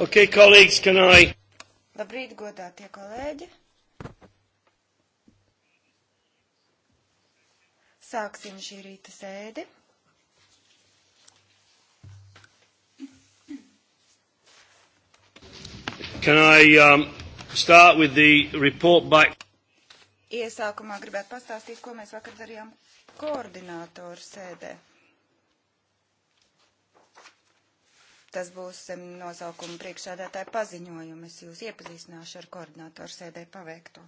Okay, colleagues, can I? Labrīt, godātie kolēģi! Sāksim šī rīta sēdi. Can I um, start with the report back? Iesākumā gribētu pastāstīt, ko mēs vakar darījām koordinātoru sēdē. Tas būs zem nosaukuma priekšsēdētāja paziņojuma. Es jūs iepazīstināšu ar koordinātoru sēdē paveikto.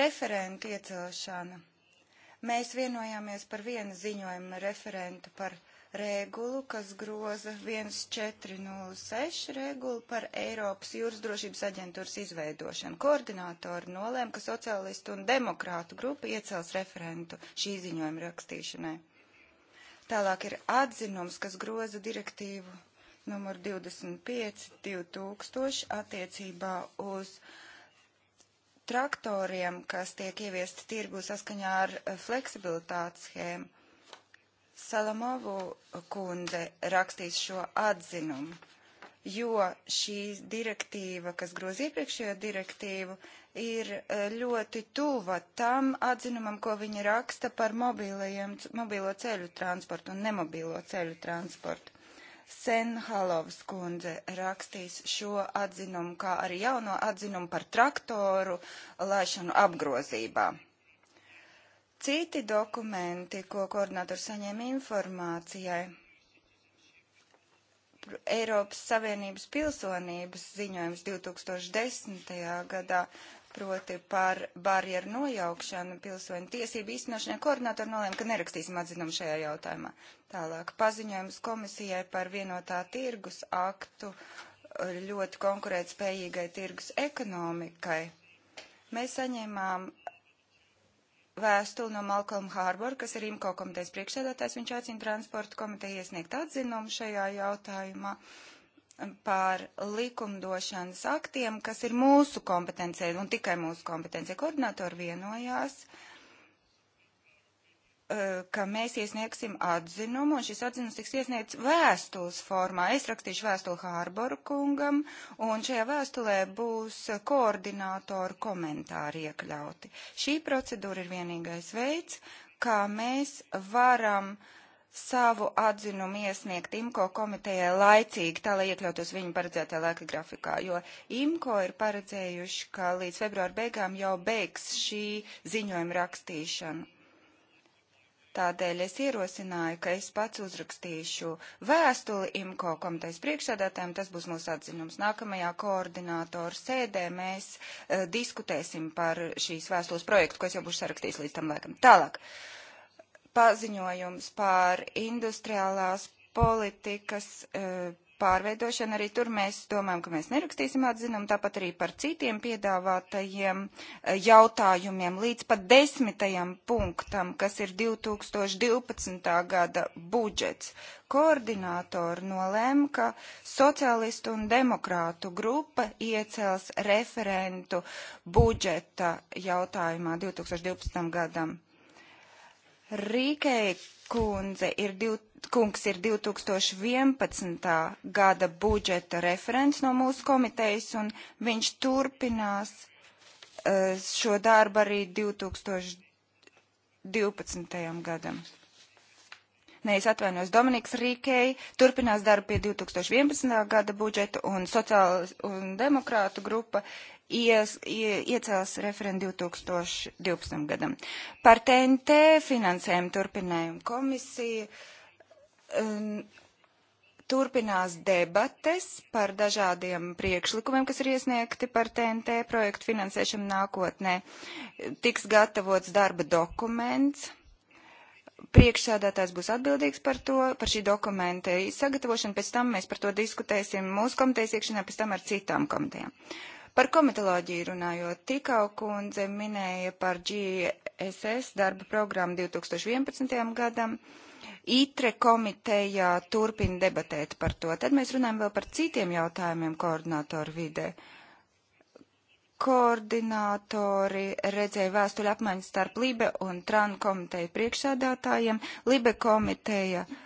Referentu iecelšana. Mēs vienojāmies par vienu ziņojumu referentu par regulu, kas groza 1406 regulu par Eiropas jūras drošības aģentūras izveidošanu. Koordinātori nolēma, ka sociālistu un demokrātu grupa iecels referentu šī ziņojuma rakstīšanai. Tālāk ir atzinums, kas groza direktīvu numur 25 2000 attiecībā uz traktoriem, kas tiek ieviesti tirgu saskaņā ar fleksibilitātes schēmu. Salamovu kundze rakstīs šo atzinumu, jo šī direktīva, kas groz iepriekšējo direktīvu, ir eh, ļoti tuva tam atzinumam, ko viņa raksta par mobīlo ceļu transportu un nemobīlo ceļu transportu. Senhalovs kundze rakstīs šo atzinumu, kā arī jauno atzinumu par traktoru laišanu apgrozībā. Citi dokumenti, ko koordinators saņēma informācijai, Eiropas Savienības pilsonības ziņojums 2010. gadā, proti par barjeru nojaukšanu pilsoņu tiesību īstenošanai, koordinātori nolēma, ka nerakstīsim atzinumu šajā jautājumā. Tālāk paziņojums komisijai par vienotā tirgus aktu ļoti konkurētspējīgai tirgus ekonomikai. Mēs saņēmām vēstuli no Malcolm Harbour, kas ir IMCO komitejas priekšsēdētājs. Viņš aicina transporta komiteju iesniegt atzinumu šajā jautājumā par likumdošanas aktiem, kas ir mūsu kompetencija un tikai mūsu kompetencija. Koordinatori vienojās. Uh, Eh, ka mēs iesniegsim atzinumu, un šis atzinums tiks iesniegts vēstules formā. Es rakstīšu vēstuli Hārboru kungam, un šajā vēstulē būs koordinātoru komentāri iekļauti. Šī procedūra ir vienīgais veids, kā mēs varam savu atzinumu iesniegt IMCO komitejai laicīgi, tā lai iekļautos viņu paredzētā laika grafikā, jo IMCO ir paredzējuši, ka līdz februāra beigām jau beigs šī ziņojuma rakstīšanu Tādēļ es ierosināju, ka es pats uzrakstīšu vēstuli IMCO komitejas priekšsēdētājiem, tas būs mūsu atzinums. Nākamajā koordinātoru sēdē mēs uh, diskutēsim par šīs vēstules projektu, ko es jau būšu sarakstījis līdz tam laikam. Tālāk. Paziņojums par industriālās politikas uh, pārveidošanu. Arī tur mēs domājam, ka mēs nerakstīsim atzinumu, tāpat arī par citiem piedāvātajiem eh, jautājumiem līdz pat desmitajam punktam, kas ir 2012. gada budžets. Koordinātori nolēma, ka socialistu un demokrātu grupa iecels referentu budžeta jautājumā 2012. gadam. Rīkei kundze ir, div, kungs ir 2011. gada budžeta referents no mūsu komitejas, un viņš turpinās uh, šo darbu arī 2012. gadam. Nē, es atvainojos, Dominiks Rīkei turpinās darbu pie 2011. gada budžeta, un sociāla un demokrātu grupa ies, ie, iecels referendu 2012. gadam. Par TNT finansējumu turpinājumu komisija um, turpinās debates par dažādiem priekšlikumiem, kas ir iesniegti par TNT projektu finansēšanu nākotnē. Tiks gatavots darba dokuments priekšsēdētājs būs atbildīgs par to, par šī dokumenta sagatavošanu, pēc tam mēs par to diskutēsim mūsu komitejas iekšienā, pēc tam ar citām komitejām. Uh, Par komitoloģiju runājot, Tikau kundze minēja par GSS darba programmu 2011. gadam. ITRE komiteja turpina debatēt par to. Tad mēs runājam vēl par citiem jautājumiem koordinātoru vidē. Koordinātori redzēja vēstuļu apmaiņu starp Libe un Tran komiteju priekšsādātājiem. Libe komiteja uh,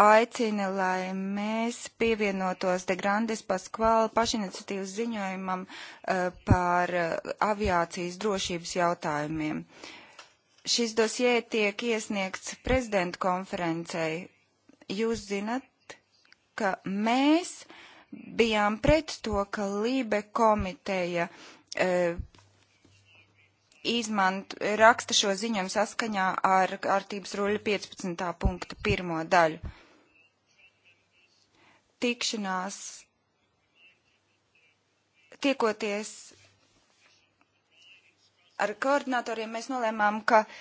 aicina, lai mēs pievienotos De Grandes Paskvāla pašiniciatīvas ziņojumam uh, par eh, aviācijas drošības jautājumiem. Šis dosie tiek iesniegts prezidenta konferencei. Jūs zinat, ka mēs bijām pret to, ka Lībe komiteja e, izmant, raksta šo ziņojumu saskaņā ar kārtības ruļu 15. punktu pirmo daļu tikšanās, tiekoties ar koordinatoriem, mēs nolēmām, ka uh,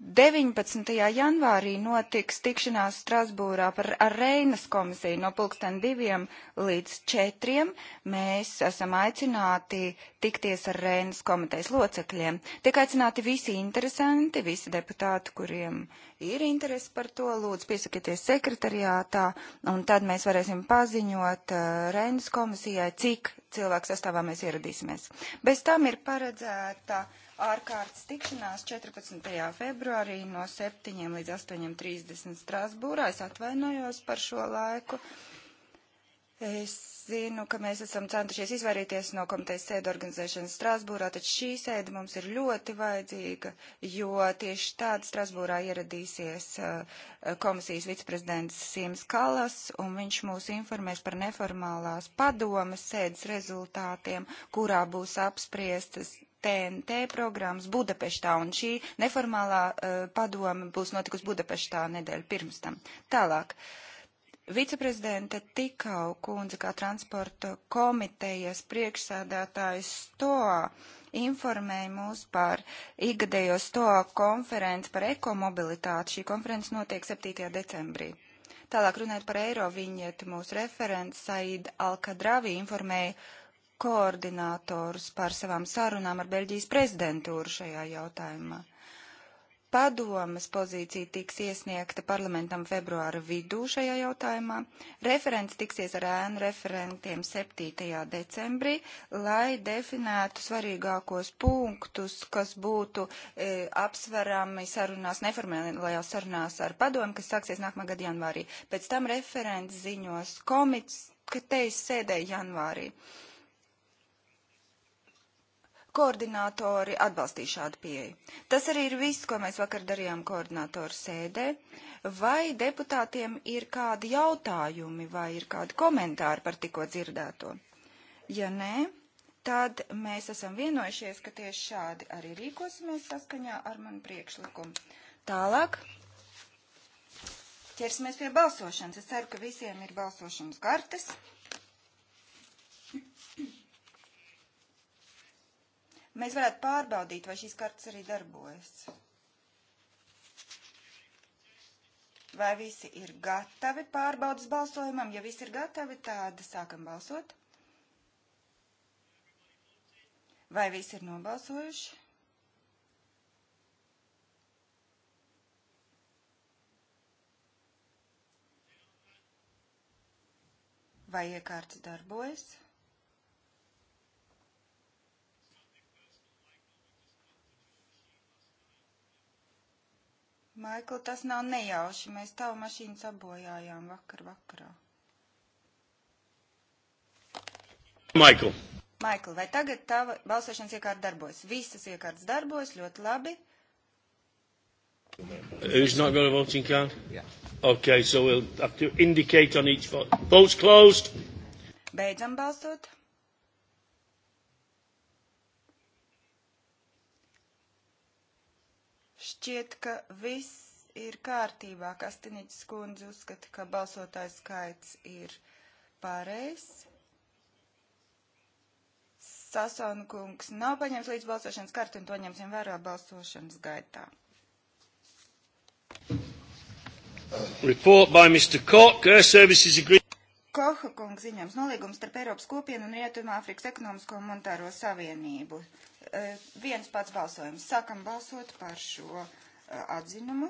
19. janvārī notiks tikšanās Strasbūrā par, ar Reinas komisiju no pulksten diviem līdz četriem. Mēs esam aicināti tikties ar Reinas komitejas locekļiem. Tiek aicināti visi interesanti, visi deputāti, kuriem ir interesi par to. Lūdzu, piesakieties sekretariātā, un tad mēs varēsim paziņot uh, Reinas komisijai, cik cilvēku sastāvā mēs ieradīsimies. Bez tam ir paredzēta. Uh, ārkārtas tikšanās 14. februārī no 7 līdz 8.30 Strasbūrā. Es atvainojos par šo laiku. Es zinu, ka mēs esam centušies izvairīties no komitejas sēdu organizēšanas Strasbūrā, taču šī sēda mums ir ļoti vajadzīga, jo tieši tāda Strasbūrā ieradīsies eh, komisijas viceprezidents Siems Kalas, un viņš mūs informēs par neformālās padomas sēdes rezultātiem, kurā būs apspriestas TNT programmas Budapeštā, un šī neformālā uh, padome būs notikusi Budapeštā nedēļu pirms tam. Tālāk. Viceprezidenta Tikau kundze kā transporta komitejas priekšsādātājs STOA informēja mūs par ikgadējo STOA konferenci par ekomobilitāti. Šī konference notiek 7. decembrī. Tālāk runājot par eiro viņietu, mūsu referents Said Alkadravi informēja koordinātorus par savām sarunām ar Beļģijas prezidentūru šajā jautājumā. Padomas pozīcija tiks iesniegta parlamentam februāra vidū šajā jautājumā. Referents tiksies ar ēnu referentiem 7. decembrī, lai definētu svarīgākos punktus, kas būtu e, apsverami sarunās, neformālajās sarunās ar padomu, kas sāksies nākamā gada janvārī. Pēc tam referents ziņos komitejas sēdē janvārī. E, Koordinātori atbalstīja šādu pieeju. Tas arī ir viss, ko mēs vakar darījām koordinātoru sēdē. Vai deputātiem ir kādi jautājumi vai ir kādi komentāri par tikko dzirdēto? Ja nē, tad mēs esam vienojušies, ka tieši šādi arī rīkosimies saskaņā ar manu priekšlikumu. Tālāk ķersimies pie balsošanas. Es ceru, ka visiem ir balsošanas kartes mēs varētu pārbaudīt, vai šīs kartas arī darbojas. Vai visi ir gatavi pārbaudas balsojumam? Ja visi ir gatavi, tad sākam balsot. Vai visi ir nobalsojuši? Vai iekārts darbojas? Maikl, tas nav nejauši. Mēs tavu mašīnu sabojājām vakar vakarā. Maikl. Maikl, vai tagad tava balsošanas iekārta darbojas? Visas iekārtas darbojas ļoti labi. Who's not got a voting card? Yeah. Okay, so we'll have to indicate on each vote. Votes closed. Beidzam balsot. Šķiet, ka viss ir kārtībā. Kastiniķis kundze uzskata, ka balsotājs skaits ir pareizs. Sasona kungs nav paņemts līdz balsošanas karti un to ņemsim vērā balsošanas gaitā. Report by Mr. Koch, Air Services Agreement. Koha kungs ziņams nolīgums starp Eiropas kopienu un Rietumāfrikas ekonomisko un monetāro savienību. Eh, viens pats balsojums. Sākam balsot par šo eh, atzinumu.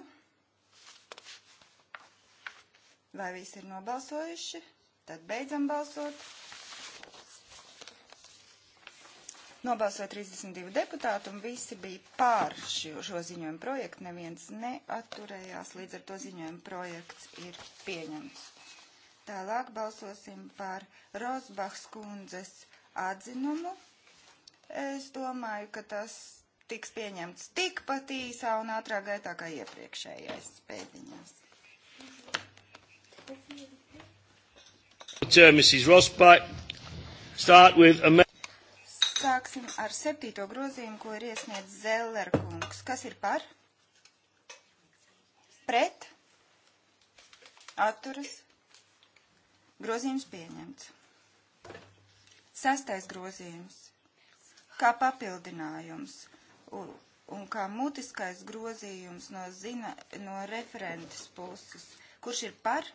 Vai visi ir nobalsojuši? Tad beidzam balsot. Nobalsoja 32 deputāti un visi bija pār šo, šo ziņojumu projektu. Neviens neatturējās, līdz ar to ziņojumu projekts ir pieņemts. Tālāk balsosim par Rosbachs kundzes atzinumu Es domāju, ka tas tiks pieņemts tikpat īsā un ātrā gaitā kā iepriekšējais pēdiņās. Sāksim ar septīto grozījumu, ko ir iesniedz Zellerkungs. Kas ir par? Pret? Atturas? Grozījums pieņemts. Sastais grozījums kā papildinājums un, un kā mutiskais grozījums no, zina, no referentes puses. Kurš ir par?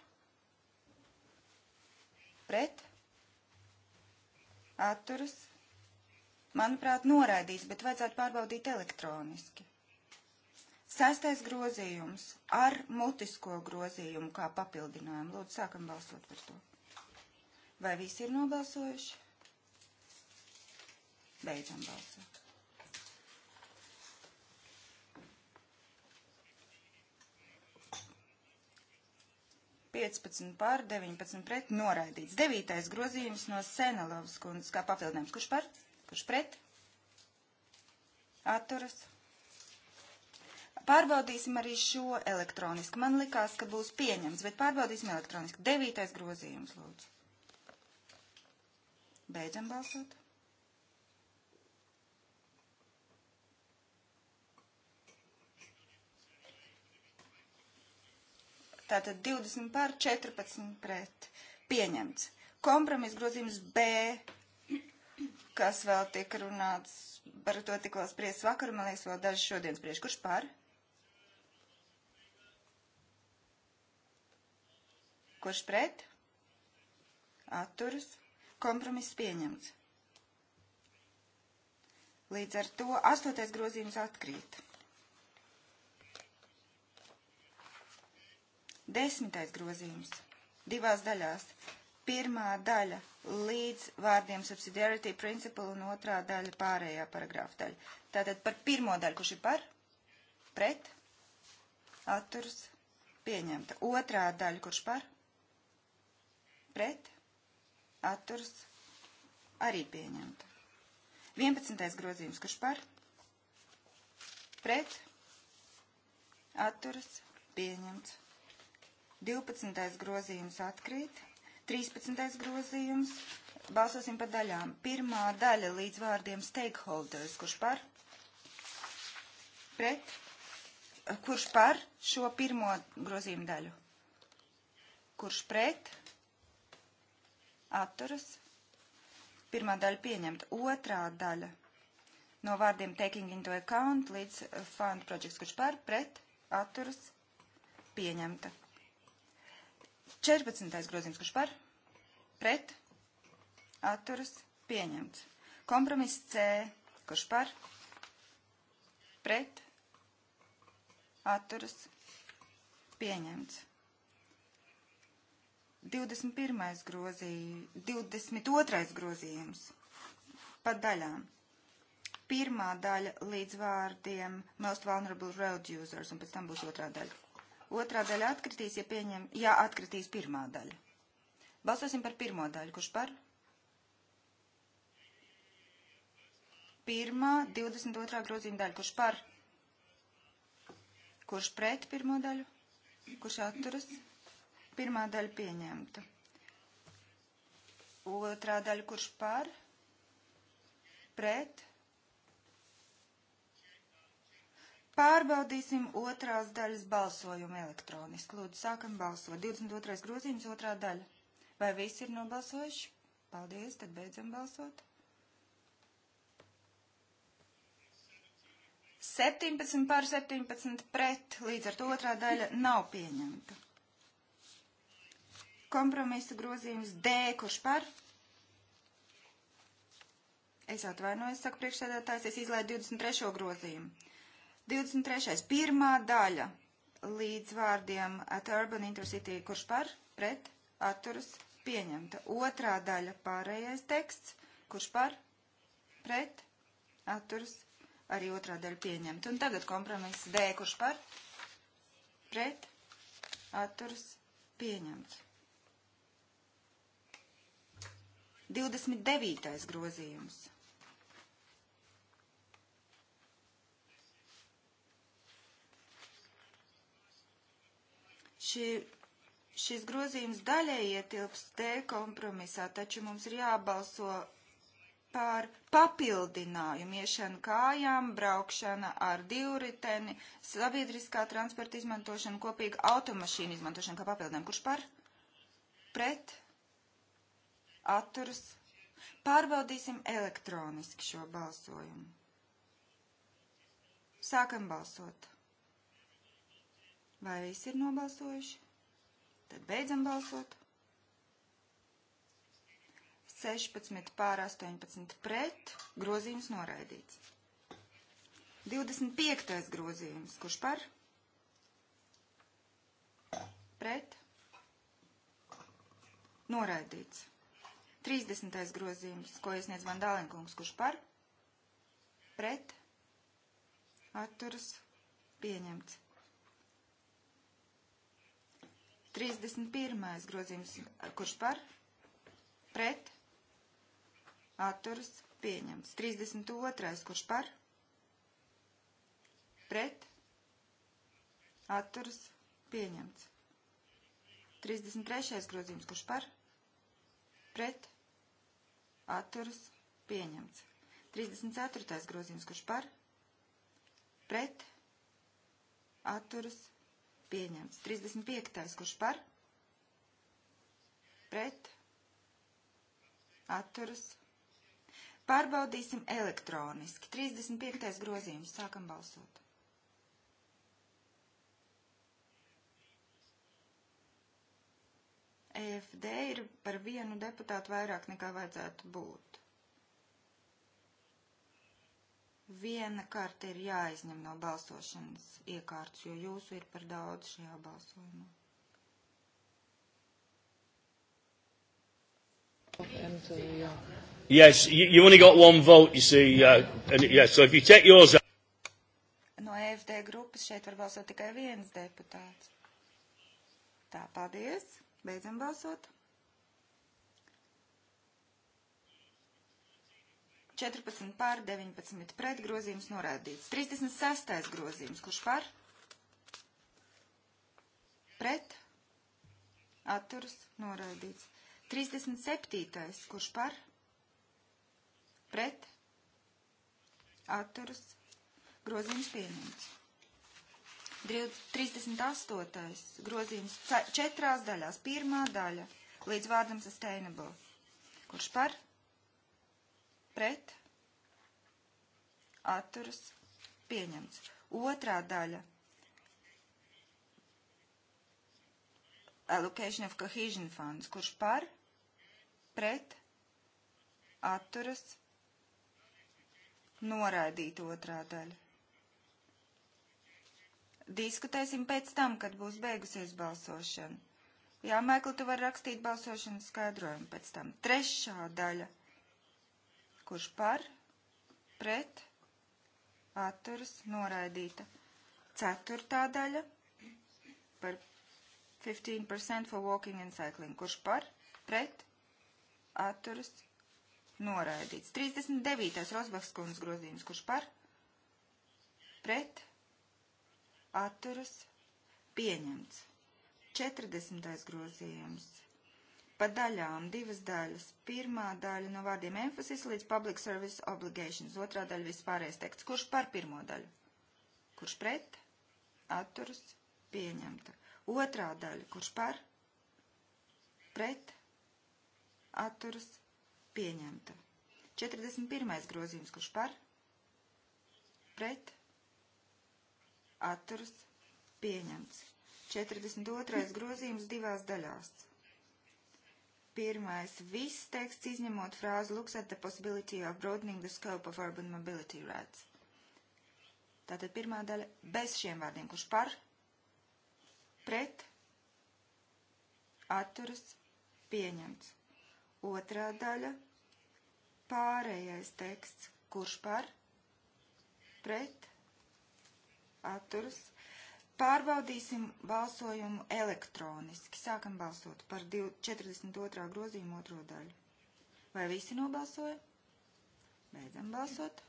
Pret? Atturas? Manuprāt, noraidīs, bet vajadzētu pārbaudīt elektroniski. Sestais grozījums ar mutisko grozījumu kā papildinājumu. Lūdzu, sākam balsot par to. Vai visi ir nobalsojuši? Beidzam balsot. Piecpadsmit pār, deviņpadsmit pret, noraidīts. Devītais grozījums no Senelovas kundzes, kā papildinājums. Kurš par? Kurš pret? Atturas. Pārbaudīsim arī šo elektroniski. Man likās, ka būs pieņems, bet pārbaudīsim elektroniski. Devītais grozījums, lūdzu. Beidzam balsot. Tātad 20 pār 14 pret. Pieņemts. Kompromis grozījums B, kas vēl tiek runāts, par to tikko spriest vakar, man liekas, vēl daži šodien spriež. Kurš pār? Kurš pret? Atturas. Kompromiss pieņemts. Līdz ar to astotais grozījums atkrīt. Desmitais grozījums. Divās daļās. Pirmā daļa līdz vārdiem subsidiarity principle un otrā daļa pārējā paragrāfa daļa. Tātad par pirmo daļu, kurš ir par, pret, atturs, pieņemta. Otrā daļa, kurš par, pret, atturs, arī pieņemta. 11. grozījums, kurš par, pret, atturs, pieņemts. 12. grozījums atkrīt, 13. grozījums, balsosim pa daļām. Pirmā daļa līdz vārdiem stakeholders, kurš par, pret, kurš par šo pirmo grozījumu daļu, kurš pret, atturas, pirmā daļa pieņemta, otrā daļa no vārdiem taking into account līdz fund projects, kurš par, pret, atturas, pieņemta. 14. grozījums, kurš par, pret, atturas, pieņemts. Kompromiss C, kurš par, pret, atturas, pieņemts. 21. grozījums, 22. grozījums pa daļām. Pirmā daļa līdz vārdiem Most Vulnerable Road Users, un pēc tam būs otrā daļa. Otrā daļa atkritīs, ja pieņem, ja atkritīs pirmā daļa. Balsosim par pirmo daļu, kurš par? Pirmā, 22. grozījuma daļa, kurš par? Kurš pret pirmo daļu? Kurš atturas? Pirmā daļa pieņemta. Otrā daļa, kurš par? Pret? Pārbaudīsim otrās daļas balsojumu elektroniski. Lūdzu, sākam balsot. 22. grozījums, otrā daļa. Vai visi ir nobalsojuši? Paldies, tad beidzam balsot. 17 pār 17 pret, līdz ar to otrā daļa nav pieņemta. Kompromisa grozījums D, kurš par? Es atvainojos, saka priekšsēdētājs, es izlaidu 23. grozījumu. 23. pirmā daļa līdz vārdiem at urban intercity, kurš par, pret, atturas, pieņemta. Otrā daļa pārējais teksts, kurš par, pret, atturas, arī otrā daļa pieņemta. Un tagad kompromiss D, kurš par, pret, atturas, pieņemts. 29. grozījums. Šī, šis grozījums daļai ietilps D kompromisā, taču mums ir jābalso par papildinājumu iešanu kājām, braukšana ar divriteni, sabiedriskā transporta izmantošana, kopīga automašīna izmantošana kā papildinājumu. Kurš par? Pret? Atturs? Pārbaudīsim elektroniski šo balsojumu. Sākam balsot. Vai visi ir nobalsojuši? Tad beidzam balsot. 16 pār 18 pret, grozījums noraidīts. 25. grozījums, kurš par? Pret. Noraidīts. 30. grozījums, ko iesniedz man Dālenkungs, kurš par? Pret. Atturas. Pieņemts. 31. grozījums, kurš par, pret, atturas, pieņemts. 32. kurš par, pret, atturas, pieņemts. 33. grozījums, kurš par, pret, atturas, pieņemts. 34. grozījums, kurš par, pret, atturas, pieņemts pieņemts. 35. kurš par? Pret? Atturas? Pārbaudīsim elektroniski. 35. grozījums. Sākam balsot. EFD ir par vienu deputātu vairāk nekā vajadzētu būt. Viena karte ir jāizņem no balsošanas iekārtas, jo jūsu ir par daudz šajā balsojumā. Yes, you, you only got one vote, you see. Uh, and, yeah, so if you take yours out. No EFD grupas šeit var balsot tikai viens deputāts. Tā, paldies. Beidzam balsot. 14 pār 19 pret grozījums norādīts. 36. grozījums. Kurš par? Pret. Atturs norādīts. 37. Kurš par? Pret. Atturs. Grozījums pieņemts. 38. grozījums četrās daļās. Pirmā daļa līdz vārdam sustainable. Kurš par? pret, atturas, pieņemts. Otrā daļa. Allocation of Cohesion Funds, kurš par, pret, atturas, noraidīt otrā daļa. Diskutēsim pēc tam, kad būs beigusies balsošana. Jā, Maikl, tu vari rakstīt balsošanas skaidrojumu pēc tam. Trešā daļa – kurš par, pret, atturas, noraidīta. Ceturtā daļa par 15% for walking and cycling, kurš par, pret, atturas, noraidīts. 39. Rosbachs kundzes grozījums, kurš par, pret, atturas, pieņemts. 40. grozījums pa daļām, divas daļas. Pirmā daļa no vārdiem emphasis līdz public service obligations, otrā daļa vispārējais teksts. Kurš par pirmo daļu? Kurš pret? Atturas pieņemta. Otrā daļa, kurš par? Pret? Atturas pieņemta. 41. grozījums, kurš par? Pret? Atturas pieņemts. 42. grozījums divās daļās. Pirmais, viss teksts izņemot frāzi looks at the possibility of broadening the scope of urban mobility rights. Tātad pirmā daļa bez šiem vārdiem, kurš par, pret, atturas, pieņemts. Otrā daļa pārējais teksts, kurš par, pret, atturas, pieņemts Pārbaudīsim balsojumu elektroniski. Sākam balsot par 42. grozījumu otro daļu. Vai visi nobalsoja? Beidzam balsot.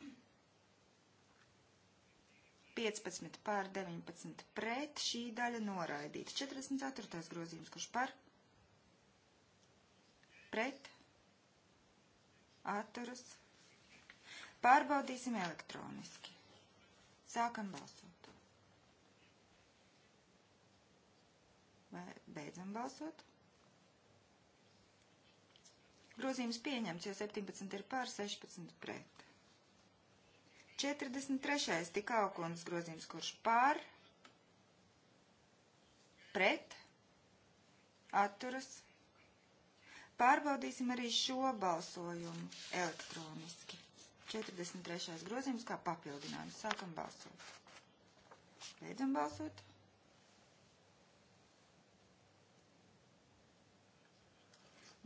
15 pār 19 pret šī daļa noraidīta. 44. grozījums, kurš par? Pret? Atturas? Pārbaudīsim elektroniski. Sākam balsot. Vai beidzam balsot? Grozījums pieņemts, jo 17 ir pār 16 pret. 43. tik auguns grozījums, kurš pār, pret, atturas. Pārbaudīsim arī šo balsojumu elektroniski. 43. grozījums kā papildinājums. Sākam balsot. Beidzam balsot.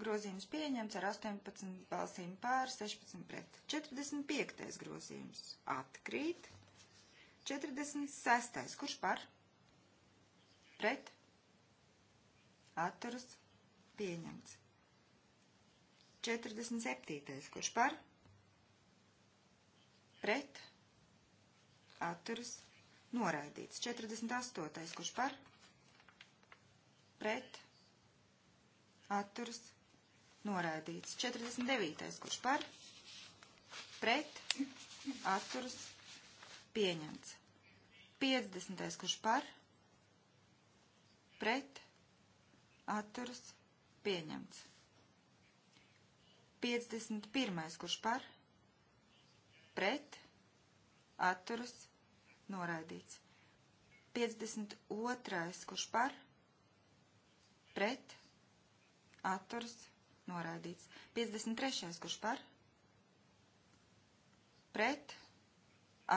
Grozījums pieņemts ar 18 balsīm pār, 16 pret. 45. grozījums atkrīt. 46. Kurš par? Pret. Atturas pieņemts. 47. Kurš par? Pret. Atturas noraidīts. 48. Kurš par? Pret. Atturas pieņemts noraidīts. 49. kurš par, pret, atturas, pieņemts. 50. kurš par, pret, atturas, pieņemts. 51. kurš par, pret, atturas, noraidīts. 52. kurš par, pret, atturas, pieņemts noraidīts. 53. kurš par, pret,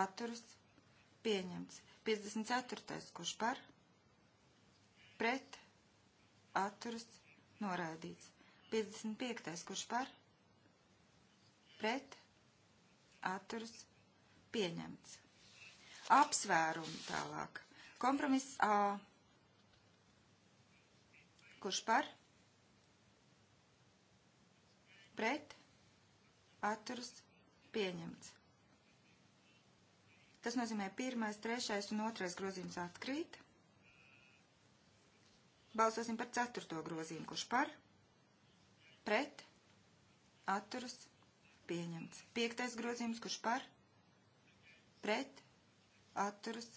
atturas, pieņemts. 54. kurš par, pret, atturas, noraidīts. 55. kurš par, pret, atturas, pieņemts. Apsvērumi tālāk. Kompromiss A. Kurš par? pret, atturas, pieņemts. Tas nozīmē pirmais, trešais un otrais grozījums atkrīt. Balsosim par ceturto grozījumu, kurš par, pret, atturas, pieņemts. Piektais grozījums, kurš par, pret, atturas,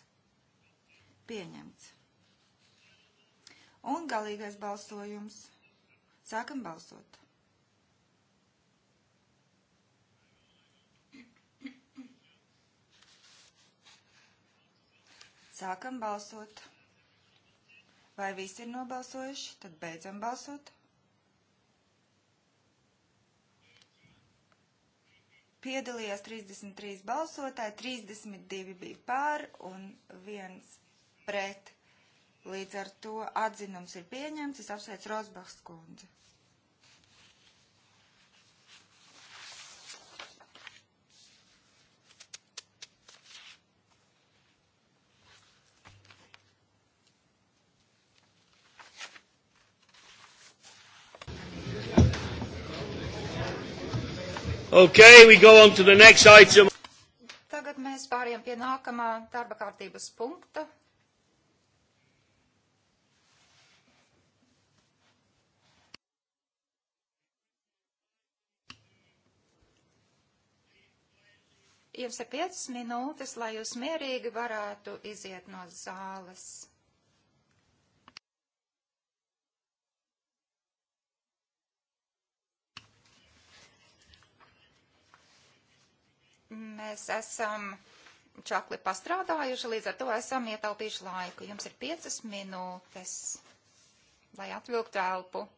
pieņemts. Un galīgais balsojums. Sākam balsot. Sākam balsot. Vai visi ir nobalsojuši? Tad beidzam balsot. Piedalījās 33 balsotāji, 32 bija pār un viens pret. Līdz ar to atzinums ir pieņemts. Es apsveicu Rosbachs kundzi. Okay, we go on to the next item. Tagad mēs pāriem pie nākamā darba kārtības punkta. Jums ir piecas minūtes, lai jūs mierīgi varētu iziet no zāles. mēs esam čakli pastrādājuši, līdz ar to esam ietaupījuši laiku. Jums ir piecas minūtes, lai atvilktu elpu.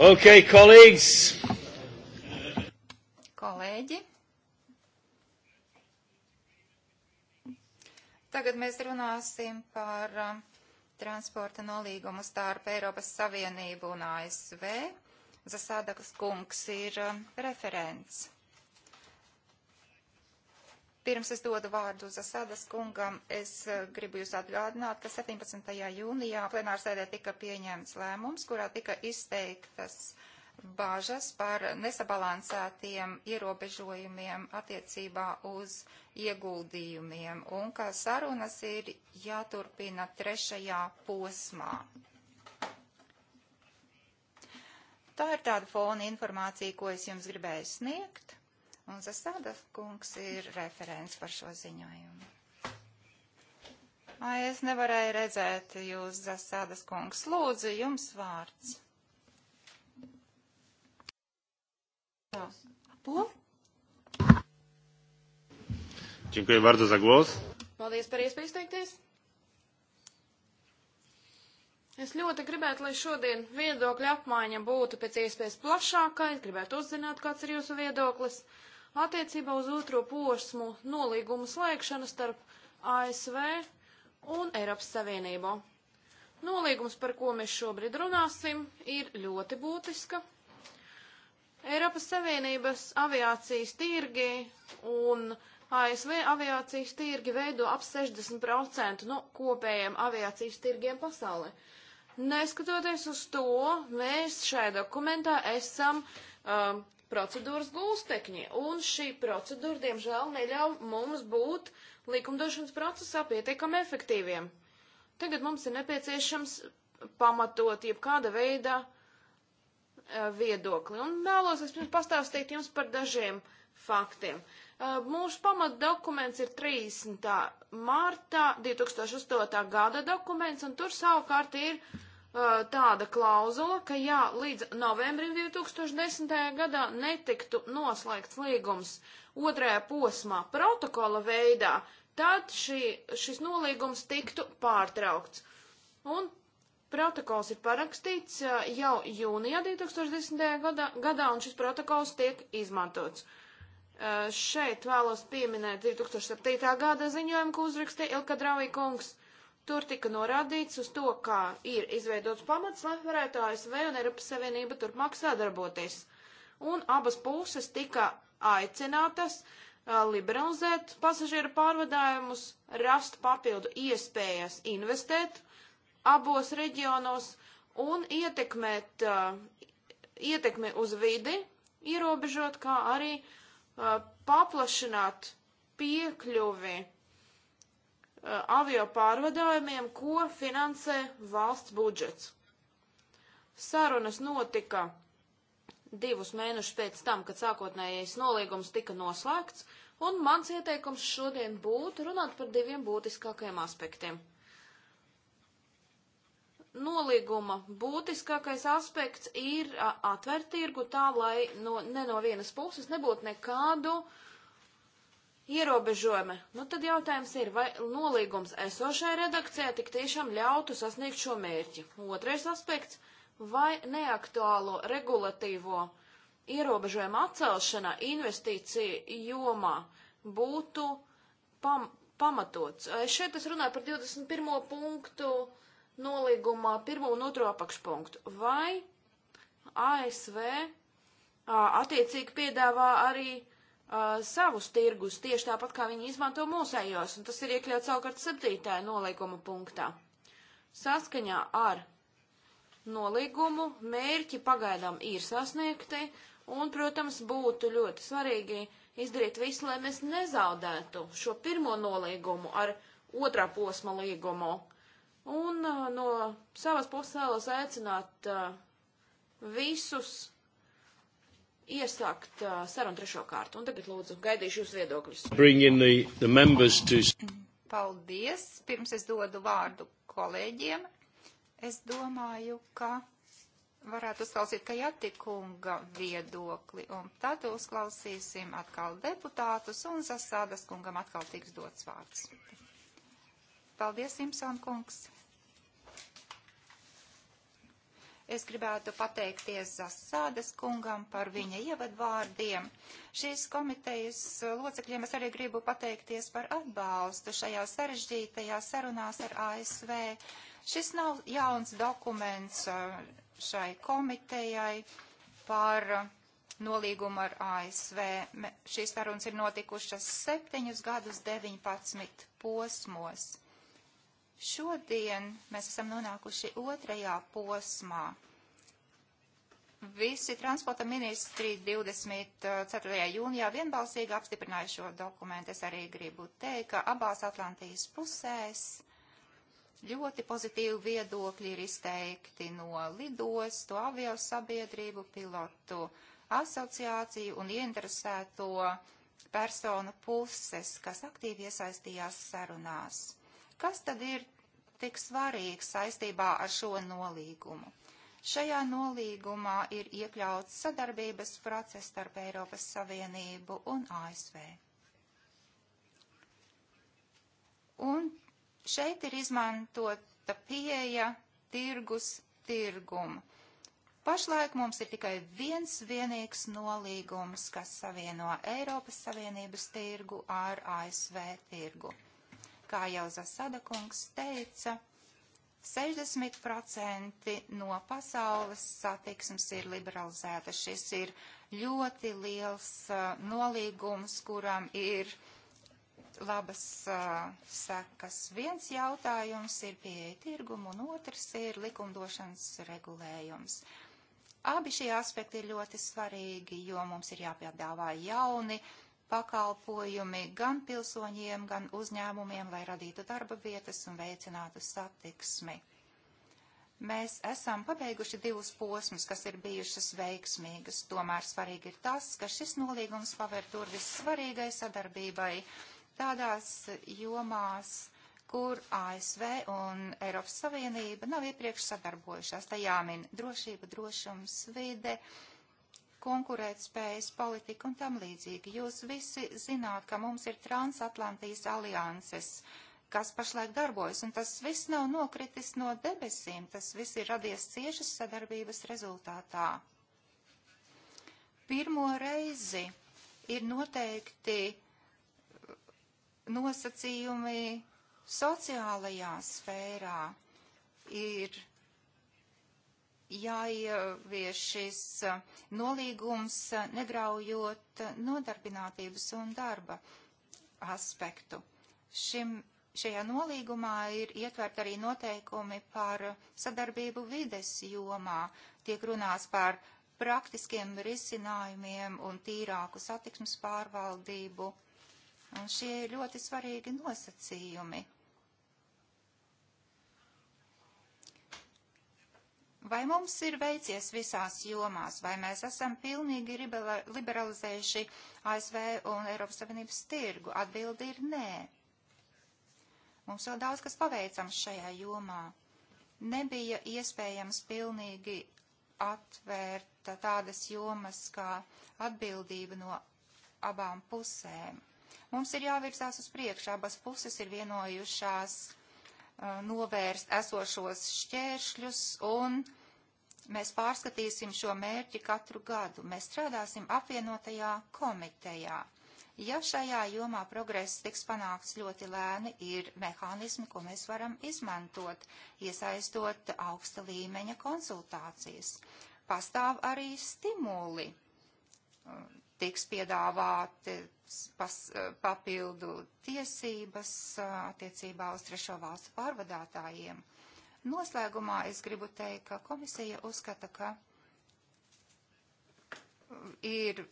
Okay, colleagues. Kolēģi. Tagad mēs runāsim par uh, transporta nolīgumu starp Eiropas Savienību un ASV. Zasādakas kungs ir uh, referents. Pirms es dodu vārdu Zasadas kungam, es eh, gribu jūs atgādināt, ka 17. jūnijā plenārsēdē tika pieņemts lēmums, kurā tika izteiktas bāžas par nesabalansētiem ierobežojumiem attiecībā uz ieguldījumiem un ka sarunas ir jāturpina trešajā posmā. Tā ir tāda fona informācija, ko es jums gribēju sniegt. Un Zasada kungs ir referents par šo ziņojumu. Ai, es nevarēju redzēt jūs, Zasādas kungs. Lūdzu, jums vārds. Jā. Po? Dziękuję bardzo za głos. Paldies par iespēju izteikties. Es ļoti gribētu, lai šodien viedokļa apmaiņa būtu pēc iespējas plašākai. Es gribētu uzzināt, kāds ir jūsu viedoklis. Uh, attiecībā uz otro posmu nolīgumu slēgšanu starp ASV un Eiropas Savienību. Nolīgums, par ko mēs šobrīd runāsim, ir ļoti būtiska. Eiropas Savienības aviācijas tirgi un ASV aviācijas tirgi veido ap 60% no kopējiem aviācijas tirgiem pasaulē. Neskatoties uz to, mēs šajā dokumentā esam um, uh, procedūras gūstekņi, un šī procedūra, diemžēl, neļauj mums būt likumdošanas procesā pietiekami efektīviem. Tagad mums ir nepieciešams pamatot jebkāda veida e, viedokli, un vēlos es pirms pastāstīt jums par dažiem faktiem. E, mūsu pamata dokuments ir 30. martā 2008. gada dokuments, un tur savukārt ir tāda klauzula, ka jā, līdz novembrim 2010. gadā netiktu noslēgts līgums otrajā posmā protokola veidā, tad šī, šis nolīgums tiktu pārtraukts. Un protokols ir parakstīts jau jūnijā 2010. gadā, gadā un šis protokols tiek izmantots. Šeit vēlos pieminēt 2007. gada ziņojumu, ko uzrakstīja Ilka Dravīkungs Tur tika norādīts uz to, kā ir izveidots pamats, lai varētu ASV un Eiropas Savienība turpmāk sadarboties. Un abas puses tika aicinātas uh, liberalizēt pasažieru pārvadājumus, rast papildu iespējas investēt abos reģionos un ietekmēt, uh, ietekmi uz vidi, ierobežot, kā arī uh, paplašināt piekļuvi Uh, avio pārvadājumiem, ko finansē valsts budžets. Sarunas notika divus mēnešus pēc tam, kad sākotnējais nolīgums tika noslēgts, un mans ieteikums šodien būtu runāt par diviem būtiskākajiem aspektiem. Nolīguma būtiskākais aspekts ir atvērt tirgu tā, lai no, ne no vienas puses nebūtu nekādu uh, ierobežojumi. Nu, tad jautājums ir, vai nolīgums esošai redakcijai tik tiešām ļautu sasniegt šo mērķi. Otrais aspekts - vai neaktuālo regulatīvo ierobežojumu atcelšana investīciju jomā būtu pam pamatots. Šeit es runāju par 21. punktu nolīgumā, pirmo un otro apakšpunktu. Vai ASV attiecīgi piedāvā arī Uh, savus tirgus, tieši tāpat kā viņi izmanto mūsējos, un tas ir iekļauts savukārt septītajā nolīguma punktā. Saskaņā ar nolīgumu mērķi pagaidām ir sasniegti, un, protams, būtu ļoti svarīgi izdarīt visu, lai mēs nezaudētu šo pirmo nolīgumu ar otrā posma līgumu. Un uh, no savas puses vēlos aicināt uh, visus iesākt uh, sarunu trešo kārtu. Un tagad lūdzu, gaidīšu jūs viedokļus. The, the to... Mm, paldies. Pirms es dodu vārdu kolēģiem, es domāju, ka varētu uzklausīt Kajati kunga viedokli. Un tad uzklausīsim atkal deputātus un sasādas kungam atkal tiks dots vārds. Paldies, Simpson kungs. Es gribētu pateikties Zasādas kungam par viņa ievadvārdiem. Šīs komitejas locekļiem es arī gribu pateikties par atbalstu šajā sarežģītajā sarunās ar ASV. Šis nav jauns dokuments uh, šai komitejai par nolīgumu ar ASV. Šīs sarunas ir notikušas septiņus gadus 19 posmos. Šodien mēs esam nonākuši otrajā posmā. Visi transporta ministri 24. Uh, jūnijā vienbalsīgi apstiprināja šo dokumentu. Es arī gribu teikt, ka abās Atlantijas pusēs ļoti pozitīvi viedokļi ir izteikti no lidostu, avio sabiedrību, pilotu asociāciju un ieinteresēto personu puses, kas aktīvi iesaistījās sarunās. Kas tad ir tik svarīgs saistībā ar šo nolīgumu? Šajā nolīgumā ir iekļauts sadarbības process starp Eiropas Savienību un ASV. Un šeit ir izmantota pieeja tirgus tirgumu. Pašlaik mums ir tikai viens vienīgs nolīgums, kas savieno Eiropas Savienības tirgu ar ASV tirgu kā jau Zasada kungs teica, 60% no pasaules satiksmes ir liberalizēta. Šis ir ļoti liels uh, nolīgums, kuram ir labas uh, sekas. Viens jautājums ir pieeja tirgumu, un otrs ir likumdošanas regulējums. Abi šie aspekti ir ļoti svarīgi, jo mums ir jāpiedāvā jauni uh, pakalpojumi gan pilsoņiem, gan uzņēmumiem, lai radītu darba vietas un veicinātu satiksmi. Mēs esam pabeiguši divus posmus, kas ir bijušas veiksmīgas. Tomēr svarīgi ir tas, ka šis nolīgums paver durvis svarīgai sadarbībai tādās jomās, kur ASV un Eiropas Savienība nav iepriekš sadarbojušās. Tā jāmin drošība, drošums, vide, uh, konkurētspējas politika un tam līdzīgi. Jūs visi zināt, ka mums ir transatlantijas alianses, kas pašlaik darbojas, un tas viss nav nokritis no debesīm, tas viss ir radies ciešas sadarbības rezultātā. Pirmo reizi ir noteikti uh, nosacījumi sociālajā sfērā, ir jāievieš šis uh, nolīgums, uh, negraujot uh, nodarbinātības un darba aspektu. Šim, šajā nolīgumā ir ietvert arī noteikumi par sadarbību vides jomā. Tiek runās par praktiskiem risinājumiem un tīrāku satiksmes pārvaldību. Un šie ir ļoti svarīgi nosacījumi. Vai mums ir veicies visās jomās, vai mēs esam pilnīgi liberalizējuši ASV un Eiropas Savienības tirgu? Atbildi ir nē. Mums vēl daudz kas paveicams šajā jomā. Nebija iespējams pilnīgi atvērt tādas jomas kā atbildība no abām pusēm. Mums ir jāvirzās uz priekšu, abas puses ir vienojušās novērst esošos šķēršļus un mēs pārskatīsim šo mērķi katru gadu. Mēs strādāsim apvienotajā komitejā. Ja šajā jomā progress tiks panākts ļoti lēni, ir mehānismi, ko mēs varam izmantot, iesaistot augsta līmeņa konsultācijas. Pastāv arī stimuli. Tiks piedāvāti pas, eh, papildu tiesības eh, attiecībā uz trešo valstu pārvadātājiem. Noslēgumā es gribu teikt, ka komisija uzskata, ka eh, ir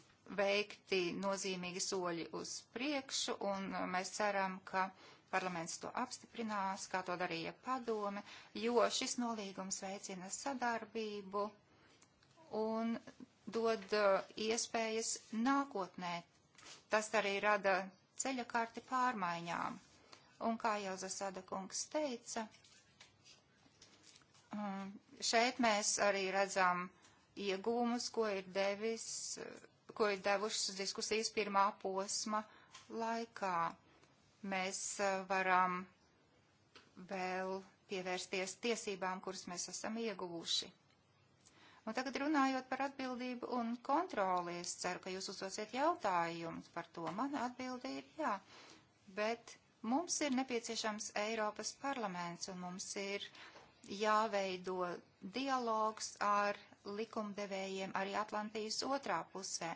veikti nozīmīgi soļi uz priekšu, un mēs ceram, ka parlaments to apstiprinās, kā to darīja padome, jo šis nolīgums veicina sadarbību un dod iespējas nākotnē Tas arī rada ceļa karti pārmaiņām. Un kā jau Zasada kungs teica, um, šeit mēs arī redzam iegūmus, ko ir devis, ko ir devušas diskusijas pirmā posma laikā. Mēs uh, varam vēl pievērsties tiesībām, kuras mēs esam ieguvuši. Un tagad runājot par atbildību un kontroli, es ceru, ka jūs uzdosiet jautājumus par to. Mana atbilde ir jā, bet mums ir nepieciešams Eiropas parlaments un mums ir jāveido dialogs ar likumdevējiem arī Atlantijas otrā pusē.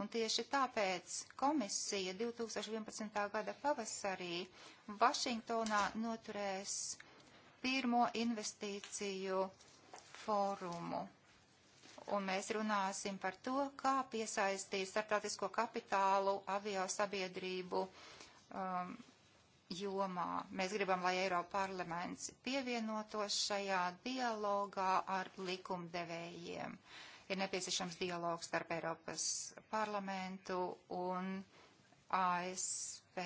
Un tieši tāpēc komisija 2011. gada pavasarī Vašingtonā noturēs pirmo investīciju fórumu un mēs runāsim par to, kā piesaistīt starptautisko kapitālu avio sabiedrību um, jomā. Mēs gribam, lai Eiropa parlaments pievienotos šajā dialogā ar likumdevējiem. Ir nepieciešams dialogs starp Eiropas parlamentu un ASV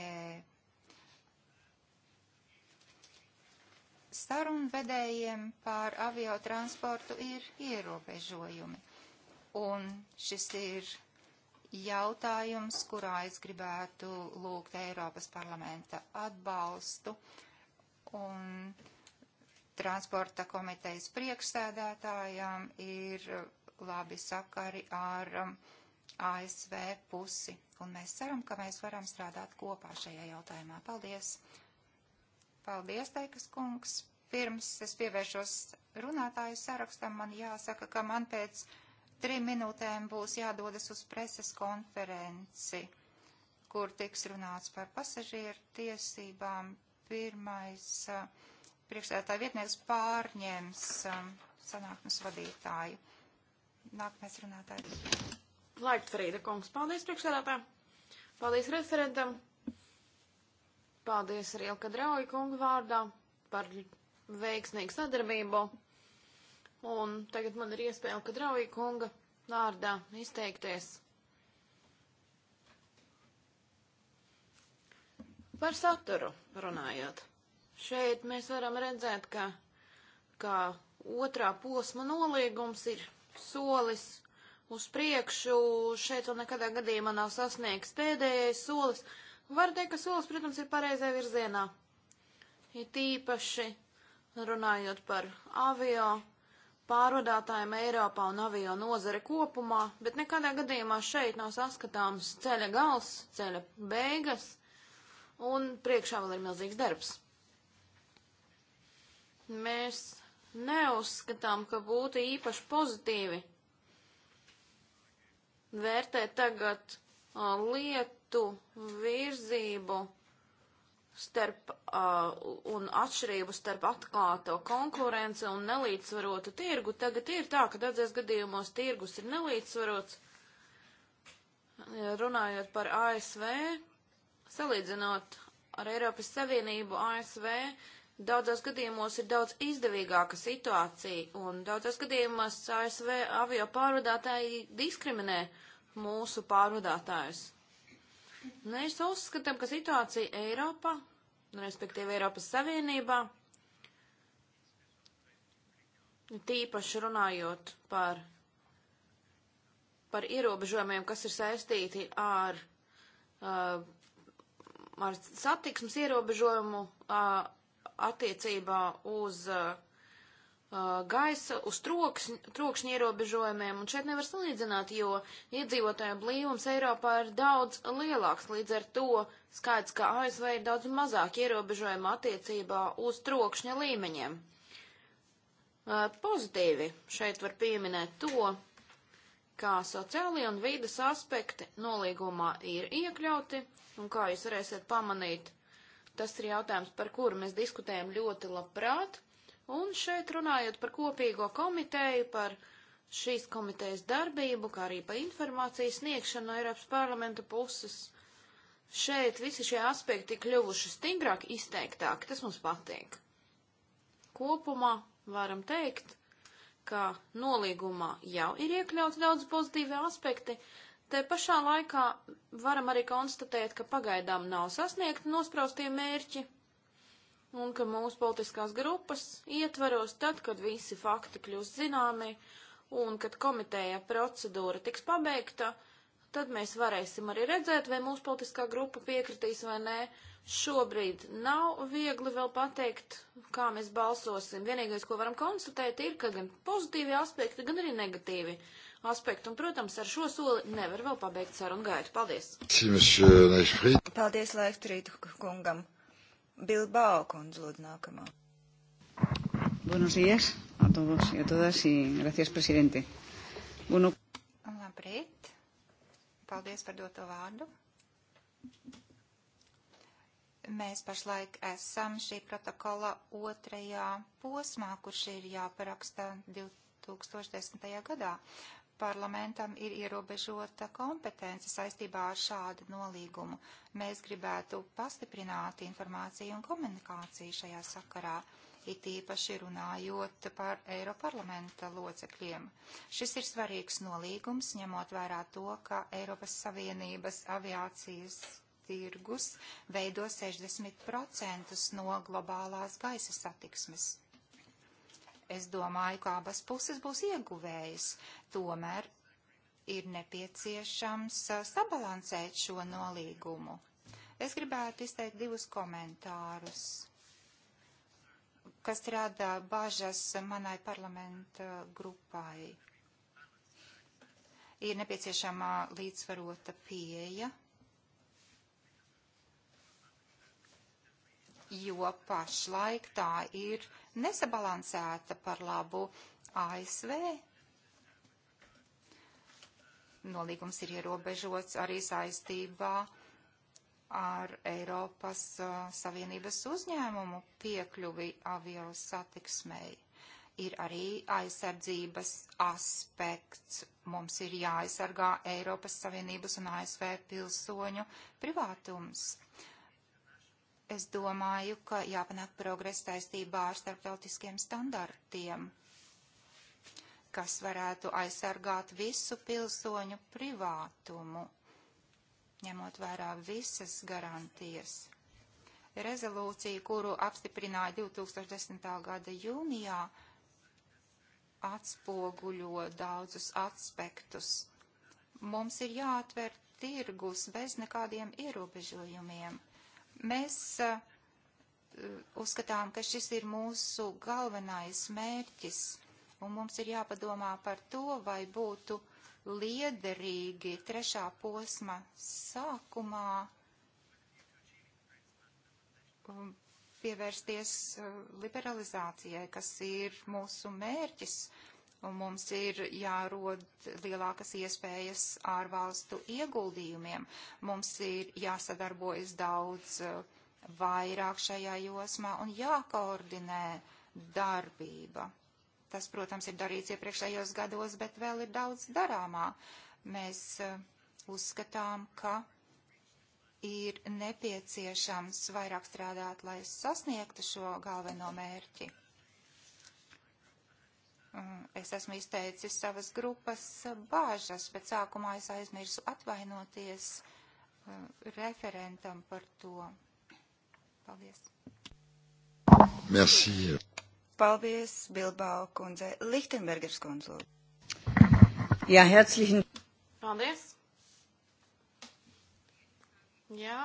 sarunvedējiem pār aviotransportu ir ierobežojumi. Un šis ir jautājums, kurā es gribētu lūgt Eiropas parlamenta atbalstu. Un transporta komitejas priekšsēdētājām ir labi sakari ar um, ASV pusi. Un mēs ceram, ka mēs varam strādāt kopā šajā jautājumā. Paldies! Paldies, Teikas kungs. Pirms es pievēršos runātāju sarakstam, man jāsaka, ka man pēc trim minūtēm būs jādodas uz preses konferenci, kur tiks runāts par pasažieru tiesībām. Pirmais priekšsēdētāja vietnieks pārņems sanāksmes vadītāju. Nākamais runātājs. Laikts Frīda kungs. Paldies priekšsēdētājiem. Paldies referentam. Paldies arī Elka Drauja kungu vārdā par veiksmīgu sadarbību. Un tagad man ir iespēja Elka Drauja kunga vārdā izteikties. Par saturu runājot. Šeit mēs varam redzēt, ka, ka otrā posma nolīgums ir solis uz priekšu. Šeit vēl nekadā gadījumā nav sasniegts pēdējais solis. Var teikt, ka solis, protams, ir pareizajā virzienā. Ir tīpaši runājot par avio pārvadātājiem Eiropā un avio nozare kopumā, bet nekādā gadījumā šeit nav saskatāms ceļa gals, ceļa beigas, un priekšā vēl ir milzīgs darbs. Mēs neuzskatām, ka būtu īpaši pozitīvi vērtēt tagad uh, lietu citu virzību starp, uh, un atšķirību starp atklāto konkurenci un nelīdzsvarotu tirgu. Tagad ir tā, ka daudzies gadījumos tirgus ir nelīdzsvarots. Runājot par ASV, salīdzinot ar Eiropas Savienību, ASV daudzos gadījumos ir daudz izdevīgāka situācija, un daudzos gadījumos ASV avio pārvadātāji diskriminē mūsu pārvadātājus. Mēs uzskatām, ka situācija Eiropā, respektīvi Eiropas Savienībā, tīpaši runājot par, par ierobežojumiem, kas ir saistīti ar, eh, ar satiksmes ierobežojumu eh, attiecībā uz eh, gaisa, uz troks, trokšņa ierobežojumiem, un šeit nevar salīdzināt, jo iedzīvotāju blīvums Eiropā ir daudz lielāks, līdz ar to skaits, ka ASV ir daudz mazāk ierobežojumu attiecībā uz trokšņa līmeņiem. Pozitīvi šeit var pieminēt to, kā sociālie un vīdas aspekti nolīgumā ir iekļauti, un kā jūs varēsiet pamanīt, tas ir jautājums, par kuru mēs diskutējam ļoti labprāt. Un šeit runājot par kopīgo komiteju, par šīs komitejas darbību, kā arī par informācijas sniegšanu no Eiropas parlamenta puses, šeit visi šie aspekti kļuvuši stingrāk, izteiktāk, tas mums patīk. Kopumā varam teikt, ka nolīgumā jau ir iekļauts daudz pozitīvi aspekti, Te pašā laikā varam arī konstatēt, ka pagaidām nav sasniegti nospraustie mērķi, un ka mūsu politiskās grupas ietvaros tad, kad visi fakti kļūs zināmi un kad komitējā procedūra tiks pabeigta, tad mēs varēsim arī redzēt, vai mūsu politiskā grupa piekritīs vai nē. Šobrīd nav viegli vēl pateikt, kā mēs balsosim. Vienīgais, ko varam konstatēt, ir, ka gan pozitīvi aspekti, gan arī negatīvi aspekti. Un, protams, ar šo soli nevar vēl pabeigt sarunu gaitu. Paldies! Paldies, Leifrīd kungam! Bilbao kundze lūdzu nākamā. Buenos días a todos y a todas y gracias, presidente. Bueno. Labrīt. Paldies par doto vārdu. Mēs pašlaik esam šī protokola otrajā posmā, kurš ir jāparaksta 2010. gadā parlamentam ir ierobežota kompetence saistībā ar šādu nolīgumu. Mēs gribētu pastiprināt informāciju un komunikāciju šajā sakarā, it īpaši runājot par Eiroparlamenta locekļiem. Šis ir svarīgs nolīgums, ņemot vērā to, ka Eiropas Savienības aviācijas tirgus veido 60% no globālās gaisa satiksmes. Es domāju, ka abas puses būs ieguvējas. Tomēr ir nepieciešams uh, sabalansēt šo nolīgumu. Es gribētu izteikt divus komentārus, kas rada bažas manai parlamenta grupai. Ir nepieciešama līdzsvarota pieeja jo pašlaik tā ir nesabalansēta par labu ASV. Nolīgums ir ierobežots arī saistībā ar Eiropas uh, Savienības uzņēmumu piekļuvi avio satiksmei. Ir arī aizsardzības aspekts. Mums ir jāaizsargā Eiropas Savienības un ASV pilsoņu privātums. Es domāju, ka jāpanāk progress saistībā ar starptautiskiem standartiem, kas varētu aizsargāt visu pilsoņu privātumu, ņemot vērā visas garantijas. Rezolūcija, kuru apstiprināja 2010. gada jūnijā, atspoguļo daudzus aspektus. Mums ir jāatver tirgus bez nekādiem ierobežojumiem Mēs eh, uzskatām, ka šis ir mūsu galvenais mērķis, un mums ir jāpadomā par to, vai būtu liederīgi trešā posma sākumā um, pievērsties eh, liberalizācijai, kas ir mūsu mērķis, un mums ir jārod lielākas iespējas ārvalstu ieguldījumiem. Mums ir jāsadarbojas daudz eh, vairāk šajā josmā un jākoordinē darbība. Tas, protams, ir darīts iepriekšējos gados, bet vēl ir daudz darāmā. Mēs eh, uzskatām, ka ir nepieciešams vairāk strādāt, lai sasniegtu šo galveno mērķi. Mm, es esmu izteicis savas grupas bāžas, bet sākumā es aizmirsu atvainoties mm, referentam par to. Paldies. Merci. Paldies, Bilbao kundze. Lichtenbergers kundze. Jā, herzlichen. Paldies. Jā,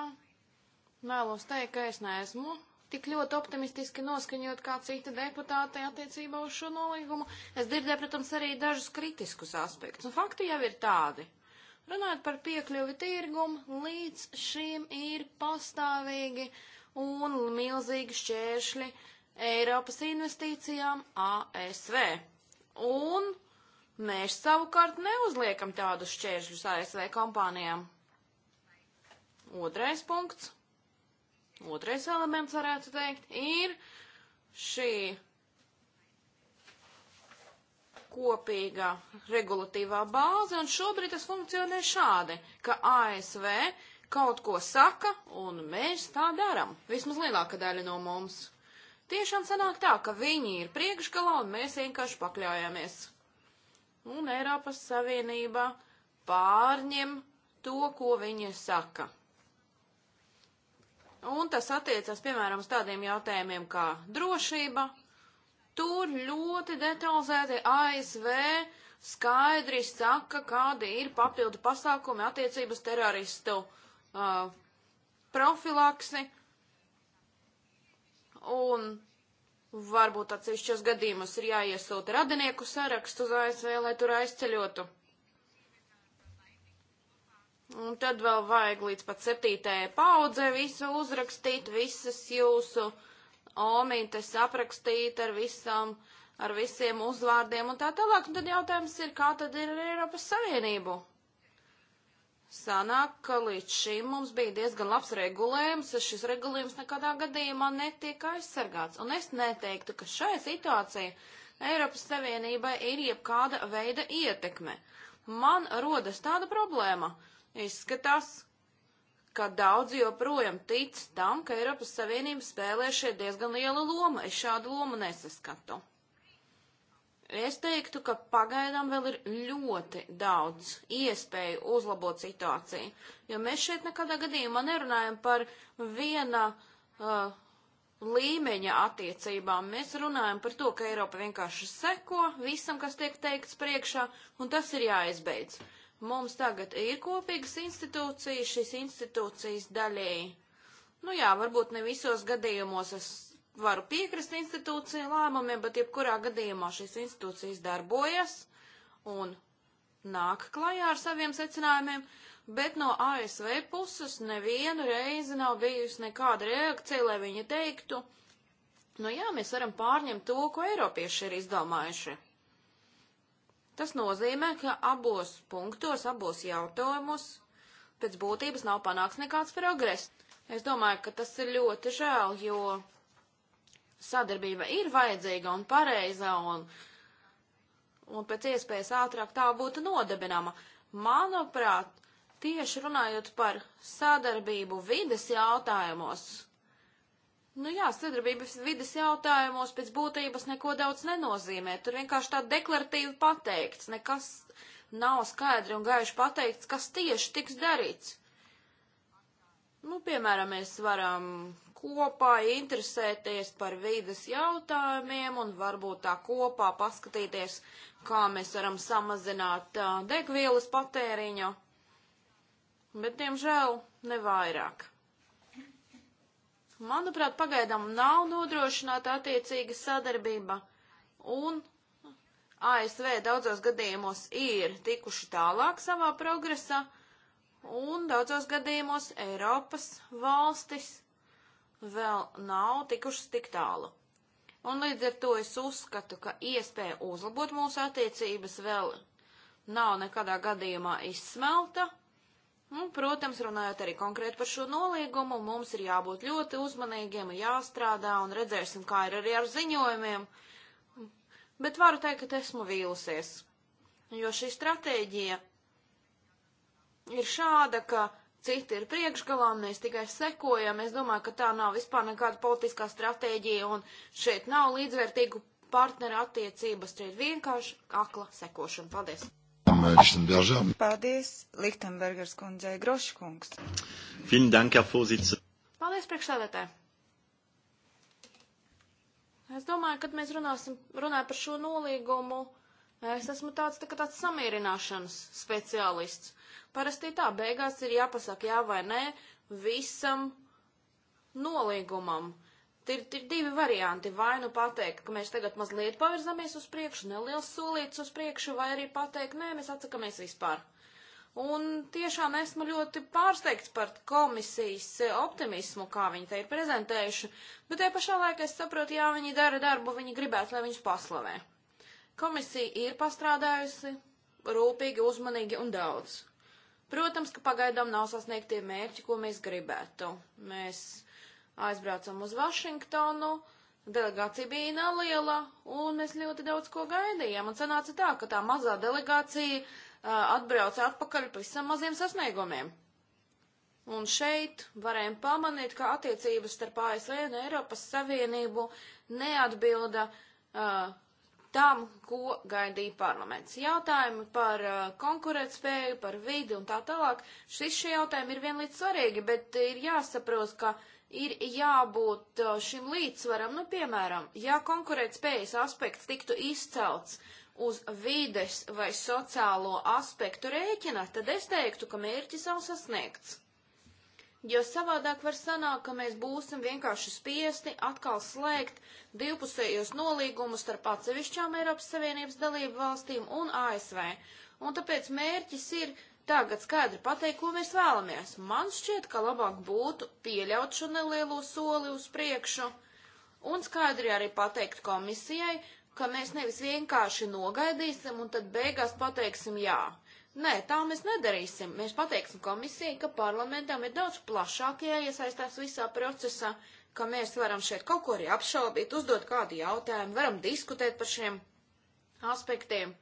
vēlos teikt, ka es neesmu tik ļoti optimistiski noskaņot kā citi deputāti attiecībā uz šo nolīgumu. Es dzirdēju, protams, arī dažus kritiskus aspektus, un nu, fakti jau ir tādi. Runājot par piekļuvi tirgumu, līdz šim ir pastāvīgi un milzīgi šķēršļi Eiropas investīcijām ASV. Un mēs savukārt neuzliekam tādus šķēršļus ASV kompānijām. Otrais punkts Otrais elements, varētu teikt, ir šī kopīga regulatīvā bāze, un šobrīd tas funkcionē šādi, ka ASV kaut ko saka, un mēs tā darām. Vismaz lielāka daļa no mums. Tiešām sanāk tā, ka viņi ir priekšgalā, un mēs vienkārši pakļaujamies. Un Eiropas Savienība pārņem to, ko viņi saka. Un tas attiecas, piemēram, uz tādiem jautājumiem kā drošība. Tur ļoti detalizēti ASV skaidri saka, kādi ir papildu pasākumi attiecības teroristu uh, profilaksi. Un varbūt atsevišķos gadījumos ir jāiesūta radinieku sarakstu uz ASV, lai tur aizceļotu. Un tad vēl vajag līdz pat septītajai paudze visu uzrakstīt, visas jūsu omītes aprakstīt ar visam, ar visiem uzvārdiem un tā tālāk. Un tad jautājums ir, kā tad ir ar Eiropas Savienību? Sanāk, ka līdz šim mums bija diezgan labs regulējums, šis regulējums nekādā gadījumā netiek aizsargāts. Un es neteiktu, ka šai situācijai Eiropas Savienībai ir jebkāda veida ietekme. Uh, man rodas tāda problēma. Izskatās, ka daudzi joprojām tic tam, ka Eiropas Savienība spēlē šeit diezgan lielu lomu. Es šādu lomu nesaskatu. Es teiktu, ka pagaidām vēl ir ļoti daudz iespēju uzlabot situāciju, jo mēs šeit nekādā gadījumā nerunājam par viena uh, līmeņa attiecībām. Mēs runājam par to, ka Eiropa vienkārši seko visam, kas tiek teikts priekšā, un tas ir jāizbeidz. Mums tagad ir kopīgas institūcijas, šīs institūcijas daļēji. Nu jā, varbūt ne visos gadījumos es varu piekrist institūciju lēmumiem, bet jebkurā gadījumā šīs institūcijas darbojas un nāk klajā ar saviem secinājumiem. Uh, bet no ASV puses nevienu reizi nav bijusi nekāda reakcija, lai viņi teiktu, nu jā, mēs varam pārņemt to, ko Eiropieši ir izdomājuši. Tas nozīmē, ka abos punktos, abos jautājumos pēc būtības nav panāks nekāds progress. Es domāju, ka tas ir ļoti žēl, jo sadarbība ir vajadzīga un pareizā un, un pēc iespējas ātrāk tā būtu nodebināma. Manuprāt, Tieši runājot par sadarbību vides jautājumos, nu jā, sadarbība vides jautājumos pēc būtības neko daudz nenozīmē. Tur vienkārši tā deklaratīvi pateikts, nekas nav skaidri un gaiši pateikts, kas tieši tiks darīts. Nu, piemēram, mēs varam kopā interesēties par vidas jautājumiem un varbūt tā kopā paskatīties, kā mēs varam samazināt uh, degvielas patēriņu bet, diemžēl, nevairāk. Manuprāt, pagaidām nav nodrošināta attiecīga sadarbība, un ASV daudzos gadījumos ir tikuši tālāk savā progresā, un daudzos gadījumos Eiropas valstis vēl nav tikušas tik tālu. Un līdz ar to es uzskatu, ka iespēja uzlabot mūsu attiecības vēl nav nekādā gadījumā izsmelta, Un, nu, protams, runājot arī konkrēti par šo noliegumu, mums ir jābūt ļoti uzmanīgiem, jāstrādā un redzēsim, kā ir arī ar ziņojumiem. Bet varu teikt, ka esmu vīlusies, jo šī stratēģija ir šāda, ka citi ir priekšgalā, mēs tikai sekojam. Es domāju, ka tā nav vispār nekāda politiskā stratēģija un šeit nav līdzvērtīgu partneru attiecības, šeit vienkārši akla sekošana. Paldies! Paldies, Lichtenbergers kundzei Groškungs. Paldies, priekšsēdētāji. Es domāju, kad mēs runāsim, runājam par šo nolīgumu, es esmu tāds, tā kā tāds samierināšanas speciālists. Parasti tā, beigās ir jāpasaka jā vai nē visam nolīgumam. Uh, Ir, ir divi varianti. Vai nu pateikt, ka mēs tagad mazliet pavirzamies uz priekšu, neliels solīts uz priekšu, vai arī pateikt, nē, mēs atsakamies vispār. Un tiešām esmu ļoti pārsteigts par komisijas optimismu, kā viņi te ir prezentējuši, bet te pašā laikā es saprotu, jā, viņi dara darbu, viņi gribētu, lai viņus paslavē. Komisija ir pastrādājusi rūpīgi, uzmanīgi un daudz. Protams, ka pagaidām nav sasniegtie mērķi, ko mēs gribētu. Mēs aizbraucam uz Vašingtonu, delegācija bija neliela, un mēs ļoti daudz ko gaidījām, un sanāca tā, ka tā mazā delegācija uh, atbrauca atpakaļ pavisam maziem sasniegumiem. Un šeit varējām pamanīt, ka attiecības starp ASV un Eiropas Savienību neatbilda uh, tam, ko gaidīja parlaments. Jautājumi par uh, konkurētspēju, par vidi un tā tālāk. Šis šie jautājumi ir vienlīdz svarīgi, bet ir jāsaprot, ka ir jābūt uh, šim līdzsvaram, nu, piemēram, ja konkurētspējas aspekts tiktu izcelts uz vides vai sociālo aspektu rēķina, tad es teiktu, ka mērķis nav sasniegts. Jo savādāk var sanākt, ka mēs būsim vienkārši spiesti atkal slēgt divpusējos nolīgumus starp atsevišķām Eiropas Savienības dalību valstīm un ASV. Un tāpēc mērķis ir uh, tagad skaidri pateikt, ko mēs vēlamies. Man šķiet, ka labāk būtu pieļaut šo nelielo soli uz priekšu un skaidri arī pateikt komisijai, ka mēs nevis vienkārši nogaidīsim un tad beigās pateiksim jā. Nē, tā mēs nedarīsim. Mēs pateiksim komisijai, ka parlamentam ir daudz plašāk jāiesaistās visā procesā, ka mēs varam šeit kaut ko arī apšaubīt, uzdot kādu jautājumu, varam diskutēt par šiem aspektiem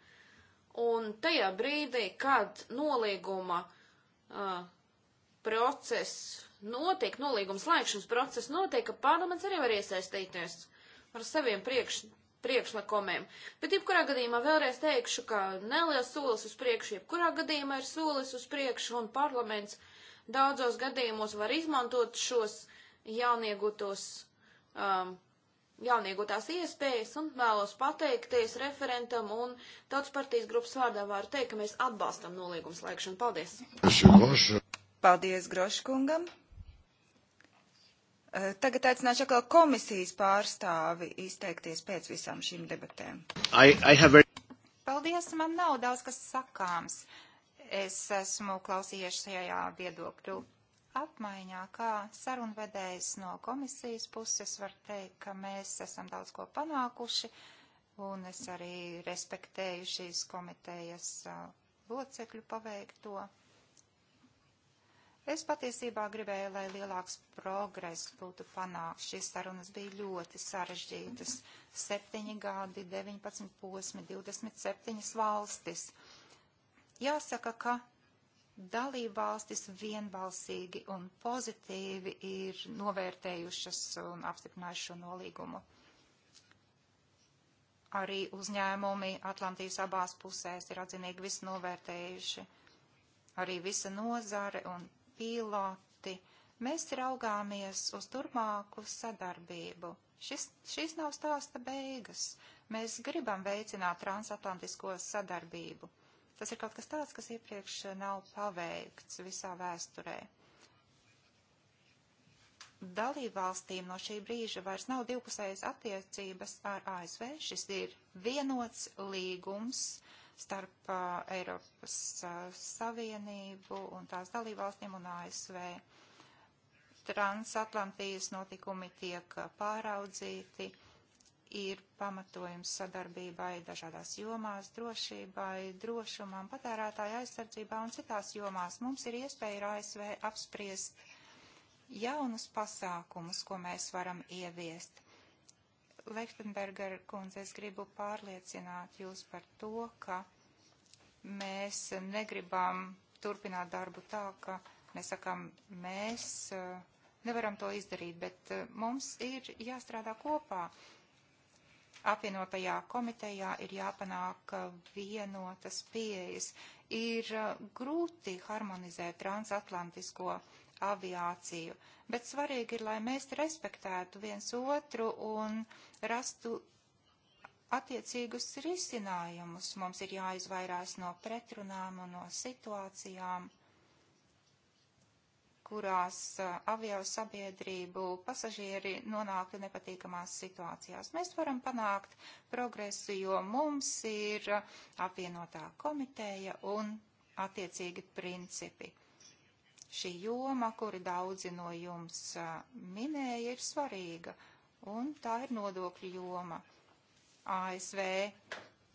un tajā brīdī, kad nolīguma uh, process notiek, nolīguma slēgšanas process notiek, ka parlaments arī var iesaistīties ar saviem priekš, priekšlikumiem. Bet jebkurā gadījumā vēlreiz teikšu, ka neliels solis uz priekšu, jebkurā gadījumā ir solis uz priekšu, un parlaments daudzos gadījumos var izmantot šos jauniegūtos um, jauniegūtās iespējas un vēlos pateikties referentam un tautas partijas grupas vārdā varu teikt, ka mēs atbalstam nolīgumu slēgšanu. Paldies! Paldies Groškungam! Eh, tagad aicināšu atkal komisijas pārstāvi izteikties pēc visām šīm debatēm. I, I have... Paldies, man nav daudz kas sakāms. Es esmu klausījies šajā viedokļu apmaiņā, kā sarunvedējs no komisijas puses, var teikt, ka mēs esam daudz ko panākuši, un es arī respektēju šīs komitejas locekļu paveikto. Es patiesībā gribēju, lai lielāks progress būtu panākts. Šīs sarunas bija ļoti sarežģītas. 7 gadi, 19 posmi, 27 valstis. Jāsaka, ka dalībvalstis vienbalsīgi un pozitīvi ir novērtējušas un apstiprinājuši šo nolīgumu. Arī uzņēmumi Atlantijas abās pusēs ir atzinīgi visi novērtējuši. Arī visa nozare un piloti. Mēs raugāmies uz turpmāku sadarbību. Šis, šis nav stāsta beigas. Mēs gribam veicināt transatlantisko sadarbību Tas ir kaut kas tāds, kas iepriekš eh, nav paveikts visā vēsturē. Dalībvalstīm no šī brīža vairs nav divpusējas attiecības ar ASV. Šis ir vienots līgums starp uh, Eiropas uh, Savienību un tās dalībvalstīm un ASV. Transatlantijas notikumi tiek pāraudzīti. Uh, ir pamatojums sadarbībai dažādās jomās, drošībai, drošumam, patērētāja aizsardzībā un citās jomās. Mums ir iespēja ar ASV apspriest jaunus pasākumus, ko mēs varam ieviest. Lechtenberger kundze, es gribu pārliecināt jūs par to, ka mēs negribam turpināt darbu tā, ka mēs sakam, eh, mēs nevaram to izdarīt, bet eh, mums ir jāstrādā kopā apvienotajā komitejā ir jāpanāk uh, vienotas pieejas. Ir uh, grūti harmonizēt transatlantisko aviāciju, bet svarīgi ir, lai mēs respektētu viens otru un rastu attiecīgus risinājumus. Mums ir jāizvairās no pretrunām un no situācijām, kurās eh, avio sabiedrību pasažieri nonāktu nepatīkamās situācijās. Mēs varam panākt progresu, jo mums ir eh, apvienotā komiteja un attiecīgi principi. Šī joma, kuri daudzi no jums eh, minēja, ir svarīga, un tā ir nodokļu joma. ASV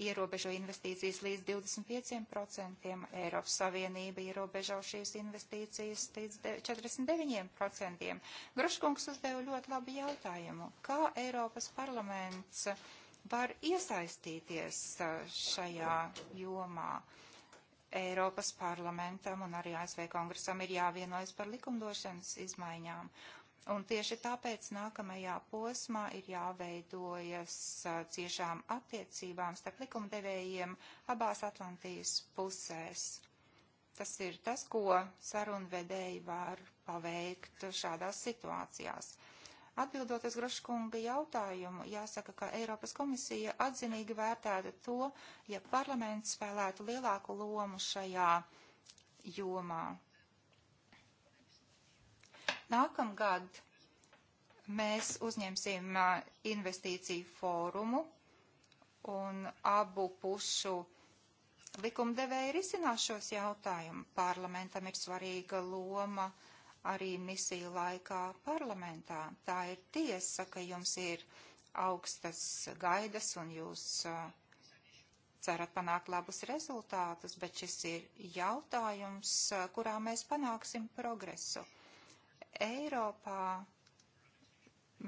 ierobežo investīcijas līdz 25%, Eiropas Savienība ierobežo šīs investīcijas līdz 49%. Gruškungs uzdeva ļoti labu jautājumu. Kā Eiropas parlaments var iesaistīties šajā jomā? Eiropas parlamentam un arī ASV kongresam ir jāvienojas par likumdošanas izmaiņām. Un tieši tāpēc nākamajā posmā ir jāveidojas ciešām attiecībām starp likumdevējiem abās Atlantijas pusēs. Tas ir tas, ko sarunvedēji var paveikt šādās situācijās. Atbildot uz Groškunga jautājumu, jāsaka, ka Eiropas komisija atzinīgi vērtētu to, ja parlaments spēlētu lielāku lomu šajā jomā. Nākamgad mēs uzņemsim investīciju fórumu un abu pušu likumdevēji risinās šos jautājumus. Parlamentam ir svarīga loma arī misiju laikā parlamentā. Tā ir tiesa, ka jums ir augstas gaidas un jūs uh, cerat panākt labus rezultātus, bet šis ir jautājums, kurā mēs panāksim progresu. Eiropā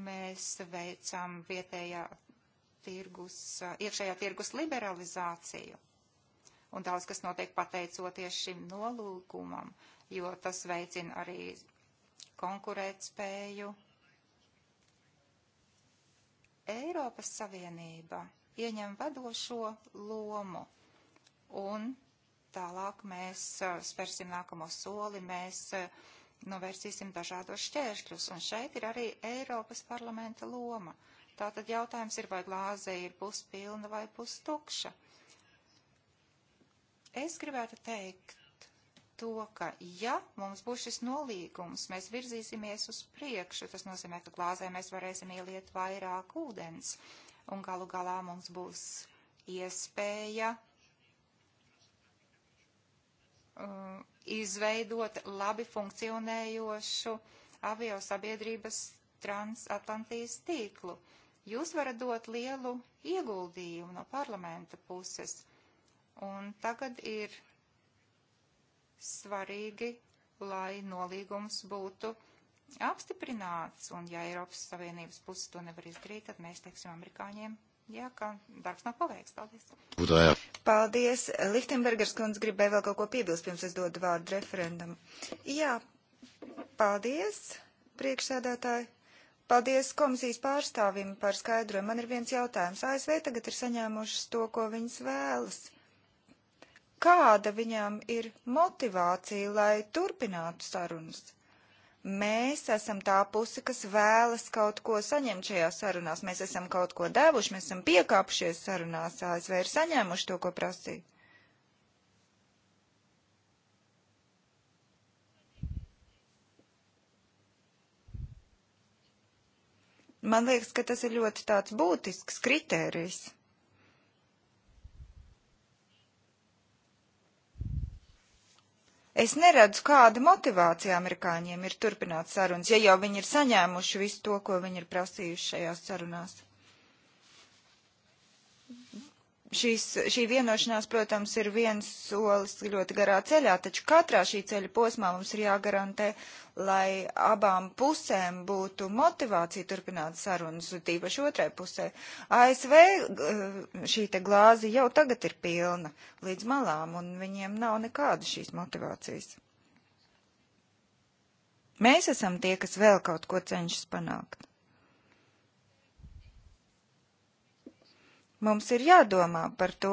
mēs veicam vietējā tirgus, iekšējā tirgus liberalizāciju. Un daudz kas notiek pateicoties šim nolūkumam, jo tas veicina arī konkurētspēju. Eiropas Savienība ieņem vadošo lomu un tālāk mēs spērsim nākamo soli, mēs uh, novērsīsim dažādos šķēršļus, un šeit ir arī Eiropas parlamenta loma. Tātad jautājums ir, vai glāze ir puspilna vai pustukša. Es gribētu teikt to, ka ja mums būs šis nolīgums, mēs virzīsimies uz priekšu, tas nozīmē, ka glāzē mēs varēsim ieliet vairāk ūdens, un galu galā mums būs iespēja um, izveidot labi funkcionējošu avio sabiedrības transatlantijas tīklu. Jūs varat dot lielu ieguldījumu no parlamenta puses. Un tagad ir svarīgi, lai nolīgums būtu apstiprināts, un ja Eiropas Savienības puses to nevar izdarīt, tad mēs teiksim amerikāņiem jā, ka darbs nav paveikts. Paldies. Būtā, Paldies. Lichtenbergers kundze gribēja vēl kaut ko piebilst, pirms es dodu vārdu referendam. Jā, paldies, priekšsēdētāji. Paldies komisijas pārstāvim par skaidrojumu. Man ir viens jautājums. ASV tagad ir saņēmušas to, ko viņas vēlas. Kāda viņām ir motivācija, lai turpinātu sarunas? Mēs esam tā puse, kas vēlas kaut ko saņemt šajā sarunās. Mēs esam kaut ko devuši, mēs esam piekāpušies sarunās. ASV ir saņēmuši to, ko prasīja. Man liekas, ka tas ir ļoti tāds būtisks kritērijs. Es neredzu, kāda motivācija amerikāņiem ir turpināt sarunas, ja jau viņi ir saņēmuši visu to, ko viņi ir prasījuši šajās sarunās. Šis, šī vienošanās, protams, ir viens solis ļoti garā ceļā, taču katrā šī ceļa posmā mums ir jāgarantē, lai abām pusēm būtu motivācija turpināt sarunas, tīpaši otrai pusē. ASV eh, šī te glāze jau tagad ir pilna līdz malām, un viņiem nav nekāda šīs motivācijas. Mēs esam tie, kas vēl kaut ko cenšas panākt. Mums ir jādomā par to,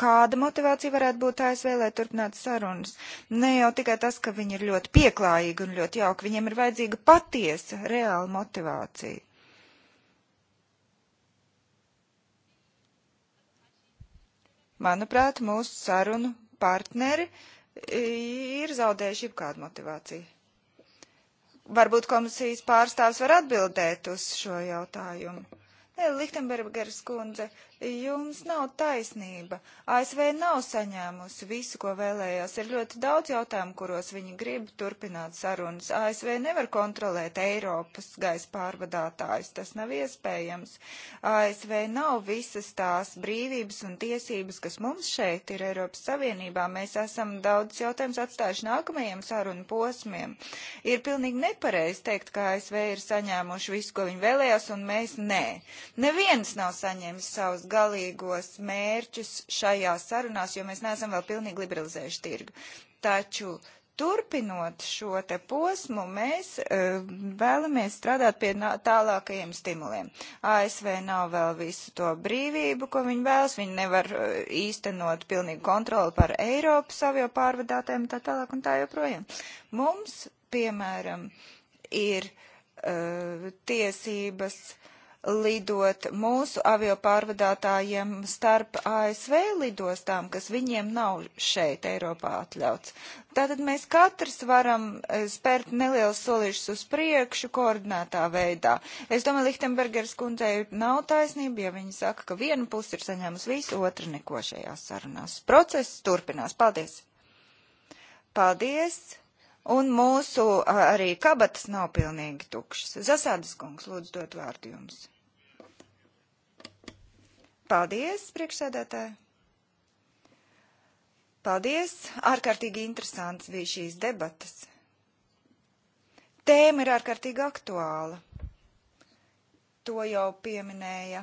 kāda motivācija varētu būt ASV, lai turpinātu sarunas. Ne jau tikai tas, ka viņi ir ļoti pieklājīgi un ļoti jauki, viņiem ir vajadzīga patiesa, reāla motivācija. Manuprāt, mūsu sarunu partneri e, ir zaudējuši jebkādu motivāciju. Varbūt komisijas pārstāvs var atbildēt uz šo jautājumu. Lichtenbergers kundze, jums nav taisnība. ASV nav saņēmusi visu, ko vēlējās. Ir ļoti daudz jautājumu, kuros viņi grib turpināt sarunas. ASV nevar kontrolēt Eiropas gaisa pārvadātājus. Tas nav iespējams. ASV nav visas tās brīvības un tiesības, kas mums šeit ir Eiropas Savienībā. Mēs esam daudz jautājumus atstājuši nākamajiem sarunu posmiem. Ir pilnīgi nepareizi teikt, ka ASV ir saņēmuši visu, ko viņi vēlējās, un mēs nē. Neviens nav saņēmis savus galīgos mērķus šajās sarunās, jo mēs neesam vēl pilnīgi liberalizējuši tirgu. Taču turpinot šo te posmu, mēs uh, vēlamies strādāt pie tālākajiem stimuliem. ASV nav vēl visu to brīvību, ko viņi vēlas, viņi nevar uh, īstenot pilnīgu kontroli par Eiropas avio pārvadātājiem tā tālāk un tā joprojām. Mums, piemēram, ir uh, tiesības uh, lidot mūsu aviopārvadātājiem starp ASV lidostām, kas viņiem nav šeit Eiropā atļauts. Tātad mēs katrs varam eh, spērt nelielus solīšus uz priekšu koordinētā veidā. Es domāju, Lichtenbergers kundzei nav taisnība, ja viņa saka, ka viena puse ir saņēmusi visu, otra neko šajās sarunās. Process turpinās. Paldies! Paldies! un mūsu arī kabatas nav pilnīgi tukšas. Zasādas kungs, lūdzu dot vārdu jums. Paldies, priekšsēdētāji. Paldies, ārkārtīgi interesants bija šīs debatas. Tēma ir ārkārtīgi aktuāla. To jau pieminēja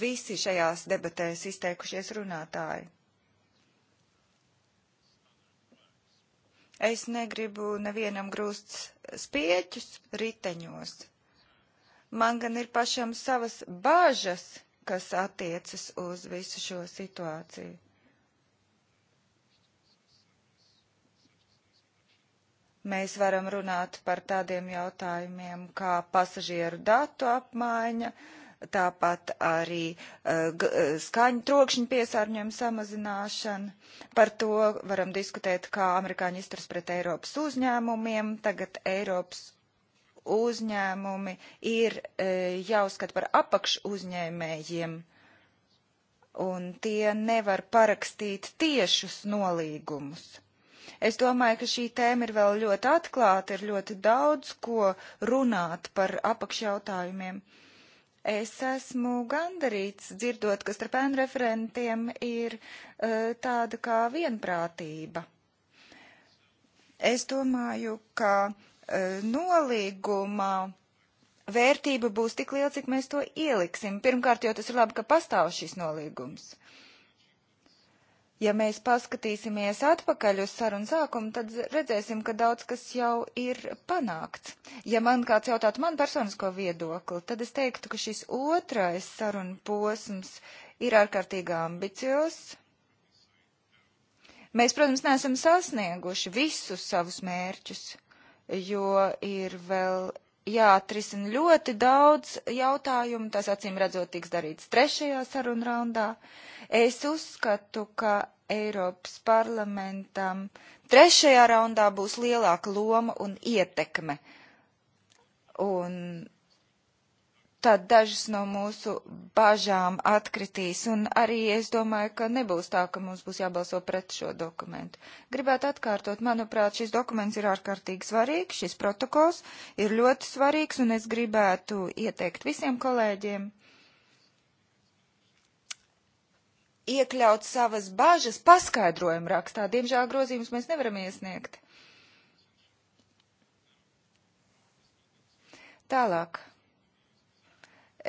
visi šajās debatēs izteikušies runātāji. Es negribu nevienam grūst spieķus riteņos. Man gan ir pašam savas bāžas, kas attiecas uz visu šo situāciju. Mēs varam runāt par tādiem jautājumiem kā pasažieru datu apmaiņa, uh, tāpat arī eh, eh, skaņu trokšņu piesārņojumu samazināšana. Par to varam diskutēt, kā amerikāņi izturas pret Eiropas uzņēmumiem. Tagad Eiropas uzņēmumi ir eh, jāuzskata par apakšu uzņēmējiem, un tie nevar parakstīt tiešus nolīgumus. Es domāju, ka šī tēma ir vēl ļoti atklāta, ir ļoti daudz ko runāt par apakšjautājumiem. jautājumiem Es esmu gandarīts dzirdot, ka starp ēnu referentiem ir uh, tāda kā vienprātība. Es domāju, ka uh, e, nolīgumā vērtība būs tik liela, cik mēs to ieliksim. Pirmkārt, jau tas ir labi, ka pastāv šis nolīgums. Uh, Ja mēs paskatīsimies atpakaļ uz sarunu sākumu, tad redzēsim, ka daudz kas jau ir panākts. Ja man kāds jautātu man personisko viedokli, tad es teiktu, ka šis otrais sarunu posms ir ārkārtīgi ambicios. Mēs, protams, neesam sasnieguši visus savus mērķus, jo ir vēl jāatrisina ļoti daudz jautājumu, tas acīm redzot tiks darīts trešajā sarunu raundā. Es uzskatu, ka Eiropas parlamentam trešajā raundā būs lielāka loma un ietekme. Un tad dažas no mūsu bažām atkritīs, un arī es domāju, ka nebūs tā, ka mums būs jābalso pret šo dokumentu. Gribētu atkārtot, manuprāt, šis dokuments ir ārkārtīgi svarīgs, šis protokols ir ļoti svarīgs, un es gribētu ieteikt visiem kolēģiem iekļaut savas bažas paskaidrojumu rakstā. Diemžēl grozījumus mēs nevaram iesniegt. Tālāk.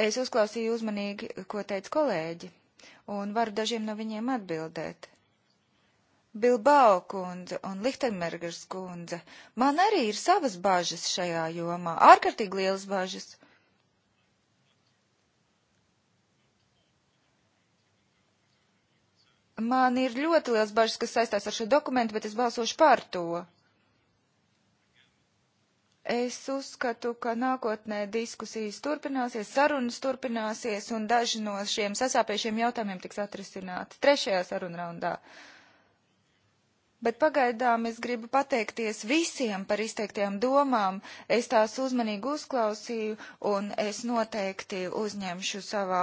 Es uzklausīju uzmanīgi, ko teica kolēģi, un varu dažiem no viņiem atbildēt. Bilbao kundze un Lichtenbergers kundze, man arī ir savas bažas šajā jomā, ārkārtīgi lielas bažas. Man ir ļoti liels bažas, kas saistās ar šo dokumentu, bet es balsošu par to. Es uzskatu, ka nākotnē diskusijas turpināsies, sarunas turpināsies un daži no šiem sasāpējušiem jautājumiem tiks atrisināti trešajā sarunraundā. Bet pagaidām es gribu pateikties visiem par izteiktajām domām. Es tās uzmanīgi uzklausīju un es noteikti uzņemšu savā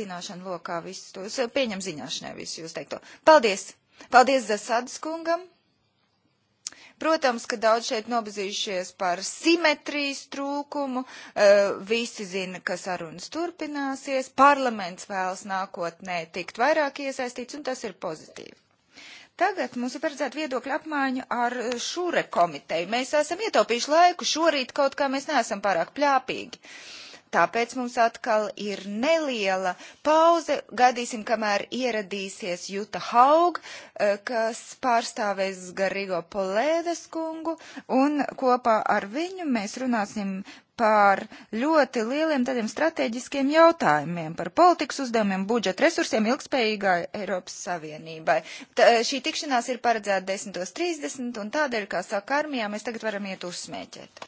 zināšanu lokā visus tos, pieņem ziņāšanai visus jūs teikto. Paldies! Paldies Zasadas kungam! Protams, ka daudz šeit nobazījušies par simetrijas trūkumu, eh, visi zina, ka sarunas turpināsies, parlaments vēlas nākotnē tikt vairāk iesaistīts, un tas ir pozitīvi. Tagad mums ir paredzēta viedokļa apmaiņa ar šūre komiteju. Mēs esam ietaupījuši laiku, šorīt kaut kā mēs neesam pārāk pļāpīgi. Uh, tāpēc mums atkal ir neliela pauze. Gadīsim, kamēr ieradīsies Juta Haug, eh, kas pārstāvēs Garīgo Polēdes kungu, un kopā ar viņu mēs runāsim par ļoti lieliem tādiem strateģiskiem jautājumiem, par politikas uzdevumiem, budžeta resursiem, ilgspējīgai Eiropas Savienībai. T, eh, šī tikšanās ir paredzēta 10.30 un tādēļ, kā saka armijā, mēs tagad varam iet uzsmēķēt.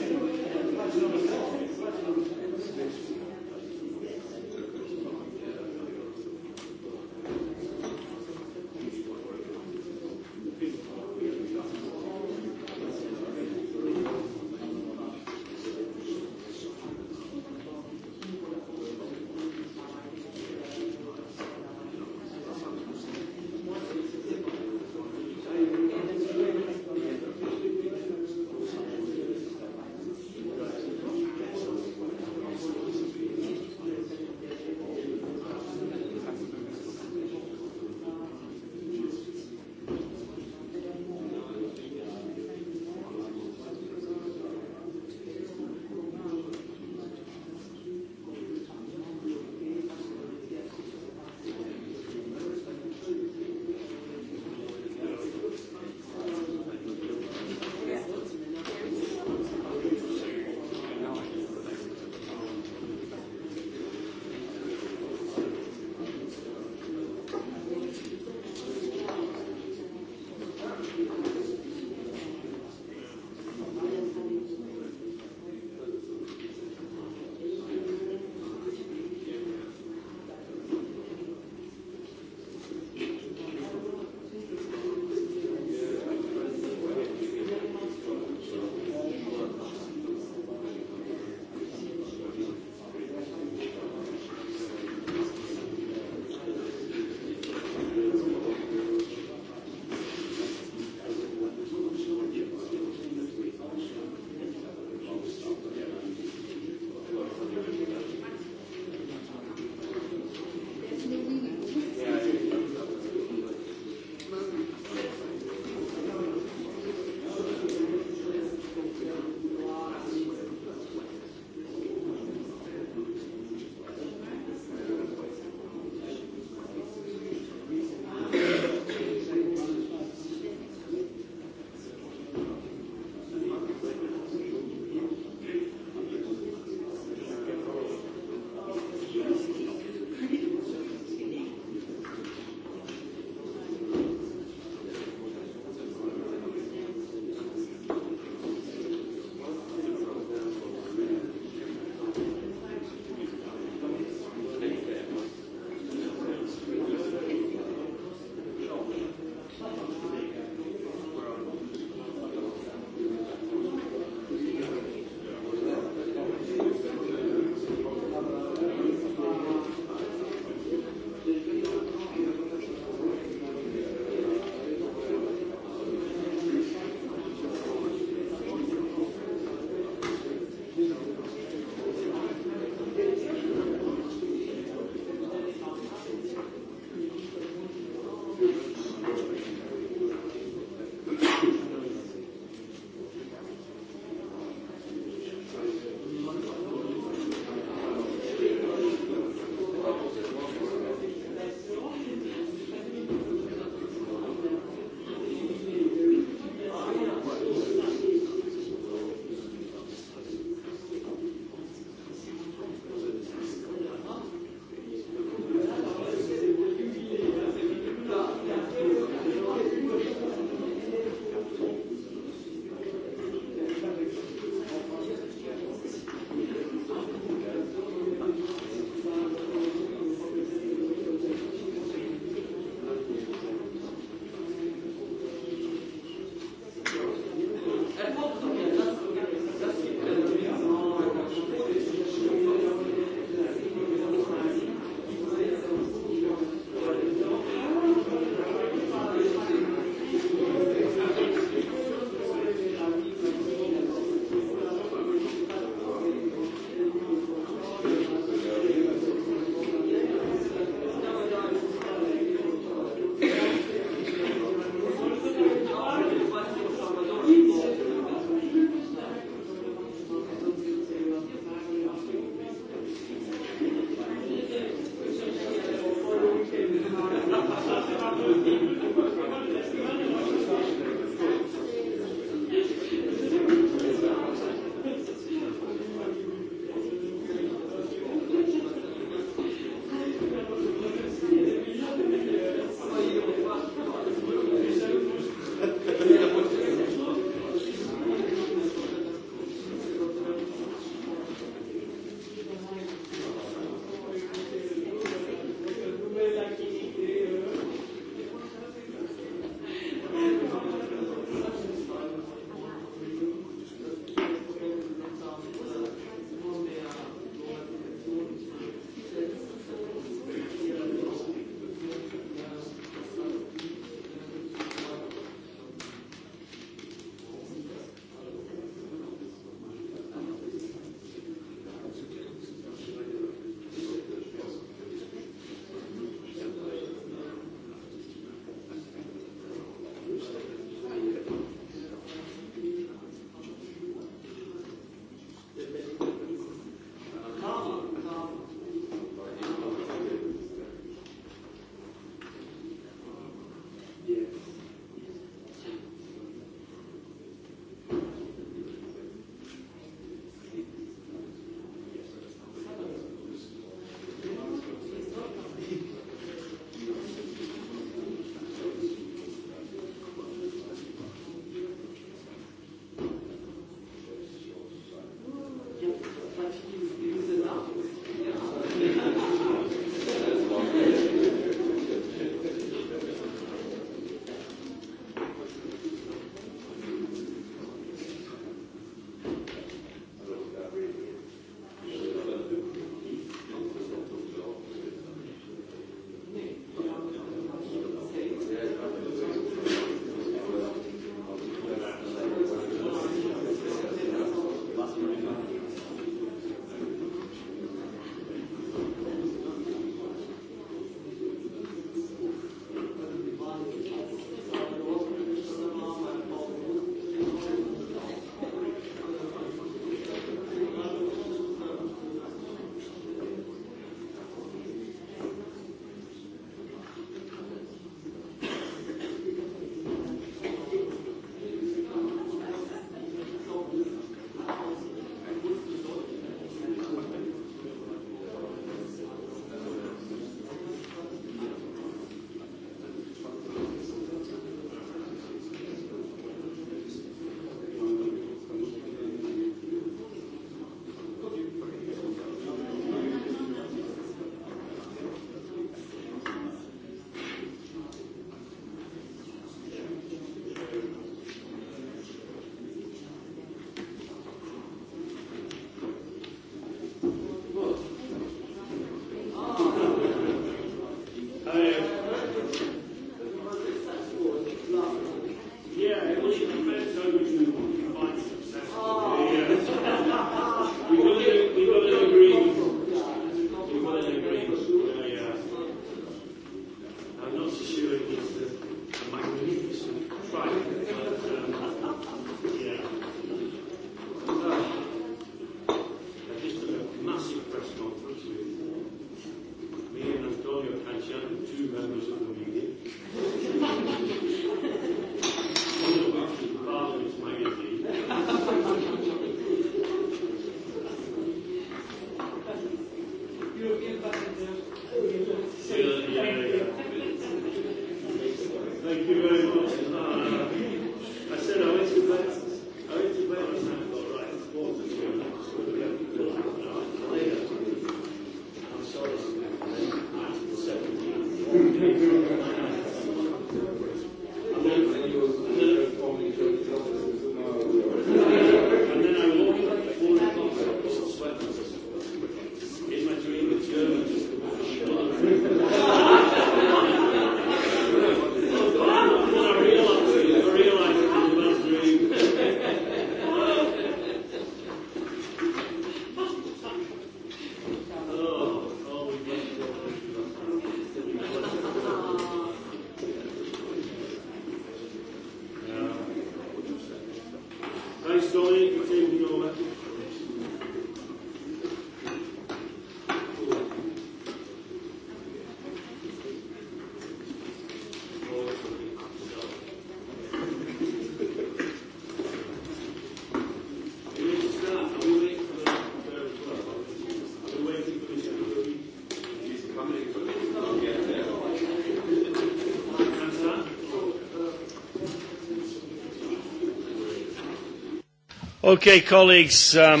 Okay, colleagues, um,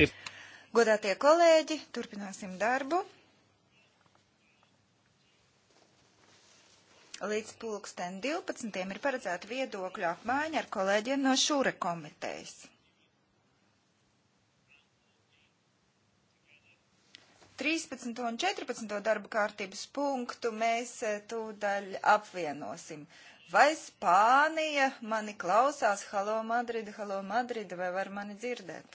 if... Godātie kolēģi, turpināsim darbu. Līdz pulksten 12. ir paredzēta viedokļu apmaiņa ar kolēģiem no šūra komitejas. Trīspadsmito un četrpadsmito darba kārtības punktu mēs eh, tūdaļ apvienosim. Vai Spānija mani klausās? Halo Madrida, halo Madrida, vai var mani dzirdēt?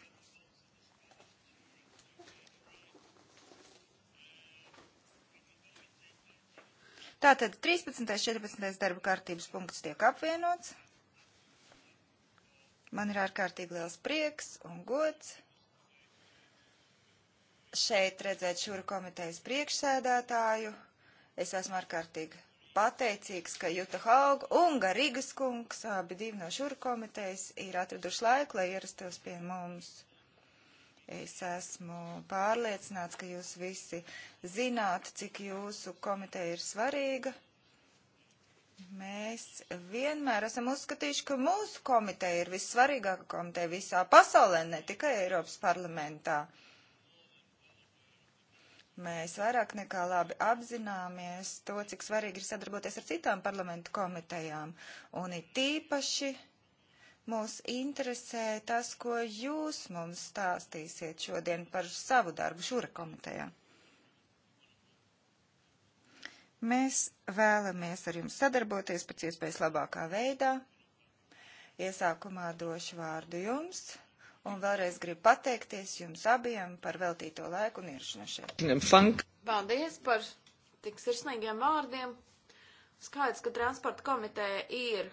Tātad 13. un 14. darba kārtības punkts tiek apvienots. Man ir ārkārtīgi liels prieks un gods šeit redzēt šūru komitejas priekšsēdētāju. Es esmu ārkārtīgi pateicīgs, ka Juta Hauga un Garīgas kungs, abi divi no šura komitejas, ir atraduši laiku, lai ierastos pie mums. Es esmu pārliecināts, ka jūs visi zināt, cik jūsu komiteja ir svarīga. Mēs vienmēr esam uzskatījuši, ka mūsu komiteja ir vissvarīgākā komiteja visā pasaulē, ne tikai Eiropas parlamentā. Uh, Mēs vairāk nekā labi apzināmies to, cik svarīgi ir sadarboties ar citām parlamentu komitejām. Un it tīpaši mūs interesē tas, ko jūs mums stāstīsiet šodien par savu darbu šura komitejā. Mēs vēlamies ar jums sadarboties pēc iespējas labākā veidā. Iesākumā došu vārdu jums un vēlreiz gribu pateikties jums abiem par veltīto laiku un ierašanos šeit. Paldies par tik sirsnīgiem vārdiem. Skaidrs, ka transporta komiteja ir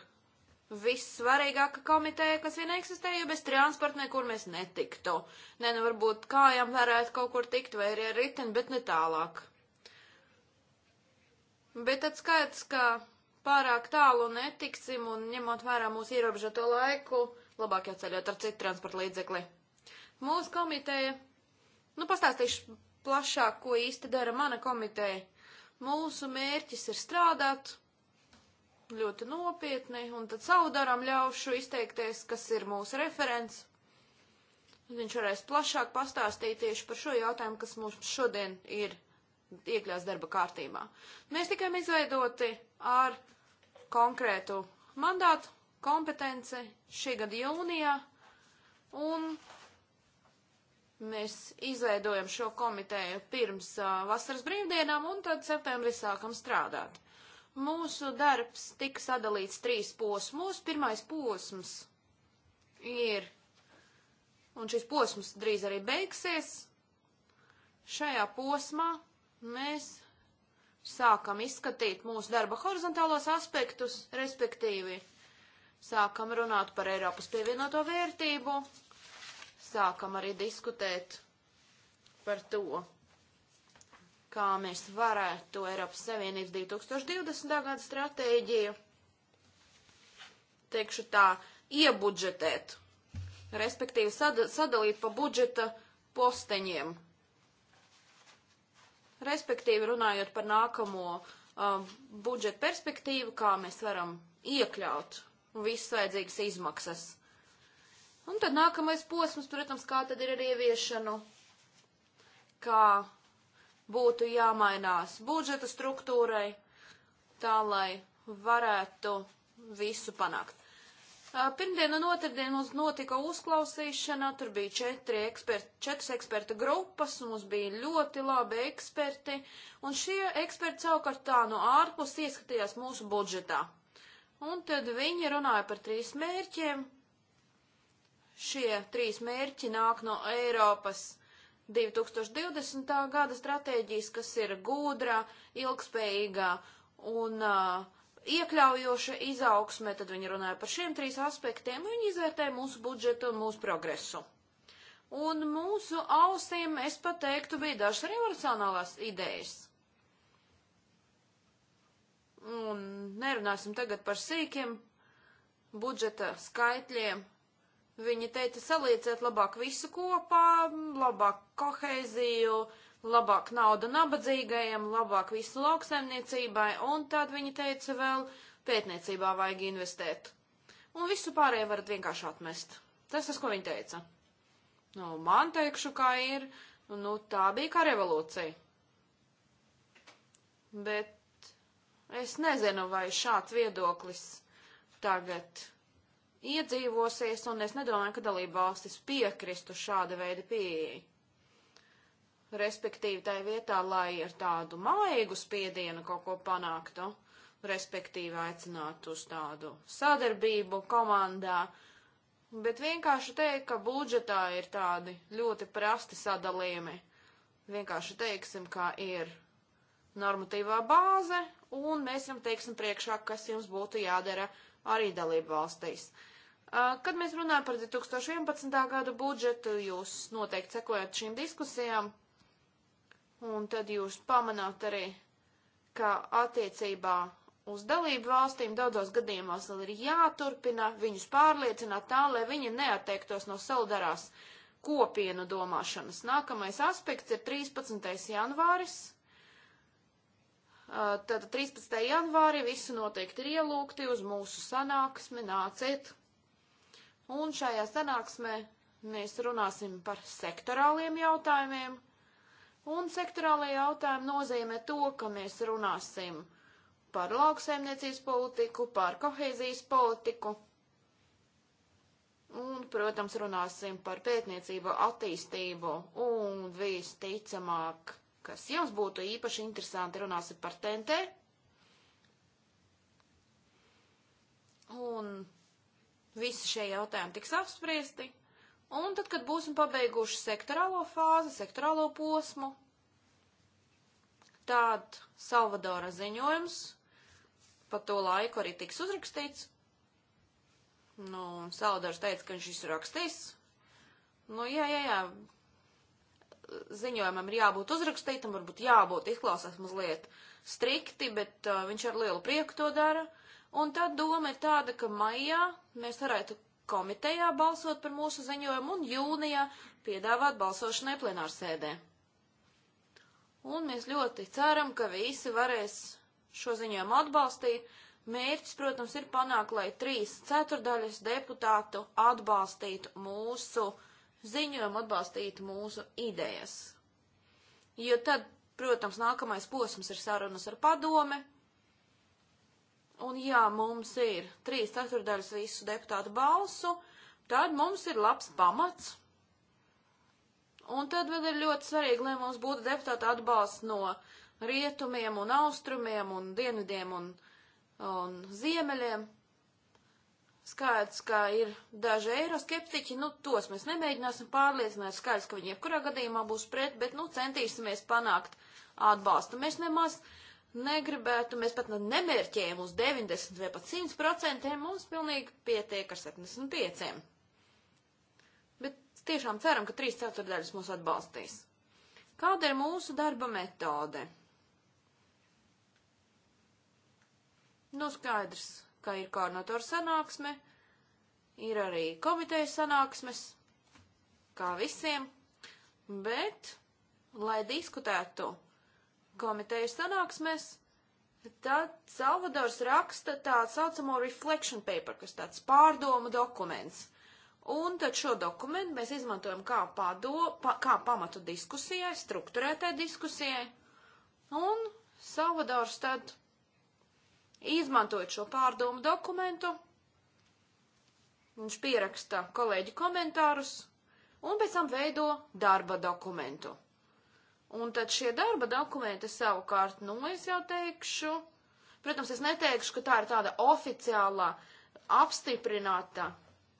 vissvarīgākā komiteja, kas vien eksistē, jo bez transporta nekur mēs netiktu. Ne, nu varbūt kājām varētu kaut kur tikt vai arī ar riteni, bet ne tālāk. Bet tad skaidrs, ka pārāk tālu netiksim un ņemot vērā mūsu ierobežoto laiku labāk jau ceļot ar citu transporta līdzekli. Mūsu komiteja, nu pastāstīšu plašāk, ko īsti dara mana komiteja. Mūsu mērķis ir strādāt ļoti nopietni, un tad savu darām ļaušu izteikties, kas ir mūsu referents. Viņš varēs plašāk pastāstīt tieši par šo jautājumu, kas mums šodien ir iekļauts darba kārtībā. Mēs tikai izveidoti ar konkrētu mandātu, kompetence šī gada jūnijā, un mēs izveidojam šo komiteju pirms uh, vasaras brīvdienām, un tad septembrī sākam strādāt. Mūsu darbs tika sadalīts trīs posmos. Pirmais posms ir, un šis posms drīz arī beigsies, šajā posmā mēs sākam izskatīt mūsu darba horizontālos aspektus, respektīvi Sākam runāt par Eiropas pievienoto vērtību, sākam arī diskutēt par to, kā mēs varētu Eiropas Savienības 2020. gada stratēģiju, teikšu tā, iebudžetēt, respektīvi sada, sadalīt pa budžeta posteņiem. Respektīvi runājot par nākamo uh, budžeta perspektīvu, kā mēs varam iekļaut un visas vajadzīgas izmaksas. Un tad nākamais posms, protams, kā tad ir ar ieviešanu, kā būtu jāmainās budžeta struktūrai, tā lai varētu visu panākt. Pirmdien un otrdien mums notika uzklausīšana, tur bija četri eksperti, četras eksperta grupas, mums bija ļoti labi eksperti, un šie eksperti savukārt tā no ārpus ieskatījās mūsu budžetā. Un tad viņi runāja par trīs mērķiem. Šie trīs mērķi nāk no Eiropas 2020. gada stratēģijas, kas ir gudra, ilgspējīgā un uh, iekļaujoša izaugsme. Tad viņi runāja par šiem trīs aspektiem, un viņi izvērtēja mūsu budžetu un mūsu progresu. Un mūsu ausīm, es pateiktu, bija dažas revolucionālās idejas. Un nerunāsim tagad par sīkiem budžeta skaitļiem. Viņi teica, salieciet labāk visu kopā, labāk kohēziju, labāk nauda nabadzīgajiem, labāk visu lauksaimniecībai, un tad viņi teica vēl pētniecībā vajag investēt. Un visu pārējo varat vienkārši atmest. Tas tas, ko viņi teica. Nu, man teikšu, kā ir, nu, tā bija kā revolūcija. Bet Es nezinu, vai šāds viedoklis tagad iedzīvosies, un es nedomāju, ka dalība valstis piekristu šāda veida pieeja. Respektīvi, tai vietā, lai ar tādu mājīgu spiedienu kaut ko panāktu, respektīvi aicinātu uz tādu sadarbību komandā, bet vienkārši teikt, ka budžetā ir tādi ļoti prasti sadalījumi. Vienkārši teiksim, ka ir normatīvā bāze, un mēs jums teiksim priekšā, kas jums būtu jādara arī dalību valstīs. Kad mēs runājam par 2011. gada budžetu, jūs noteikti sekojat šīm diskusijām, un tad jūs pamanāt arī, ka attiecībā uz dalību valstīm daudzos gadījumos vēl ir jāturpina viņus pārliecināt tā, lai viņi neatteiktos no solidarās kopienu domāšanas. Nākamais aspekts ir 13. janvāris. Eh, tātad 13. janvāri visi noteikti ir ielūgti uz mūsu sanāksmi, nāciet. Un šajā sanāksmē mēs runāsim par sektorāliem jautājumiem. Un sektorālajie jautājumi nozīmē to, ka mēs runāsim par lauksaimniecības politiku, par kohēzijas politiku. Un, protams, runāsim par pētniecību, attīstību un visticamāk kas jums būtu īpaši interesanti, runāsim par TNT. Un visi šie jautājumi tiks apspriesti. Un tad, kad būsim pabeiguši sektorālo fāzi, sektorālo posmu, tad Salvadora ziņojums pa to laiku arī tiks uzrakstīts. Nu, Salvadors teica, ka viņš izrakstīs. Nu, jā, jā, jā, ziņojumam ir jābūt uzrakstītam, varbūt jābūt izklausās mazliet strikti, bet uh, viņš ar lielu prieku to dara. Un tad doma ir tāda, ka maijā mēs varētu komitejā balsot par mūsu ziņojumu un jūnijā piedāvāt balsošanai plenārsēdē. Un mēs ļoti ceram, ka visi varēs šo ziņojumu atbalstīt. Mērķis, protams, ir panākt, lai trīs ceturdaļas deputātu atbalstītu mūsu uh, ziņojumu atbalstītu mūsu idejas. Jo tad, protams, nākamais posms ir sarunas ar padome. Un jā, mums ir trīs ceturdaļas visu deputātu balsu, tad mums ir labs pamats. Un tad vēl ir ļoti svarīgi, lai mums būtu deputāta atbalsts no rietumiem un austrumiem un dienvidiem un, un ziemeļiem, skaidrs, ka ir daži eiroskeptiķi, nu tos mēs nemēģināsim pārliecināt, skaidrs, ka viņi jebkurā gadījumā būs pret, bet nu centīsimies panākt atbalstu. Mēs nemaz negribētu, mēs pat nemērķējam uz 90 vai pat 100 procentiem, mums pilnīgi pietiek ar 75. Bet tiešām ceram, ka 3 ceturdaļas mūs atbalstīs. Kāda ir mūsu darba metode? Nu, skaidrs ka ir koordinatoru sanāksme, ir arī komiteju sanāksmes, kā visiem, bet, lai diskutētu komiteju sanāksmēs, tad Salvadors raksta tā saucamo reflection paper, kas tāds pārdomu dokuments. Un tad šo dokumentu mēs izmantojam kā, pado, pa, kā pamatu diskusijai, struktūrētai diskusijai. Un Salvadors tad Izmantojot šo pārdomu dokumentu, viņš pieraksta kolēģi komentārus un pēc tam veido darba dokumentu. Un tad šie darba dokumenti savukārt, nu, es jau teikšu, protams, es neteikšu, ka tā ir tāda oficiālā, apstiprināta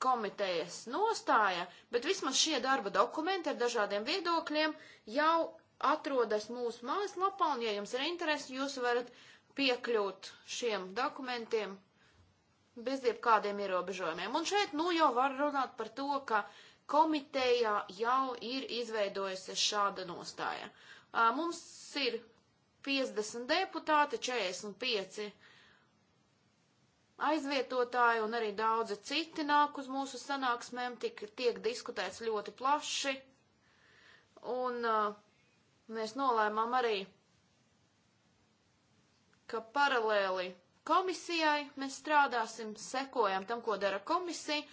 komitejas nostāja, bet vismaz šie darba dokumenti ar dažādiem viedokļiem jau atrodas mūsu mājaslapā, un, ja jums ir interesi, jūs varat piekļūt šiem dokumentiem bez jebkādiem ierobežojumiem. Un šeit nu jau var runāt par to, ka komitejā jau ir izveidojusies šāda nostāja. Mums ir 50 deputāti, 45 aizvietotāji un arī daudzi citi nāk uz mūsu sanāksmēm, tik, tiek diskutēts ļoti plaši. Un uh, mēs nolēmām arī ka paralēli komisijai mēs strādāsim, sekojam tam, ko dara komisija.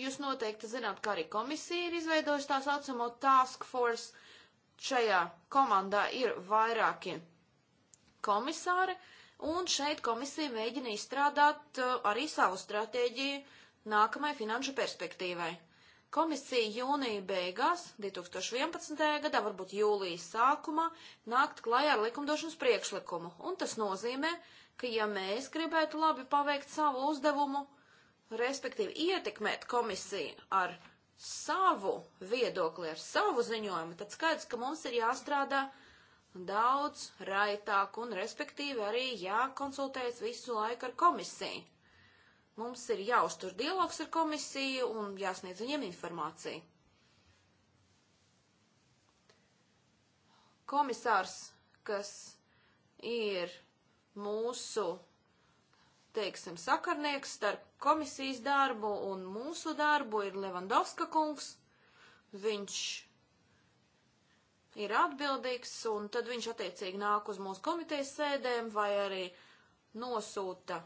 Jūs noteikti zināt, ka arī komisija ir izveidojusi tā saucamo task force. Šajā komandā ir vairāki komisāri, un šeit komisija mēģina izstrādāt uh, arī savu stratēģiju nākamai finanšu perspektīvai. Komisija jūnija beigās, 2011. gadā, varbūt jūlijas sākumā, nākt klajā ar likumdošanas priekšlikumu. Un tas nozīmē, ka ja mēs gribētu labi paveikt savu uzdevumu, respektīvi ietekmēt komisiju ar savu viedokli, ar savu ziņojumu, tad skaidrs, ka mums ir jāstrādā daudz raitāk un respektīvi arī jākonsultējas visu laiku ar komisiju. Mums ir jāuztur dialogs ar komisiju un jāsniedz viņiem informācija. Komisārs, kas ir mūsu, teiksim, sakarnieks starp komisijas darbu un mūsu darbu, ir Levandovska kungs. Viņš ir atbildīgs, un tad viņš attiecīgi nāk uz mūsu komitejas sēdēm vai arī nosūta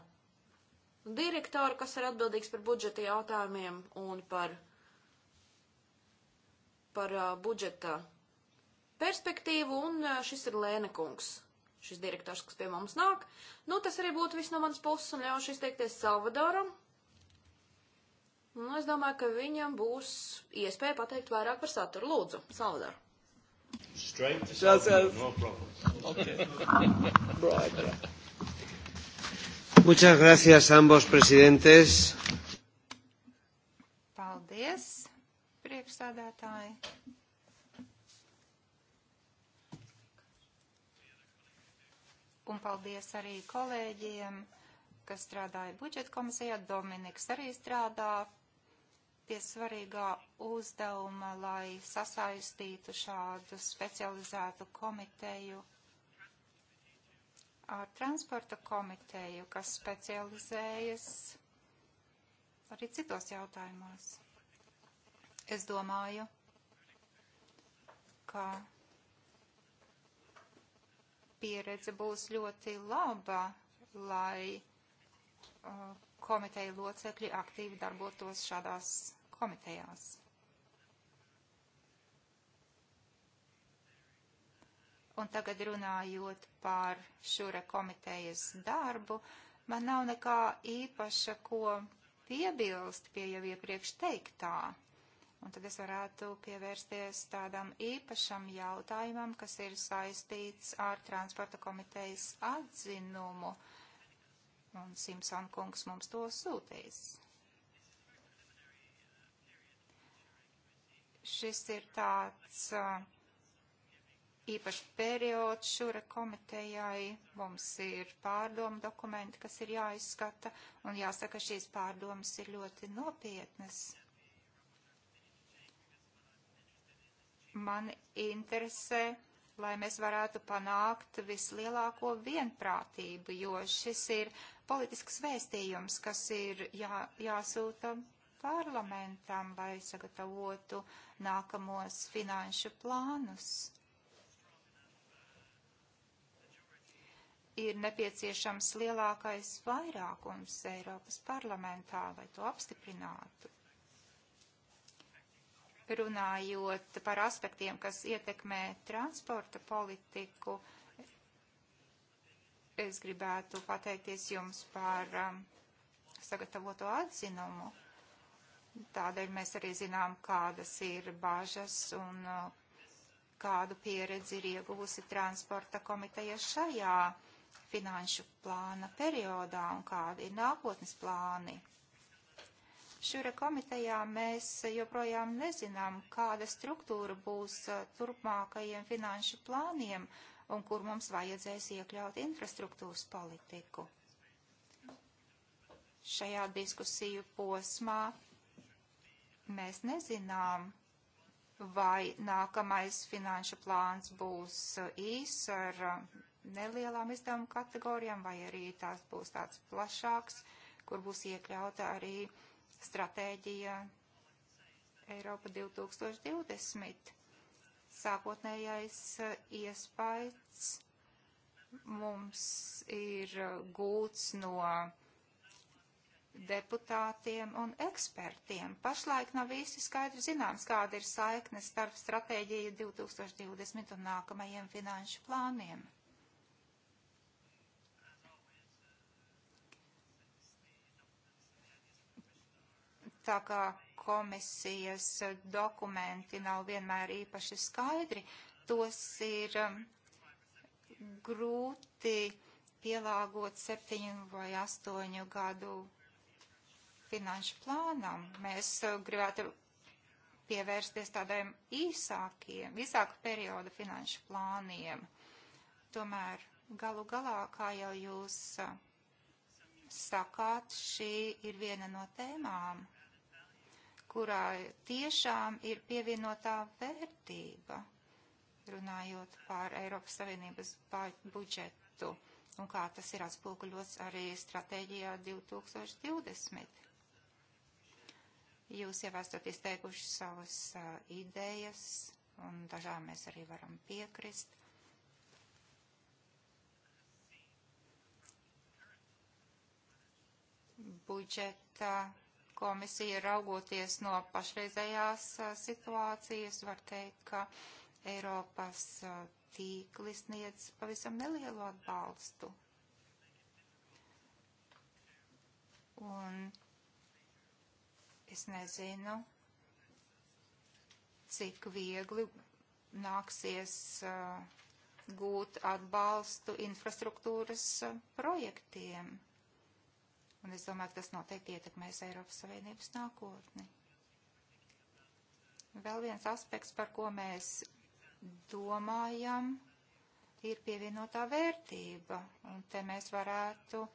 direktoru, kas ir atbildīgs par budžeta jautājumiem un par, par uh, budžeta perspektīvu, un uh, šis ir Lēne kungs, šis direktors, kas pie mums nāk. Nu, tas arī būtu viss no manas puses, un ļaušu izteikties Salvadoram. Nu, es domāju, ka viņam būs iespēja pateikt vairāk par saturu. Lūdzu, Salvador. Straight to Salvador, no problem. Okay. right. Muchas gracias a ambos presidentes. Paldies, priekšsādātāji. Un paldies arī kolēģiem, kas strādāja budžeta komisijā. Dominiks arī strādā pie svarīgā uzdevuma, lai sasaistītu šādu specializētu komiteju ar transporta komiteju, kas specializējas arī citos jautājumos. Es domāju, ka pieredze būs ļoti laba, lai uh, komiteju locekļi aktīvi darbotos šādās komitejās. Un tagad runājot par šura komitejas darbu, man nav nekā īpaša, ko piebilst pie jau iepriekš teiktā. Un tad es varētu pievērsties tādam īpašam jautājumam, kas ir saistīts ar transporta komitejas atzinumu. Un Simpson kungs mums to sūtīs. Šis ir tāds uh, īpašs periods šura komitejai, mums ir pārdomu dokumenti, kas ir jāizskata, un jāsaka, šīs pārdomas ir ļoti nopietnas. Man interesē, lai mēs varētu panākt vislielāko vienprātību, jo šis ir politisks vēstījums, kas ir jā, jāsūta parlamentam, lai sagatavotu nākamos finanšu plānus. ir nepieciešams lielākais vairākums Eiropas parlamentā, lai to apstiprinātu. Runājot par aspektiem, kas ietekmē transporta politiku, es gribētu pateikties jums par um, sagatavoto atzinumu. Tādēļ mēs arī zinām, kādas ir bāžas un uh, kādu pieredzi ir ieguvusi transporta komiteja šajā finanšu plāna periodā un kādi ir nākotnes plāni. Šura komitejā mēs joprojām nezinām, kāda struktūra būs uh, turpmākajiem finanšu plāniem un kur mums vajadzēs iekļaut infrastruktūras politiku. Šajā diskusiju posmā mēs nezinām, vai nākamais finanšu plāns būs uh, īs ar uh, nelielām izdevuma kategorijām, vai arī tās būs tāds plašāks, kur būs iekļauta arī stratēģija Eiropa 2020. Sākotnējais eh, iespējas mums ir eh, gūts no deputātiem un ekspertiem. Pašlaik nav īsti skaidri zināms, kāda ir saikne starp stratēģiju 2020 un nākamajiem finanšu plāniem. tā kā komisijas dokumenti nav vienmēr īpaši skaidri, tos ir um, grūti pielāgot septiņu vai astoņu gadu finanšu plānam. Mēs uh, gribētu pievērsties tādiem īsākiem, īsāku periodu finanšu plāniem. Tomēr galu galā, kā jau jūs uh, sakāt, šī ir viena no tēmām, kurā tiešām ir pievienotā vērtība, runājot par Eiropas Savienības budžetu, un kā tas ir atspoguļots arī stratēģijā 2020. Jūs jau esat izteikuši savas uh, idejas, un dažām mēs arī varam piekrist. Budžeta komisija raugoties no pašreizējās situācijas, var teikt, ka Eiropas tīkli sniedz pavisam nelielu atbalstu. Un es nezinu, cik viegli nāksies uh, gūt atbalstu infrastruktūras projektiem. Un es domāju, ka tas noteikti ietekmēs Eiropas Savienības nākotni. Vēl viens aspekts, par ko mēs domājam, ir pievienotā vērtība. Un te mēs varētu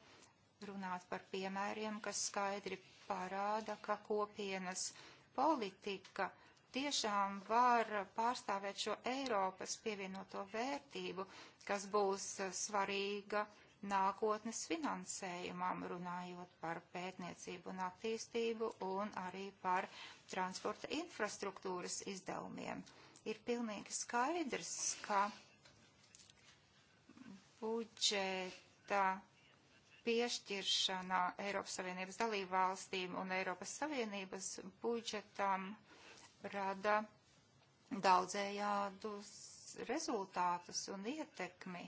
runāt par piemēriem, kas skaidri parāda, ka kopienas politika tiešām var pārstāvēt šo Eiropas pievienoto vērtību, kas būs svarīga nākotnes finansējumam, runājot par pētniecību un attīstību un arī par transporta infrastruktūras izdevumiem. Ir pilnīgi skaidrs, ka budžeta piešķiršana Eiropas Savienības dalību valstīm un Eiropas Savienības budžetam rada daudzējādus rezultātus un ietekmi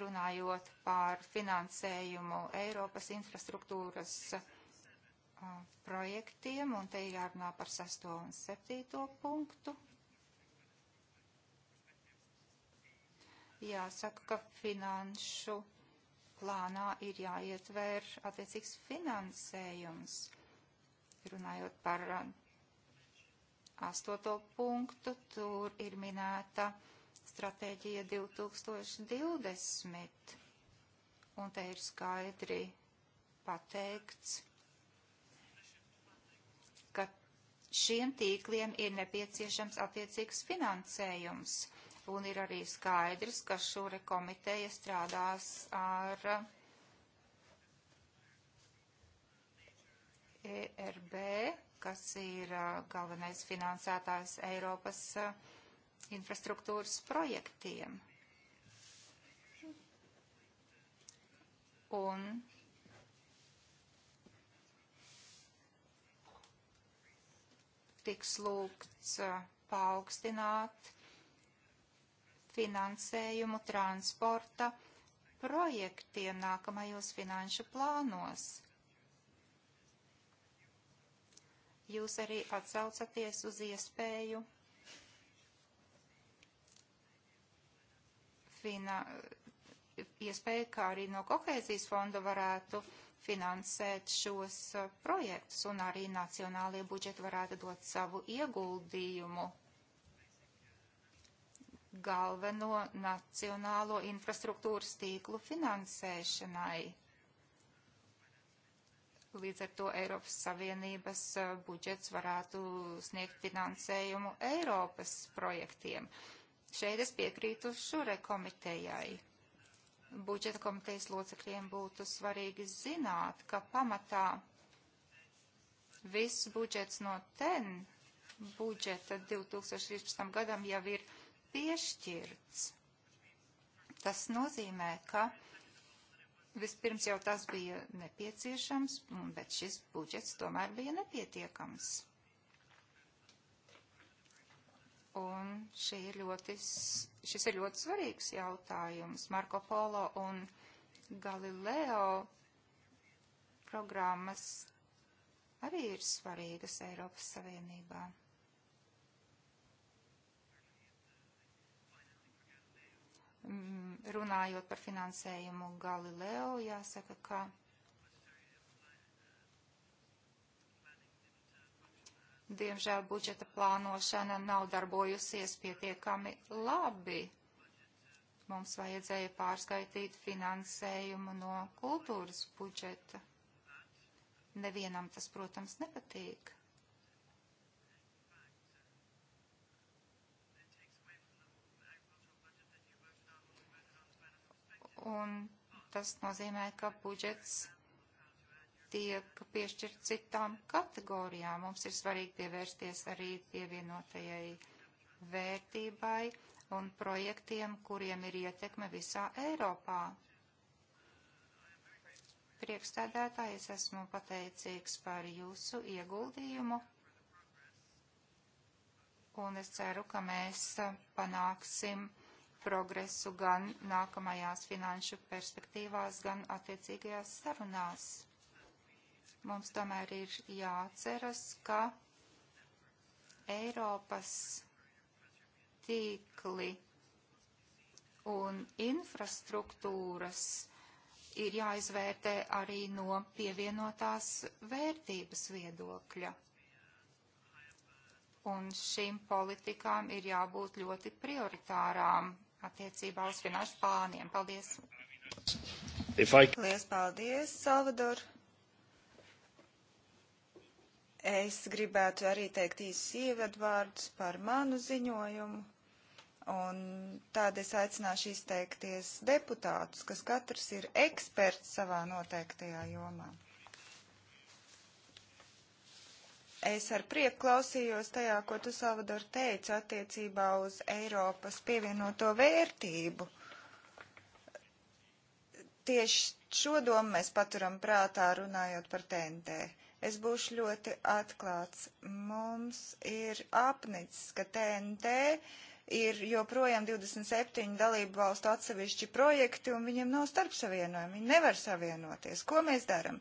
runājot par finansējumu Eiropas infrastruktūras projektiem, un te jārunā par sesto un septīto punktu. Jāsaka, ka finanšu plānā ir jāietver attiecīgs finansējums. Runājot par astoto punktu, tur ir minēta uh, stratēģija 2020. Un te ir skaidri pateikts, ka šiem tīkliem ir nepieciešams attiecīgs finansējums. Un ir arī skaidrs, ka šūre komiteja strādās ar ERB, kas ir uh, galvenais finansētājs Eiropas uh, infrastruktūras projektiem. Un tiks lūgts paaugstināt finansējumu transporta projektiem nākamajos finanšu plānos. Jūs arī atsaucaties uz iespēju fina, eh, iespēja, kā arī no kohēzijas fonda varētu finansēt šos eh, projektus, un arī nacionālie budžeti varētu dot savu ieguldījumu galveno nacionālo infrastruktūras tīklu finansēšanai. Līdz ar to Eiropas Savienības eh, budžets varētu sniegt finansējumu Eiropas projektiem. Uh, Šeit es piekrītu šure komitejai. Budžeta komitejas locekļiem būtu svarīgi zināt, ka pamatā viss budžets no ten budžeta 2013. gadam jau ir piešķirts. Tas nozīmē, ka vispirms jau tas bija nepieciešams, bet šis budžets tomēr bija nepietiekams. Un ir ļoti, šis ir ļoti svarīgs jautājums. Marko Polo un Galileo programmas arī ir svarīgas Eiropas Savienībā. Mm, runājot par finansējumu Galileo, jāsaka, ka Diemžēl budžeta plānošana nav darbojusies pietiekami labi. Mums vajadzēja pārskaitīt finansējumu no kultūras budžeta. Nevienam tas, protams, nepatīk. Un tas nozīmē, ka budžets tiek piešķirt citām kategorijām. Mums ir svarīgi pievērsties arī pievienotajai vērtībai un projektiem, kuriem ir ietekme visā Eiropā. Priekšstādētāji, es esmu pateicīgs par jūsu ieguldījumu, un es ceru, ka mēs panāksim progresu gan nākamajās finanšu perspektīvās, gan attiecīgajās sarunās. Mums tomēr ir jāatceras, ka Eiropas tīkli un infrastruktūras ir jāizvērtē arī no pievienotās vērtības viedokļa. Un šīm politikām ir jābūt ļoti prioritārām attiecībā uz finanšu plāniem. Paldies! I... Lies paldies, Salvador! Es gribētu arī teikt īsus ievadvārdus par manu ziņojumu, un tād es aicināšu izteikties deputātus, kas katrs ir eksperts savā noteiktajā jomā. Es ar prieku klausījos tajā, ko tu, Salvador, teici attiecībā uz Eiropas pievienoto vērtību. Tieši šo domu mēs paturam prātā runājot par TNT. Es būšu ļoti atklāts. Mums ir apnicis, ka TNT ir joprojām 27 dalību valstu atsevišķi projekti, un viņiem nav starpsavienojumi. Viņi nevar savienoties. Ko mēs darām?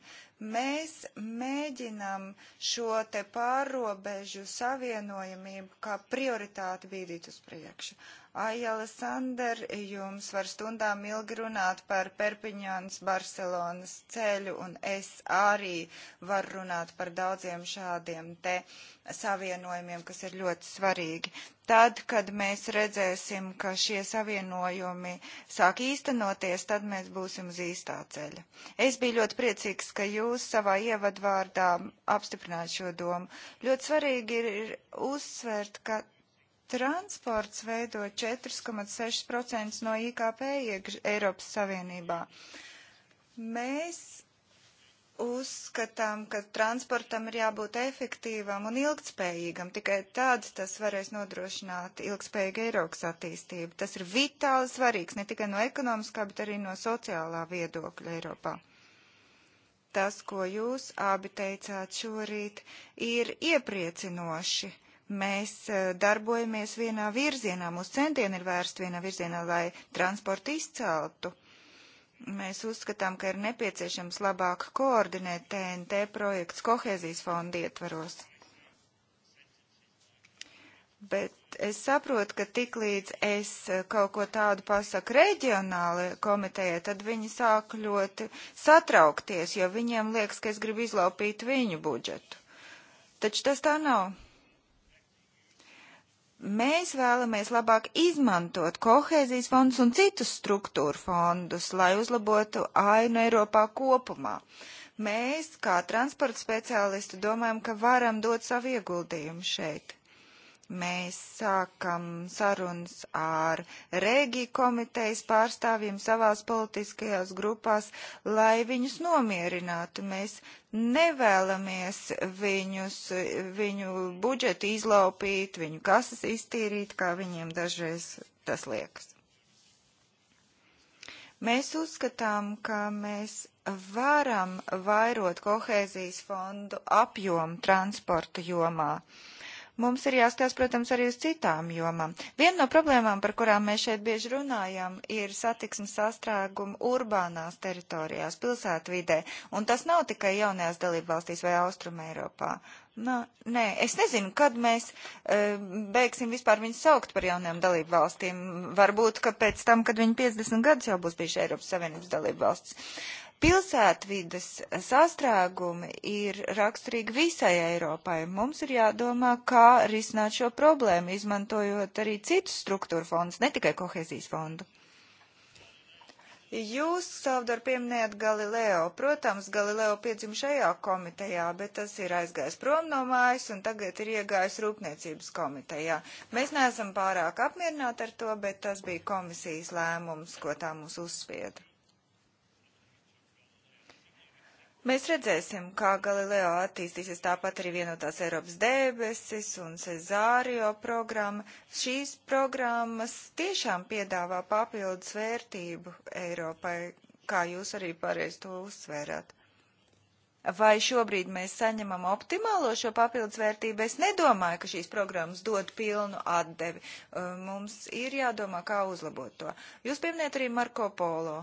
Mēs mēģinām šo te pārobežu savienojamību kā prioritāti bīdīt uz priekšu. Aijala Sander jums var stundām ilgi runāt par Perpiņāns Barcelonas ceļu, un es arī varu runāt par daudziem šādiem te savienojumiem, kas ir ļoti svarīgi. Tad, kad mēs redzēsim, ka šie savienojumi sāk īstenoties, tad mēs būsim uz īstā ceļa. Es biju ļoti priecīgs, ka jūs savā ievadvārdā apstiprināt šo domu. Ļoti svarīgi ir uzsvērt, ka Transports veido 4,6% no IKP Eiropas Savienībā. Mēs uzskatām, ka transportam ir jābūt efektīvam un ilgtspējīgam. Tikai tad tas varēs nodrošināt ilgtspējīgu Eiropas attīstību. Tas ir vitāli svarīgs ne tikai no ekonomiskā, bet arī no sociālā viedokļa Eiropā. Tas, ko jūs abi teicāt šorīt, ir iepriecinoši. Mēs e, darbojamies vienā virzienā, mūsu centieni ir vērsti vienā virzienā, lai transportu izceltu. Mēs uzskatām, ka ir nepieciešams labāk koordinēt TNT projekts kohēzijas fonda ietvaros bet es saprotu, ka tiklīdz es e, kaut ko tādu pasaku reģionāli komitejai, tad viņi sāk ļoti satraukties, jo viņiem liekas, ka es gribu izlaupīt viņu budžetu. Taču tas tā nav. Mēs vēlamies labāk izmantot kohēzijas fondus un citus struktūru fondus, lai uzlabotu ainu Eiropā kopumā. Mēs, kā transporta speciālisti, domājam, ka varam dot savu ieguldījumu šeit. Mēs sākam sarunas ar Rēgī komitejas pārstāvjiem savās politiskajās grupās, lai viņus nomierinātu. Mēs nevēlamies viņus, viņu budžetu izlaupīt, viņu kasas iztīrīt, kā viņiem dažreiz tas liekas. Mēs uzskatām, ka mēs varam vairot kohēzijas fondu apjomu transporta jomā. Uh, Mums ir jāskatās, protams, arī uz citām jomām. Viena no problēmām, par kurām mēs šeit bieži runājam, ir satiksmes sastrēguma urbānās teritorijās, pilsētvidē, un tas nav tikai jaunajās dalību valstīs vai Austrum Eiropā. Nu, nē, es nezinu, kad mēs e, beigsim vispār viņus saukt par jaunajām dalību valstīm. Varbūt, ka pēc tam, kad viņi 50 gadus jau būs bijuši Eiropas Savienības dalību valsts. E, Pilsētvidas sastrēgumi ir raksturīgi visai Eiropai. Mums ir jādomā, kā risināt šo problēmu, izmantojot arī citus struktūra fondus, ne tikai kohezijas fondu. Jūs, Salvador, pieminējat Galileo. Protams, Galileo piedzim šajā komitejā, bet tas ir aizgājis prom no mājas un tagad ir iegājis Rūpniecības komitejā. Mēs neesam pārāk apmierināti ar to, bet tas bija komisijas lēmums, ko tā mums uzspieda. Mēs redzēsim, kā Galileo attīstīsies tāpat arī vienotās Eiropas debesis un Cezārio programma. Šīs programmas tiešām piedāvā papildus vērtību Eiropai, kā jūs arī pareiz to uzsvērāt. Vai šobrīd mēs saņemam optimālo šo papildus vērtību? Es nedomāju, ka šīs programmas dod pilnu atdevi. Mums ir jādomā, kā uzlabot to. Jūs pieminējat arī Marko Polo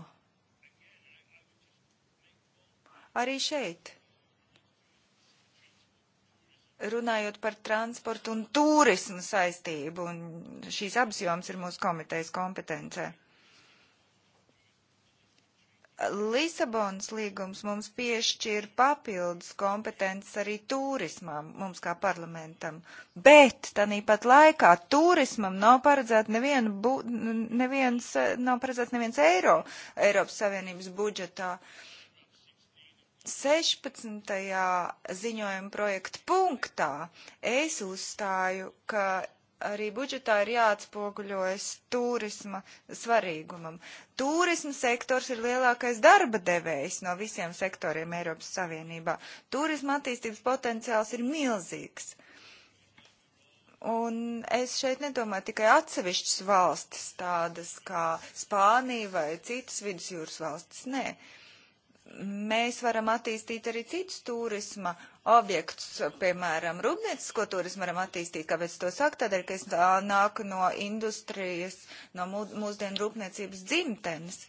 Arī šeit, runājot par transportu un turismu saistību, un šīs abas jomas ir mūsu komitejas kompetencē. Lisabonas līgums mums piešķir papildus kompetences arī turismam, mums kā parlamentam, bet tanīpat laikā turismam nav paredzēts nevien bu, neviens, nav paredzēts neviens eiro Eiropas Savienības budžetā. Uh, 16. ziņojuma projekta punktā es uzstāju, ka arī budžetā ir jāatspoguļojas turisma svarīgumam. Turisma sektors ir lielākais darba devējs no visiem sektoriem Eiropas Savienībā. Turisma attīstības potenciāls ir milzīgs. Un es šeit nedomāju tikai atsevišķas valstis, tādas kā Spānija vai citas vidusjūras valstis. Nē, uh, mēs varam attīstīt arī citus turisma objektus, piemēram, rūpniecisko turismu varam attīstīt. Kāpēc to saka? Tādēļ, ka es nāku no industrijas, no mūsdienu rūpniecības dzimtenes.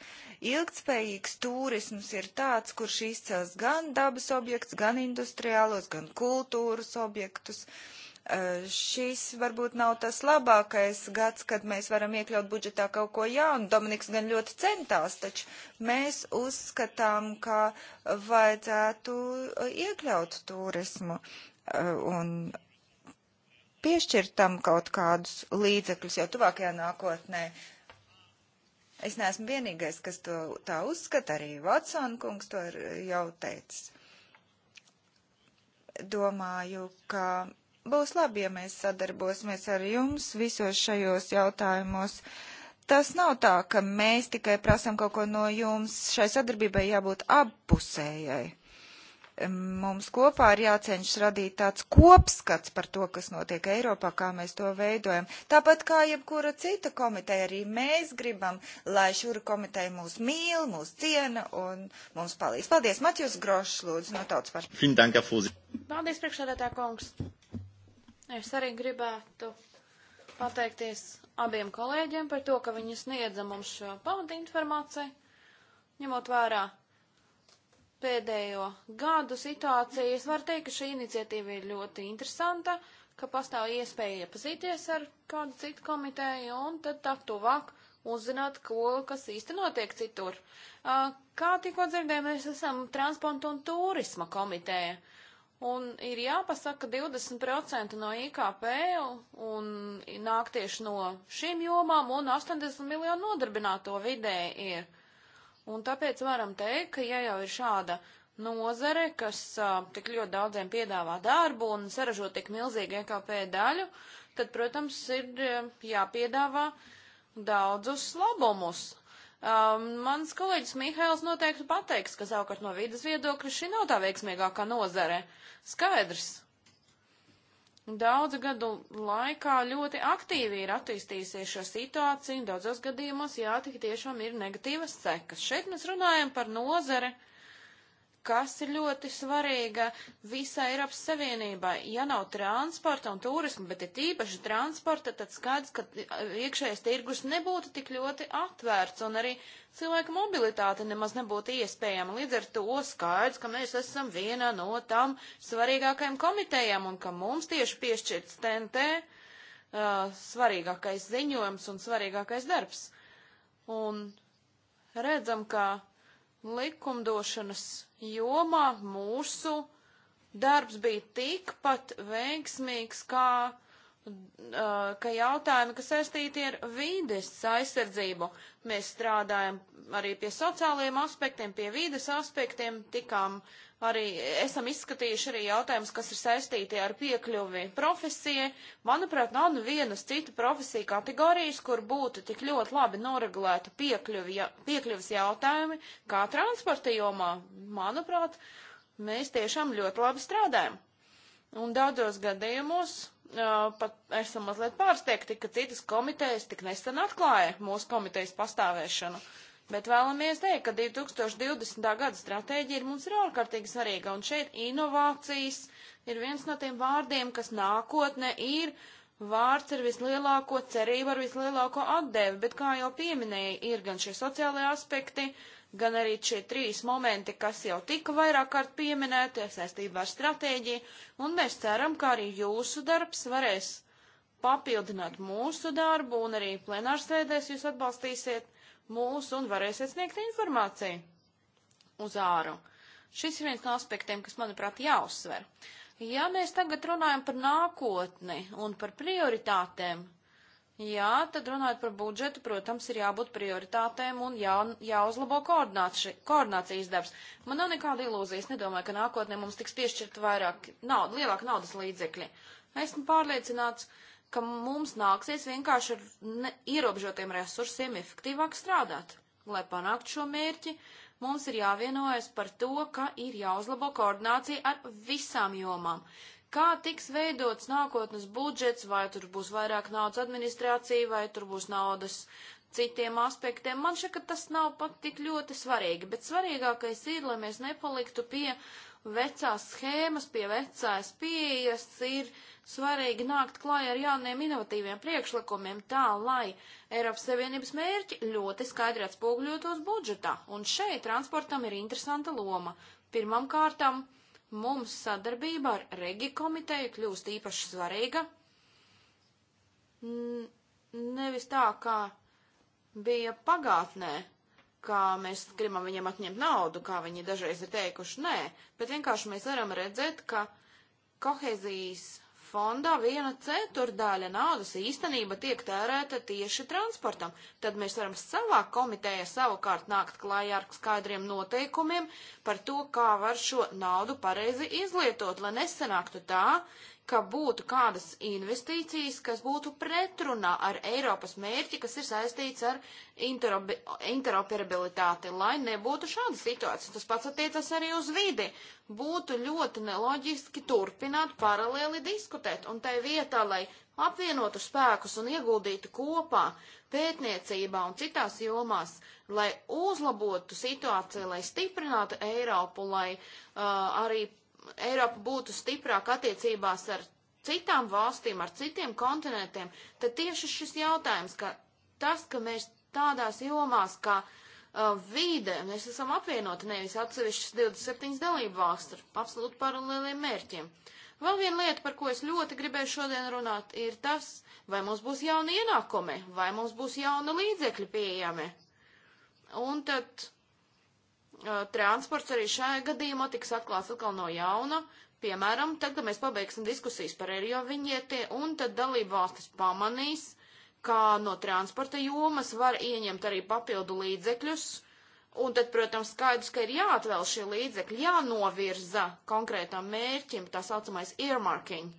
Ilgtspējīgs turisms ir tāds, kurš izcels gan dabas objektus, gan industriālos, gan kultūras objektus. Uh, Eh, šis varbūt nav tas labākais gads, kad mēs varam iekļaut budžetā kaut ko jaunu. Dominiks gan ļoti centās, taču mēs uzskatām, ka vajadzētu eh, iekļaut turismu eh, un piešķirt tam kaut kādus līdzekļus jau tuvākajā nākotnē. Es neesmu vienīgais, kas to tā uzskata, arī Vatsona kungs to ir jau teicis. Domāju, ka Būs labi, ja mēs sadarbosimies ar jums visos šajos jautājumos. Tas nav tā, ka mēs tikai prasam kaut ko no jums. Šai sadarbībai jābūt abpusējai. Mums kopā ir jācenšas radīt tāds kopskats par to, kas notiek Eiropā, kā mēs to veidojam. Tāpat kā jebkura cita komiteja, arī mēs gribam, lai šura komiteja mūs mīl, mūs ciena un mums palīdz. Paldies, Matjus Grošs, lūdzu, no tautas par. Paldies, priekšsēdētā kungs. Es arī gribētu pateikties abiem kolēģiem par to, ka viņi sniedza mums šo pamatu informāciju, ņemot vērā pēdējo gadu situāciju. Es varu teikt, ka šī iniciatīva ir ļoti interesanta, ka pastāv iespēja iepazīties ar kādu citu komiteju un tad tā tuvāk uzzināt, ko, kas īsti notiek citur. Kā tikko dzirdējām, mēs esam transporta un turisma komiteja. Uh, Un ir jāpasaka, ka 20% no IKP un, un nāk tieši no šīm jomām, un 80 miljonu nodarbināto vidēji ir. Un tāpēc varam teikt, ka ja jau ir šāda nozare, kas uh, tik ļoti daudziem piedāvā darbu un saražo tik milzīgu IKP daļu, tad, protams, ir jāpiedāvā daudzus labumus, Um, mans kolēģis Mihails noteikti pateiks, ka savukārt no vidas viedokļa šī nav tā veiksmīgākā nozare skaidrs. Daudzu gadu laikā ļoti aktīvi ir attīstījusies šo situāciju, un daudzos gadījumos, jā, tik tiešām ir negatīvas sekas. Šeit mēs runājam par nozare, uh, kas ir ļoti svarīga visai Eiropas Savienībai. Ja nav transporta un turisma, bet ir tīpaši transporta, tad skaidrs, ka iekšējais tirgus nebūtu tik ļoti atvērts un arī cilvēku mobilitāte nemaz nebūtu iespējama. Līdz ar to skaidrs, ka mēs esam viena no tam svarīgākajām komitejām un ka mums tieši piešķirts TNT uh, svarīgākais ziņojums un svarīgākais darbs. Un redzam, ka likumdošanas jomā mūsu darbs bija tikpat veiksmīgs kā, uh, kā jautājumi, kas saistīti ar vīdes aizsardzību. Mēs strādājam arī pie sociālajiem aspektiem, pie vīdes aspektiem, tikām arī esam izskatījuši arī jautājumus, kas ir saistīti ar piekļuvi profesijai. Manuprāt, nav nevienas citu profesiju kategorijas, kur būtu tik ļoti labi noregulēta piekļuvi, ja, piekļuvis jautājumi kā transporta jomā. Manuprāt, mēs tiešām ļoti labi strādājam. Un daudzos gadījumos uh, pat esam mazliet pārsteigti, ka citas komitejas tik nesen atklāja mūsu komitejas pastāvēšanu. Uh, Bet vēlamies teikt, ka 2020. gada stratēģija ir mums ir ārkārtīgi svarīga, un šeit inovācijas ir viens no tiem vārdiem, kas nākotne ir vārds ar vislielāko cerību, ar vislielāko atdevi, bet, kā jau pieminēja, ir gan šie sociālajie aspekti, gan arī šie trīs momenti, kas jau tika vairāk kārt pieminēti saistībā ar stratēģiju, un mēs ceram, ka arī jūsu darbs varēs papildināt mūsu darbu, un arī plenārsēdēs jūs atbalstīsiet mūs un varēsiet sniegt informāciju uz āru. Šis ir viens no aspektiem, kas, manuprāt, jāuzsver. Ja mēs tagad runājam par nākotni un par prioritātēm, jā, tad runājot par budžetu, protams, ir jābūt prioritātēm un jā, jāuzlabo koordinācijas darbs. Man nav nekāda ilūzijas, nedomāju, ka nākotnē mums tiks piešķirt vairāk naudas, lielāk naudas līdzekļi. Esmu pārliecināts, uh, ka mums nāksies vienkārši ar ne, ierobežotiem resursiem efektīvāk strādāt. Lai panāktu šo mērķi, mums ir jāvienojas par to, ka ir jāuzlabo koordinācija ar visām jomām. Kā tiks veidots nākotnes budžets, vai tur būs vairāk naudas administrācija, vai tur būs naudas uh, citiem aspektiem. Man šķiet, ka tas nav pat tik ļoti svarīgi, bet svarīgākais ir, lai mēs nepaliktu pie vecās schēmas, pie vecās pieejas, ir svarīgi nākt klāj ar jauniem inovatīviem priekšlikumiem tā, lai Eiropas Savienības mērķi ļoti skaidri atspūgļotos budžetā. Un šeit transportam ir interesanta loma. Pirmam kārtam mums sadarbība ar Regi komiteju kļūst īpaši svarīga. Nevis tā, kā bija pagātnē, kā mēs gribam viņiem atņemt naudu, kā viņi dažreiz ir teikuši, nē, bet vienkārši mēs varam redzēt, ka kohezijas fondā viena ceturdaļa naudas īstenība tiek tērēta tieši transportam. Tad mēs varam savā komitejā savukārt nākt klājā ar skaidriem noteikumiem par to, kā var šo naudu pareizi izlietot, lai nesanāktu tā, ka būtu kādas investīcijas, kas būtu pretrunā ar Eiropas mērķi, kas ir saistīts ar interoperabilitāti, lai nebūtu šāda situācija. Tas pats attiecas arī uz vidi. Būtu ļoti neloģiski turpināt paralēli diskutēt, un tai vietā, lai apvienotu spēkus un ieguldītu kopā pētniecībā un citās jomās, lai uzlabotu situāciju, lai stiprinātu Eiropu, lai uh, arī Eiropa būtu stiprāka attiecībās ar citām valstīm, ar citiem kontinentiem, tad tieši šis jautājums, ka tas, ka mēs tādās jomās kā uh, vīde, mēs esam apvienoti nevis atsevišķas 27 dalību valsts ar absolūti paralēliem mērķiem. Vēl viena lieta, par ko es ļoti gribēju šodien runāt, ir tas, vai mums būs jauni ienākumi, vai mums būs jauni līdzekļi pieejami. Un tad Uh, transports arī šajā gadījumā tiks atklāts atkal no jauna. Piemēram, tad, kad mēs pabeigsim diskusijas par eiro viņietie, un tad dalību valstis pamanīs, ka no transporta jomas var ieņemt arī papildu līdzekļus, un tad, protams, skaidrs, ka ir jāatvēl šie līdzekļi, jānovirza konkrētam mērķim, tā saucamais earmarking.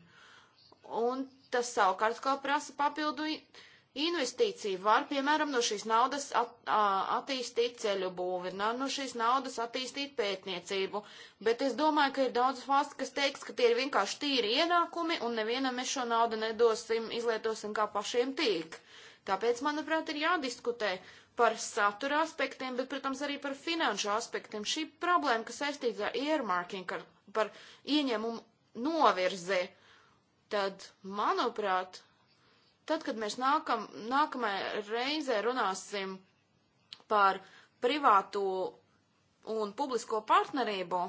Un tas savukārt kā prasa papildu līdzekļu investīcija var, piemēram, no šīs naudas at, attīstīt ceļu būvi, no šīs naudas attīstīt pētniecību, bet es domāju, ka ir daudz valsts, kas teiks, ka tie ir vienkārši tīri ienākumi un nevienam mēs šo naudu nedosim, izlietosim kā pašiem tīk. Tāpēc, manuprāt, ir jādiskutē par satura aspektiem, bet, protams, arī par finanšu aspektiem. Šī problēma, kas saistīta ar earmarking, par, par ieņēmumu novirzi, tad, manuprāt, Tad, kad mēs nākam, nākamajā reizē runāsim par privātu un publisko partnerību,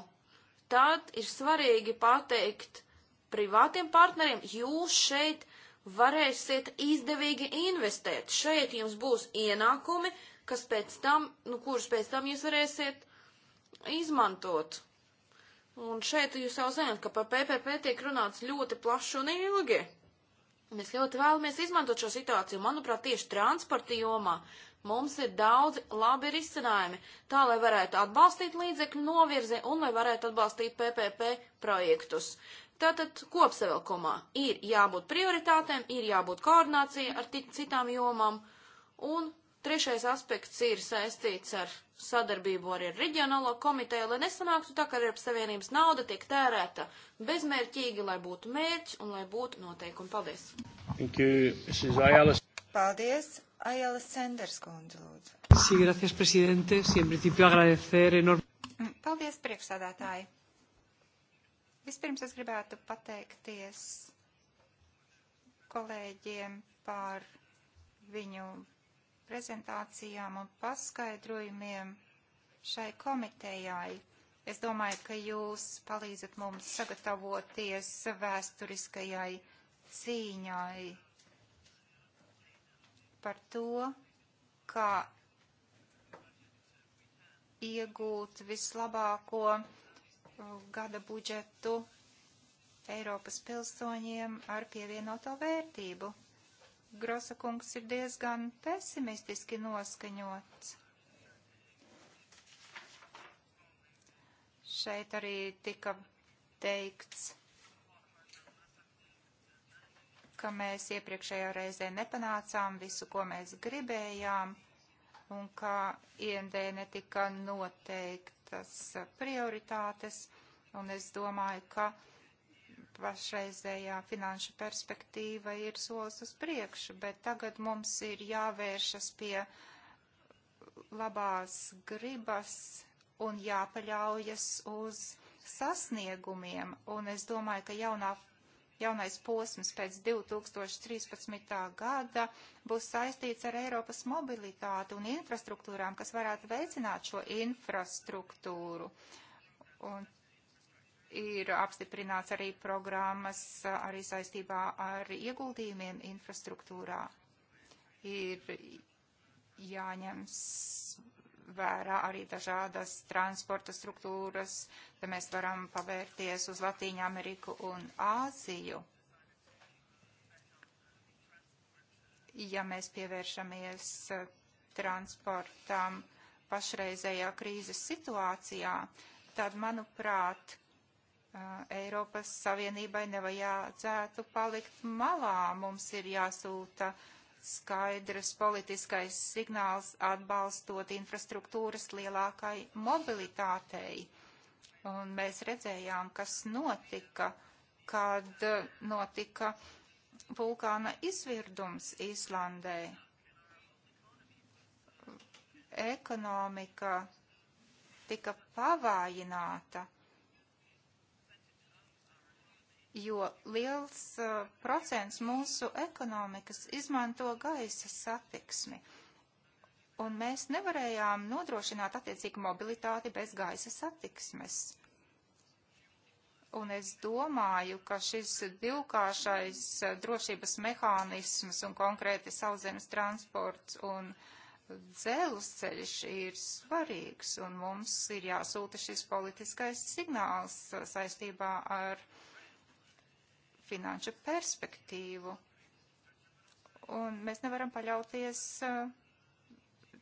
tad ir svarīgi pateikt privātiem partneriem, jūs šeit varēsiet izdevīgi investēt. Šeit jums būs ienākumi, kas pēc tam, nu, kurus pēc tam jūs varēsiet izmantot. Un šeit jūs jau zināt, ka par PPP tiek runāts ļoti plaši un ilgi. Mēs ļoti vēlamies izmantot šo situāciju. Manuprāt, tieši transporta jomā mums ir daudz labi risinājumi, tā lai varētu atbalstīt līdzekļu novirzi un lai varētu atbalstīt PPP projektus. Tātad kopsavilkumā ir jābūt prioritātēm, ir jābūt koordinācija ar citām jomām, un Trešais aspekts ir saistīts ar sadarbību arī ar reģionālo komiteju, lai nesanāktu tā, ka Eiropas Savienības nauda tiek tērēta bezmērķīgi, lai būtu mērķi un lai būtu noteikumi. Paldies! Thank you, Mrs. Ayala. Paldies! Ayala Sanders, kundze, lūdzu. Sí, gracias, presidente. Sí, en principio agradecer enorme. Mm, paldies, priekšsādātāji. Vispirms es gribētu pateikties kolēģiem par viņu prezentācijām un paskaidrojumiem šai komitejai. Es domāju, ka jūs palīdzat mums sagatavoties vēsturiskajai cīņai par to, kā iegūt vislabāko uh, gada budžetu Eiropas pilsoņiem ar pievienoto vērtību. Grosa kungs ir diezgan pesimistiski noskaņots. Šeit arī tika teikts, ka mēs iepriekšējā reizē nepanācām visu, ko mēs gribējām, un ka IND netika noteiktas prioritātes, un es domāju, ka pašreizējā finanšu perspektīva ir solis uz priekšu, bet tagad mums ir jāvēršas pie labās gribas un jāpaļaujas uz sasniegumiem. Un es domāju, ka jaunā, jaunais posms pēc 2013. gada būs saistīts ar Eiropas mobilitāti un infrastruktūrām, kas varētu veicināt šo infrastruktūru. Un ir apstiprināts arī programmas arī saistībā ar ieguldījumiem infrastruktūrā. Ir jāņems vērā arī dažādas transporta struktūras, te mēs varam pavērties uz Latīņu Ameriku un Āziju. Ja mēs pievēršamies transportam pašreizējā krīzes situācijā, tad, manuprāt, Eiropas Savienībai nevajadzētu palikt malā. Mums ir jāsūta skaidrs politiskais signāls atbalstot infrastruktūras lielākai mobilitātei. Un mēs redzējām, kas notika, kad notika vulkāna izvirdums Īslandē. Ekonomika tika pavājināta jo liels uh, procents mūsu ekonomikas izmanto gaisa satiksmi. Un mēs nevarējām nodrošināt attiecīgu mobilitāti bez gaisa satiksmes. Un es domāju, ka šis divkāršais uh, drošības mehānisms un konkrēti sauzemes transports un dzelzceļš ir svarīgs, un mums ir jāsūta šis politiskais signāls uh, saistībā ar finanšu perspektīvu. Un mēs nevaram paļauties uh,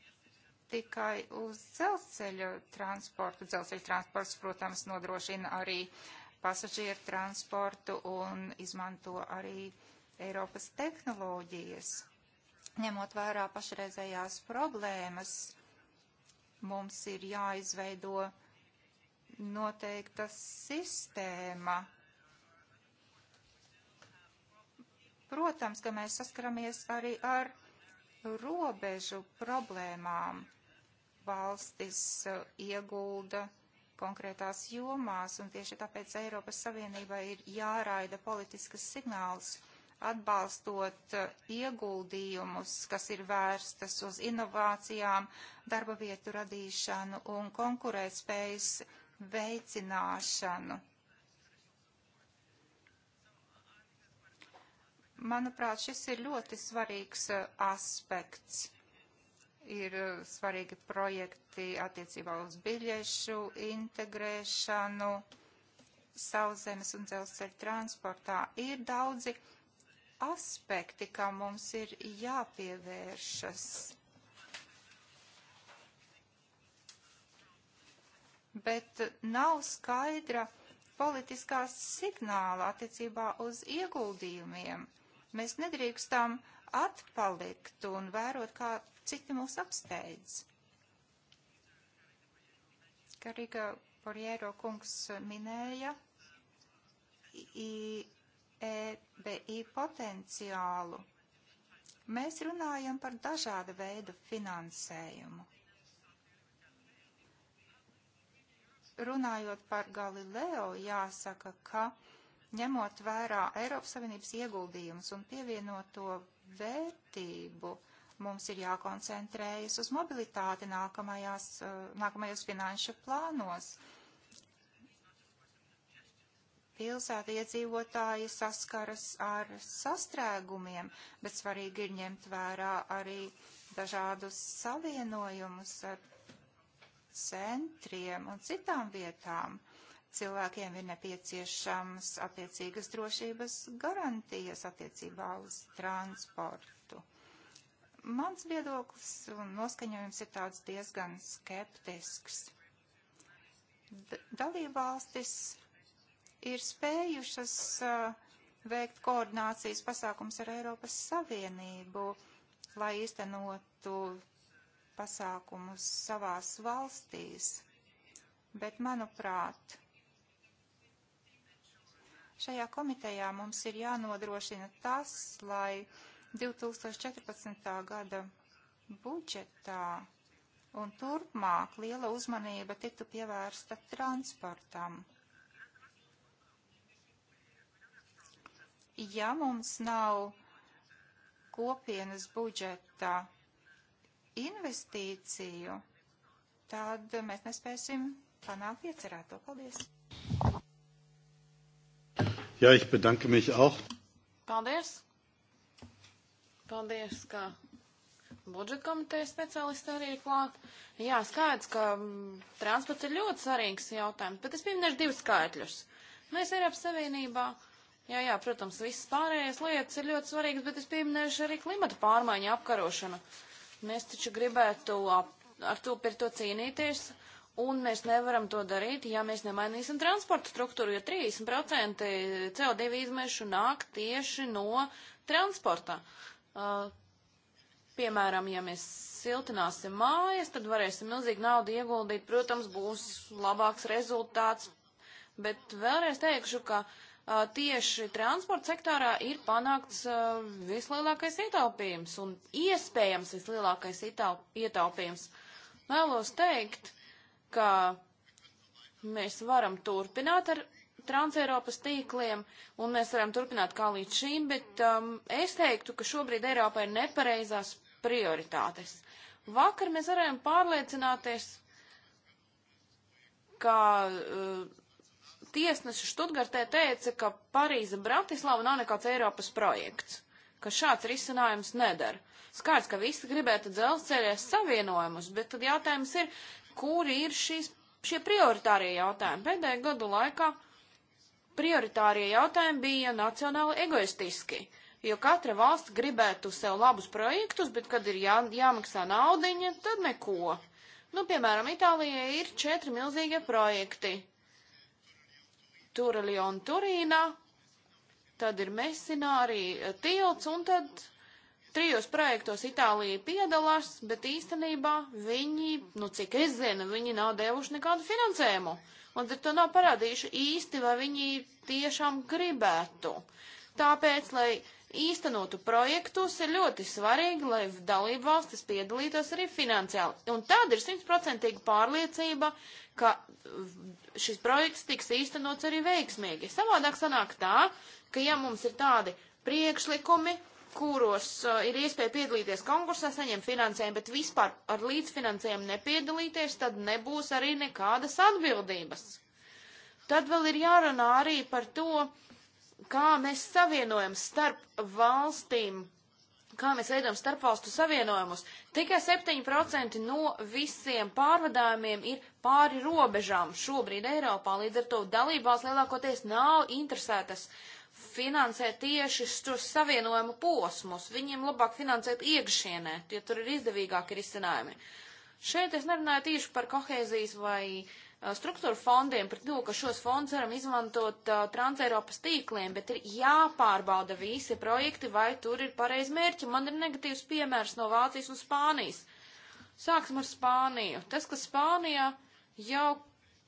tikai uz dzelzceļa transportu. Dzelzceļa transports, protams, nodrošina arī pasažieru transportu un izmanto arī Eiropas tehnoloģijas. Ņemot vērā pašreizējās problēmas, mums ir jāizveido noteikta sistēma Protams, ka mēs saskaramies arī ar robežu problēmām. Valstis uh, iegulda konkrētās jomās, un tieši tāpēc Eiropas Savienībai ir jāraida politiskas signāls, atbalstot uh, ieguldījumus, kas ir vērstas uz inovācijām, darba vietu radīšanu un konkurētspējas veicināšanu. Manuprāt, šis ir ļoti svarīgs eh, aspekts. Ir eh, svarīgi projekti attiecībā uz biļešu integrēšanu, sauszemes un dzelzceļa transportā. Ir daudzi aspekti, kam mums ir jāpievēršas. Bet eh, nav skaidra politiskā signāla attiecībā uz ieguldījumiem. Mēs nedrīkstam atpalikt un vērot, kā citi mūs apsteidz. Karīga Poriero kungs minēja IEBI e, potenciālu. Mēs runājam par dažādu veidu finansējumu. Runājot par Galileo, jāsaka, ka ņemot vērā Eiropas Savienības ieguldījumus un pievienoto vērtību, mums ir jākoncentrējas uz mobilitāti nākamajās, eh, nākamajos finanšu plānos. Pilsēta iedzīvotāji saskaras ar sastrēgumiem, bet svarīgi ir ņemt vērā arī dažādus savienojumus ar centriem un citām vietām cilvēkiem ir nepieciešams attiecīgas drošības garantijas attiecībā uz transportu. Mans viedoklis un noskaņojums ir tāds diezgan skeptisks. D dalībvalstis ir spējušas uh, veikt koordinācijas pasākums ar Eiropas Savienību, lai īstenotu pasākumus savās valstīs. Bet, manuprāt, Šajā komitejā mums ir jānodrošina tas, lai 2014. gada budžetā un turpmāk liela uzmanība tiktu pievērsta transportam. Ja mums nav kopienas budžeta investīciju, tad mēs nespēsim panākt iecerēto. Paldies! Jā, ich bedanke mich auch. Paldies. Paldies, ka budžeta komitejas speciālisti arī ir klāt. Jā, skaidrs, ka mm, transports ir ļoti svarīgs jautājums, bet es pieminēšu divus skaitļus. Mēs Eiropas Savienībā, jā, jā, protams, visas pārējās lietas ir ļoti svarīgas, bet es pieminēšu arī klimata pārmaiņu apkarošanu. Mēs taču gribētu ap, ar to par to cīnīties Un mēs nevaram to darīt, ja mēs nemainīsim transporta struktūru, jo 30% CO2 izmešu nāk tieši no transporta. Uh, piemēram, ja mēs siltināsim mājas, tad varēsim milzīgi naudu ieguldīt, protams, būs labāks rezultāts. Bet vēlreiz teikšu, ka uh, tieši transporta sektorā ir panākts uh, vislielākais ietaupījums un iespējams vislielākais ietaup ietaupījums. Vēlos teikt, ka mēs varam turpināt ar Transeiropas tīkliem, un mēs varam turpināt kā līdz šim, bet um, es teiktu, ka šobrīd Eiropā ir nepareizās prioritātes. Vakar mēs varējām pārliecināties, ka uh, tiesnesis Študgartē teica, ka Parīza Bratislava nav nekāds Eiropas projekts, ka šāds risinājums nedara. Skārts, ka visi gribētu dzelzceļa savienojumus, bet tad jautājums ir, kur ir šīs, šie prioritārie jautājumi. Pēdējā gadu laikā prioritārie jautājumi bija nacionāli egoistiski, jo katra valsts gribētu sev labus projektus, bet kad ir jā, jāmaksā naudiņa, tad neko. Nu, piemēram, Itālijai ir četri milzīgie projekti. Turelī un Turīnā, tad ir Mesinā arī tilts, un tad Trijos projektos Itālija piedalās, bet īstenībā viņi, nu cik es zinu, viņi nav devuši nekādu finansējumu. Un ar to nav parādījuši īsti, vai viņi tiešām gribētu. Tāpēc, lai īstenotu projektus, ir ļoti svarīgi, lai dalību valstis piedalītos arī finansiāli. Un tad ir simtprocentīga pārliecība, ka šis projekts tiks īstenots arī veiksmīgi. Savādāk sanāk tā, ka ja mums ir tādi priekšlikumi, kuros uh, ir iespēja piedalīties konkursā, saņemt finansējumu, bet vispār ar līdzfinansējumu nepiedalīties, tad nebūs arī nekādas atbildības. Tad vēl ir jārunā arī par to, kā mēs savienojam starp valstīm, kā mēs veidojam starpvalstu savienojumus. Tikai 7% no visiem pārvadājumiem ir pāri robežām šobrīd Eiropā, līdz ar to dalībās lielākoties nav interesētas uh, finansē tieši šos savienojumu posmus, viņiem labāk finansēt iekšienē, jo ja tur ir izdevīgāki risinājumi. Šeit es nerunāju tieši par kohēzijas vai struktūra fondiem, par to, ka šos fondus varam izmantot uh, transeiropas tīkliem, bet ir jāpārbauda visi projekti, vai tur ir pareizi mērķi. Man ir negatīvs piemērs no Vācijas un Spānijas. Sāksim ar Spāniju. Tas, ka Spānijā jau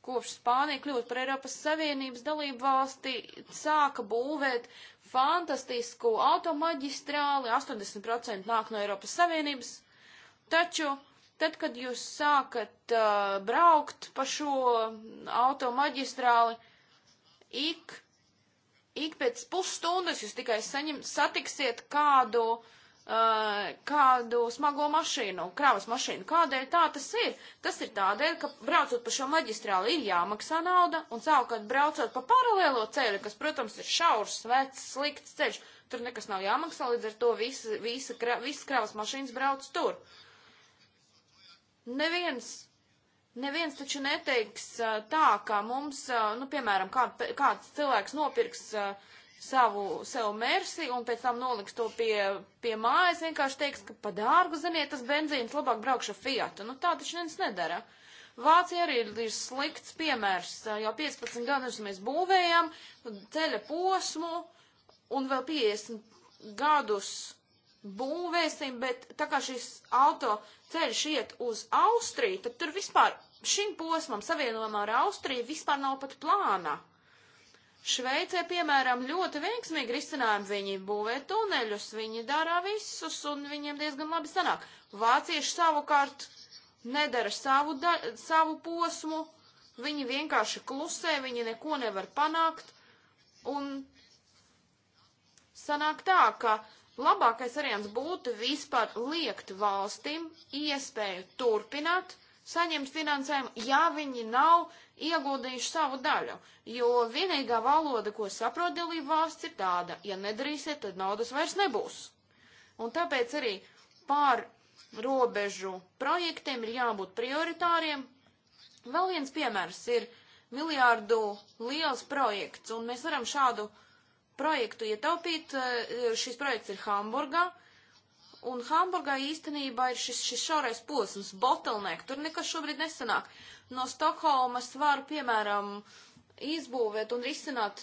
kopš Spānija kļūt par Eiropas Savienības dalību valsti, sāka būvēt fantastisku automaģistrāli, 80% nāk no Eiropas Savienības, taču tad, kad jūs sākat uh, braukt pa šo automaģistrāli, ik, ik pēc pusstundas jūs tikai saņem, satiksiet kādu uh, Eh, kādu smago mašīnu, kravas mašīnu. Kādēļ tā tas ir? Tas ir tādēļ, ka braucot pa šo maģistrāli ir jāmaksā nauda, un savukārt braucot pa paralēlo ceļu, kas, protams, ir šaurs, vecs, slikts ceļš, tur nekas nav jāmaksā, līdz ar to visa, visa, kra, visas kravas mašīnas brauc tur. Neviens, neviens taču neteiks eh, tā, ka mums, eh, nu, piemēram, kā, kāds cilvēks nopirks uh, savu sev mersi un pēc tam noliks to pie, pie mājas, vienkārši teiks, ka pa dārgu ziniet, tas benzīns labāk braukšu Fiatu. Nu tā taču neviens nedara. Vācija arī ir, ir slikts piemērs. Jau 15 gadus mēs būvējam ceļa posmu un vēl 50 gadus būvēsim, bet tā kā šis auto ceļš iet uz Austriju, tad tur vispār šim posmam savienojumā ar Austriju vispār nav pat plāna. Šveicē, piemēram, ļoti veiksmīgi risinājumi. Viņi būvē tuneļus, viņi dara visus, un viņiem diezgan labi sanāk. Vācieši savukārt nedara savu, da, savu posmu, viņi vienkārši klusē, viņi neko nevar panākt, un sanāk tā, ka labākais variants būtu vispār liekt valstīm iespēju turpināt saņemt finansējumu, ja viņi nav ieguldījuši savu daļu, jo vienīgā valoda, ko saprot dalību valsts, ir tāda, ja nedarīsiet, tad naudas vairs nebūs. Un tāpēc arī pār robežu projektiem ir jābūt prioritāriem. Vēl viens piemērs ir miljārdu liels projekts, un mēs varam šādu projektu ietaupīt. Šis projekts ir Hamburgā un Hamburgā īstenībā ir šis, šis šaurais posms, botelniek, tur nekas šobrīd nesanāk. No Stokholmas var, piemēram, izbūvēt un risināt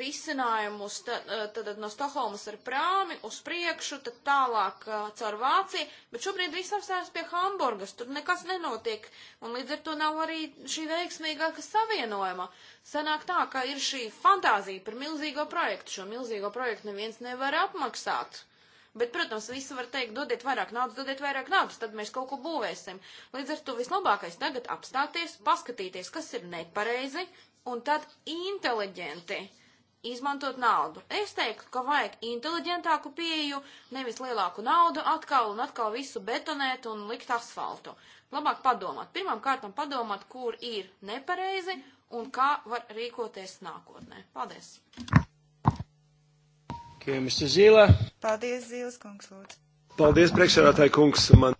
risinājumus, eh, tad, tad no Stokholmas ar prāmi uz priekšu, tad tālāk eh, caur Vāciju, bet šobrīd viss apstājas pie Hamburgas, tur nekas nenotiek, un līdz ar to nav arī šī veiksmīgāka savienojuma. Sanāk tā, ka ir šī fantāzija par milzīgo projektu, šo milzīgo projektu neviens nevar apmaksāt. Uh, Bet, protams, visi var teikt, dodiet vairāk naudas, dodiet vairāk naudas, tad mēs kaut ko būvēsim. Līdz ar to vislabākais tagad apstāties, paskatīties, kas ir nepareizi, un tad inteliģenti izmantot naudu. Es teiktu, ka vajag inteliģentāku pieeju, nevis lielāku naudu atkal un atkal visu betonēt un likt asfaltu. Labāk padomāt. Pirmām kārtām padomāt, kur ir nepareizi un kā var rīkoties nākotnē. Paldies! you, Mr. Zīle. Paldies, Zīles kungs, lūdzu. Paldies, priekšsēdētāji kungs. Man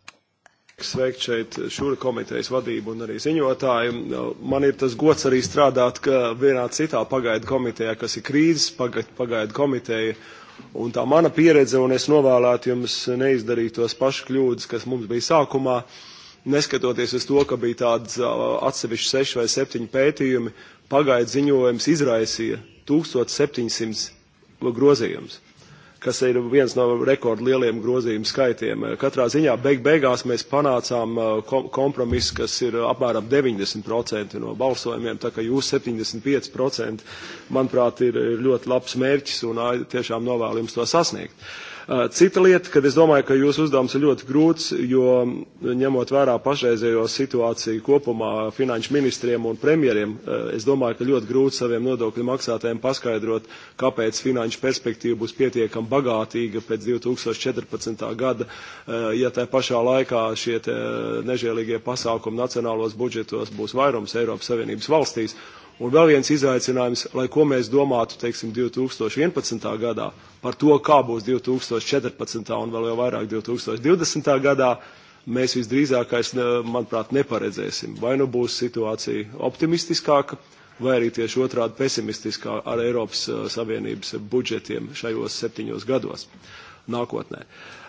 sveikt šeit šūra komitejas vadību un arī ziņotāju. Man ir tas gods arī strādāt vienā citā pagaidu komitejā, kas ir krīzes pagaidu, pagaidu komiteja. Un tā mana pieredze, un es novēlētu jums neizdarīt tos pašus kļūdas, kas mums bija sākumā, neskatoties uz to, ka bija tāds atsevišķi seši vai septiņi pētījumi, pagaidu ziņojums izraisīja 1700 grozījums kas ir viens no rekordlieliem grozījumu skaitiem. Katrā ziņā beig beigās mēs panācām uh, kompromisu, kas ir apmēram 90% no balsojumiem, tā ka jūs 75% manuprāt ir ļoti labs mērķis un tiešām novēlu jums to sasniegt. Uh, Cita lieta, kad es domāju, ka jūsu uzdevums ir ļoti grūts, jo nu, ņemot vērā pašreizējo situāciju kopumā finanšu ministriem un premjeriem, es domāju, ka ļoti grūti saviem nodokļu maksātājiem paskaidrot, kāpēc finanšu perspektīva būs pietiekami bagātīga pēc 2014. gada, ja tā pašā laikā šie nežēlīgie pasākumi nacionālos budžetos būs vairums Eiropas Savienības valstīs. Un vēl viens izaicinājums, lai ko mēs domātu, teiksim, 2011. gadā, par to, kā būs 2014. un vēl jau vairāk 2020. gadā, mēs visdrīzākais, manuprāt, neparedzēsim. Vai nu būs situācija optimistiskāka, vai arī tieši otrādi pesimistiskā ar Eiropas uh, Savienības budžetiem šajos septiņos gados nākotnē. Uh,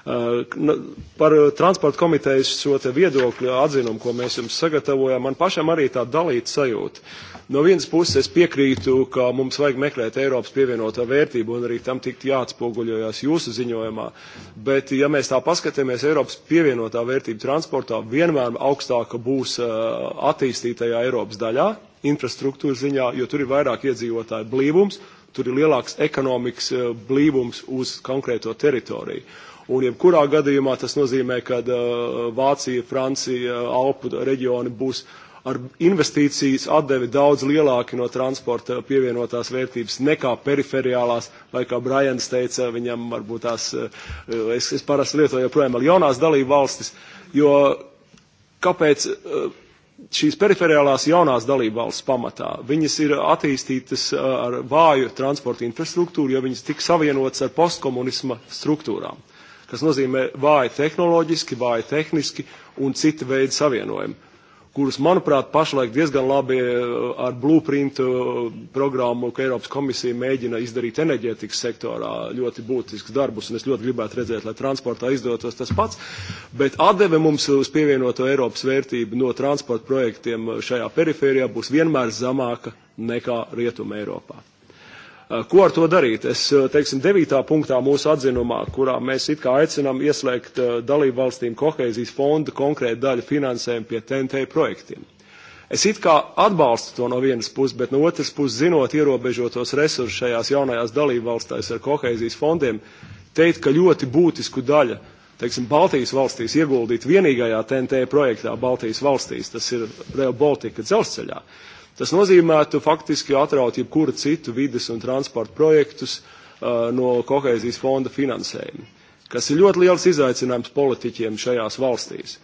Par transporta komitejas šo te viedokļu atzinumu, ko mēs jums sagatavojām, man pašam arī tā dalīta sajūta. No vienas puses es piekrītu, ka mums vajag meklēt Eiropas pievienotā vērtību un arī tam tikt jāatspoguļojās jūsu ziņojumā, bet ja mēs tā paskatāmies, Eiropas pievienotā vērtība transportā vienmēr augstāka būs attīstītajā Eiropas daļā, infrastruktūras ziņā, jo tur ir vairāk iedzīvotāju blīvums, tur ir lielāks ekonomikas blīvums uz konkrēto teritoriju. Un jebkurā gadījumā tas nozīmē, ka uh, Vācija, Francija, Alpu reģioni būs ar investīcijas atdevi daudz lielāki no transporta pievienotās vērtības nekā periferiālās, vai kā Brajans teica, viņam varbūt tās, uh, es, es parasti lietoju joprojām ar jaunās dalību valstis, jo kāpēc uh, šīs periferiālās jaunās dalībvalsts pamatā. Viņas ir attīstītas uh, ar vāju transporta infrastruktūru, jo viņas tik savienotas ar postkomunisma struktūrām. Uh, kas nozīmē vāji tehnoloģiski, vāji tehniski un citi veidi savienojumi kurus, manuprāt, pašlaik diezgan labi eh, ar blueprint eh, programmu, ko Eiropas komisija mēģina izdarīt enerģētikas sektorā, ļoti būtisks darbus, un es ļoti gribētu redzēt, lai transportā izdotos tas pats, bet atdeve mums uz pievienoto Eiropas vērtību no transporta projektiem eh, šajā perifērijā būs vienmēr zamāka nekā Rietuma Eiropā. Eh, ko ar to darīt? Es, eh, teiksim, devītā punktā mūsu atzinumā, kurā mēs it kā aicinām ieslēgt eh, dalību valstīm kohēzijas fonda konkrētu daļu finansējumu pie TNT projektiem. Es it kā atbalstu to no vienas puses, bet no otras puses, zinot ierobežotos resursus šajās jaunajās dalību valstīs ar kohēzijas fondiem, teikt, ka ļoti būtisku daļu teiksim, Baltijas valstīs ieguldīt vienīgajā TNT projektā Baltijas valstīs, tas ir Rail Baltica dzelzceļā, uh, Tas nozīmētu faktiski atraut jebkuru citu vides un transporta projektus uh, no kohēzijas fonda finansējuma, kas ir ļoti liels izaicinājums politiķiem šajās valstīs.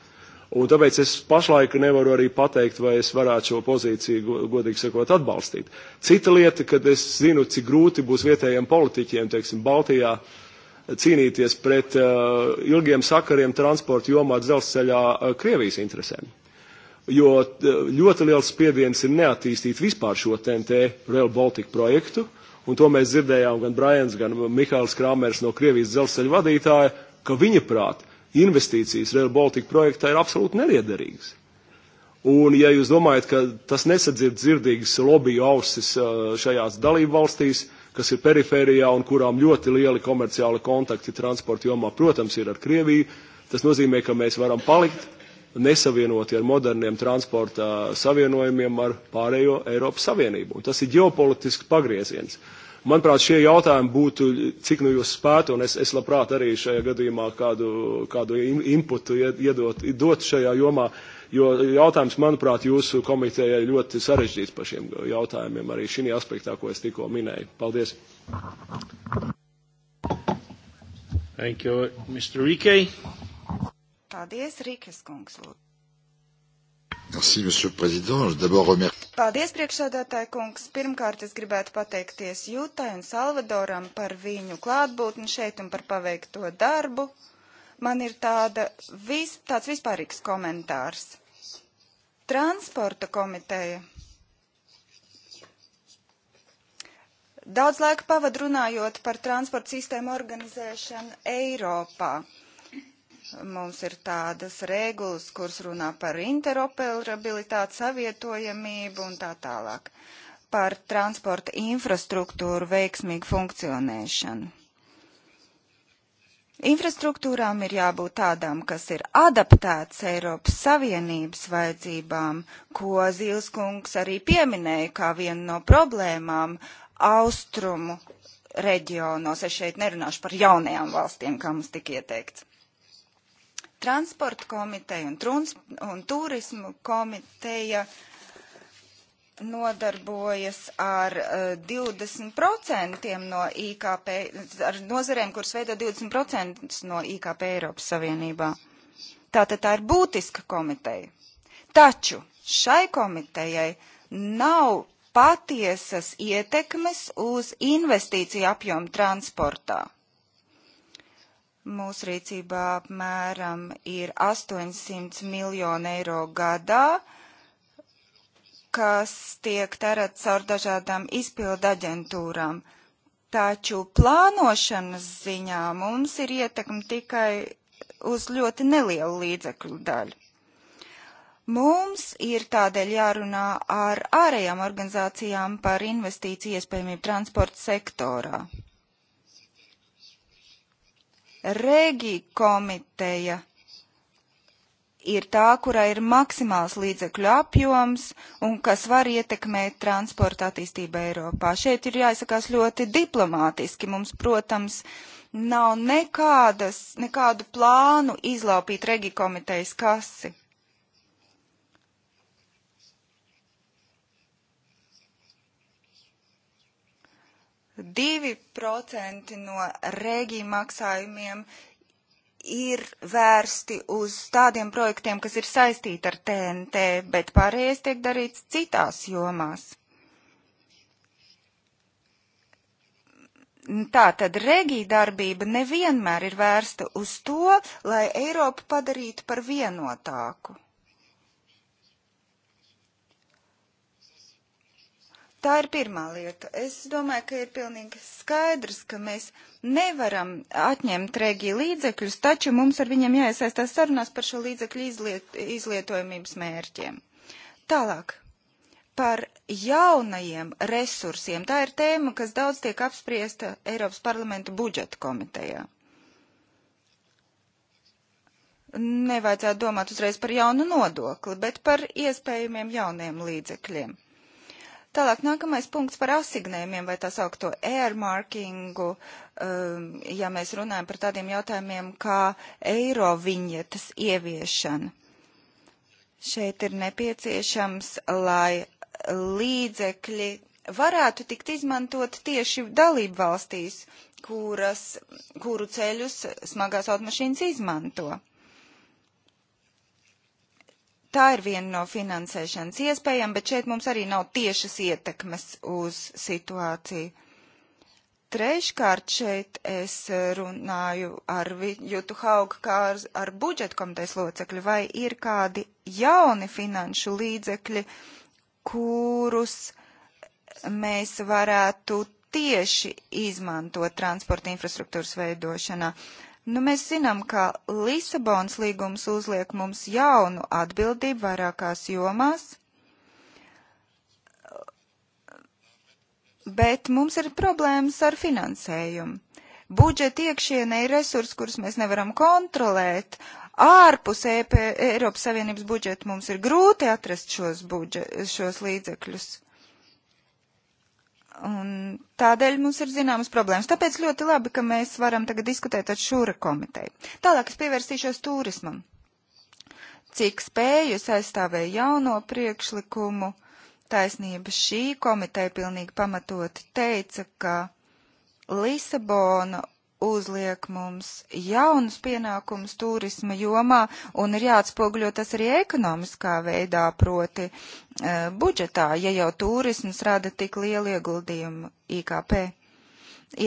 Un tāpēc es pašlaik nevaru arī pateikt, vai es varētu šo pozīciju, godīgi sakot, atbalstīt. Cita lieta, kad es zinu, cik grūti būs vietējiem politiķiem, teiksim, Baltijā, uh, cīnīties pret uh, ilgiem sakariem transporta jomā dzelzceļā uh, Krievijas interesēm. Uh, jo ļoti liels spiediens ir neattīstīt vispār šo TNT Rail Baltica projektu, un to mēs dzirdējām gan Brians, gan Mihāls Krāmers no Krievijas dzelzceļa vadītāja, ka viņa prāt investīcijas Rail Baltica projektā ir absolūti neriederīgas. Un, ja jūs domājat, ka tas nesadzird dzirdīgas lobby ausis šajās dalību valstīs, kas ir perifērijā un kurām ļoti lieli komerciāli kontakti transporta jomā, protams, ir ar Krieviju, tas nozīmē, ka mēs varam palikt nesavienoti ar moderniem transporta savienojumiem ar pārējo Eiropas Savienību. Un tas ir ģeopolitisks pagrieziens. Manuprāt, šie jautājumi būtu, cik nu jūs spētu, un es, es labprāt arī šajā gadījumā kādu, kādu inputu iedot, dot šajā jomā, jo jautājums, manuprāt, jūsu komitejai ļoti sarežģīts par šiem jautājumiem, arī šī aspektā, ko es tikko minēju. Paldies. Thank you, Mr. Rike. Paldies, Rīkas kungs. Merci, monsieur le président. D'abord remercie. Paldies, priekšsēdētāji kungs. Pirmkārt, es gribētu pateikties Jūtai un Salvadoram par viņu klātbūtni šeit un par paveikto darbu. Man ir tāda vis, tāds vispārīgs komentārs. Transporta komiteja Daudz laika pavadu runājot par transporta sistēmu organizēšanu Eiropā. Mums ir tādas regulas, kuras runā par interoperabilitāti, savietojamību un tā tālāk, par transporta infrastruktūru veiksmīgu funkcionēšanu. Infrastruktūrām ir jābūt tādām, kas ir adaptētas Eiropas Savienības vajadzībām, ko Zīleskungs arī pieminēja kā vienu no problēmām austrumu reģionos. Es šeit nerunāšu par jaunajām valstīm, kā mums tika ieteikts. Transporta komiteja un, truns, un turismu komiteja nodarbojas ar uh, eh, 20% no IKP, ar nozarēm, kuras veido 20% no IKP Eiropas Savienībā. Tātad tā ir būtiska komiteja. Taču šai komitejai nav patiesas ietekmes uz investīciju apjomu transportā. Mūsu rīcībā apmēram ir 800 miljonu eiro gadā, kas tiek terēts caur dažādām izpildu aģentūrām. Taču plānošanas ziņā mums ir ietekme tikai uz ļoti nelielu līdzekļu daļu. Mums ir tādēļ jārunā ar ārējām organizācijām par investīciju iespējamību transporta sektorā. Rēgī komiteja ir tā, kurai ir maksimāls līdzekļu apjoms un kas var ietekmēt transporta attīstību Eiropā. Šeit ir jāizsakās ļoti diplomātiski. Mums, protams, nav nekādas, nekādu plānu izlaupīt regi komitejas kasi. 2% no rēgī maksājumiem ir vērsti uz tādiem projektiem, kas ir saistīti ar TNT, bet pārējais tiek darīts citās jomās. Tā tad regija darbība nevienmēr ir vērsta uz to, lai Eiropu padarītu par vienotāku. Tā ir pirmā lieta. Es domāju, ka ir pilnīgi skaidrs, ka mēs nevaram atņemt rēģiju līdzekļus, taču mums ar viņiem jāiesaistās sarunās par šo līdzekļu izliet, izlietojumības mērķiem. Tālāk. Par jaunajiem resursiem. Tā ir tēma, kas daudz tiek apspriesta Eiropas parlamenta budžeta komitejā nevajadzētu domāt uzreiz par jaunu nodokli, bet par iespējamiem jauniem līdzekļiem. Tālāk nākamais punkts par asignējumiem vai tā saukto airmarkingu, um, ja mēs runājam par tādiem jautājumiem kā eiro viņetas ieviešana. Šeit ir nepieciešams, lai līdzekļi varētu tikt izmantot tieši dalību valstīs, kuras, kuru ceļus smagās automašīnas izmanto. Tā ir viena no finansēšanas iespējām, bet šeit mums arī nav tiešas ietekmes uz situāciju. Treškārt šeit es runāju ar Jutu Haugu kā ar, ar budžeta komitejas locekļu, vai ir kādi jauni finanšu līdzekļi, kurus mēs varētu tieši izmantot transporta infrastruktūras veidošanā. Uh, Nu, mēs zinām, ka Lisabonas līgums uzliek mums jaunu atbildību vairākās jomās, bet mums ir problēmas ar finansējumu. Budžeta iekšienē ir resursi, kurus mēs nevaram kontrolēt, ārpus EP, Eiropas Savienības budžeta mums ir grūti atrast šos, budžet, šos līdzekļus. Un tādēļ mums ir zināmas problēmas. Tāpēc ļoti labi, ka mēs varam tagad diskutēt ar šūra komiteju. Tālāk es pievērsīšos turismam. Cik spēju es aizstāvēju jauno priekšlikumu, taisnība šī komiteja pilnīgi pamatot teica, ka Lisabona uzliek mums jaunus pienākumus turisma jomā un ir jāatspogļo tas arī ekonomiskā veidā, proti e, budžetā, ja jau turisms rada tik lielu ieguldījumu IKP.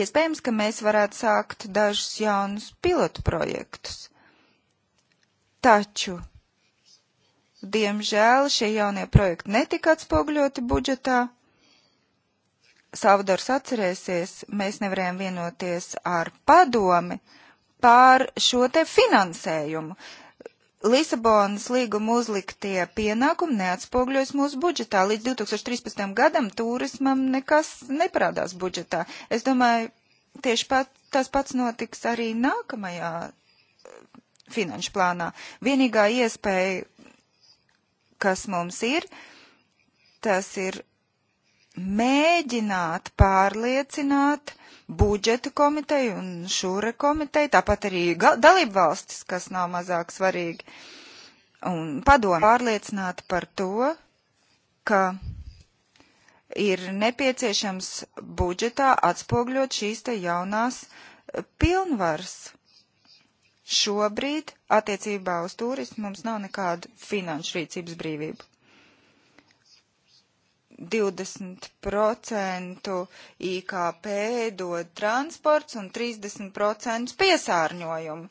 Iespējams, ka mēs varētu sākt dažus jaunus pilotu projektus. Taču, diemžēl, šie jaunie projekti netika atspogļoti budžetā Salvadors atcerēsies, mēs nevarējām vienoties ar padomi pār šo te finansējumu. Lisabonas līguma uzliktie pienākumi neatspogļojas mūsu budžetā. Līdz 2013. gadam turismam nekas neparādās budžetā. Es domāju, tieši pat, tas pats notiks arī nākamajā eh, finanšu plānā. Vienīgā iespēja, kas mums ir, tas ir mēģināt pārliecināt budžeta komiteju un šūra komiteju, tāpat arī dalību valstis, kas nav mazāk svarīgi, un padomu pārliecināt par to, ka ir nepieciešams budžetā atspogļot šīs te jaunās eh, pilnvaras. Šobrīd attiecībā uz turismu mums nav nekādu finanšu rīcības brīvību. 20% IKP dod transports un 30% piesārņojumu,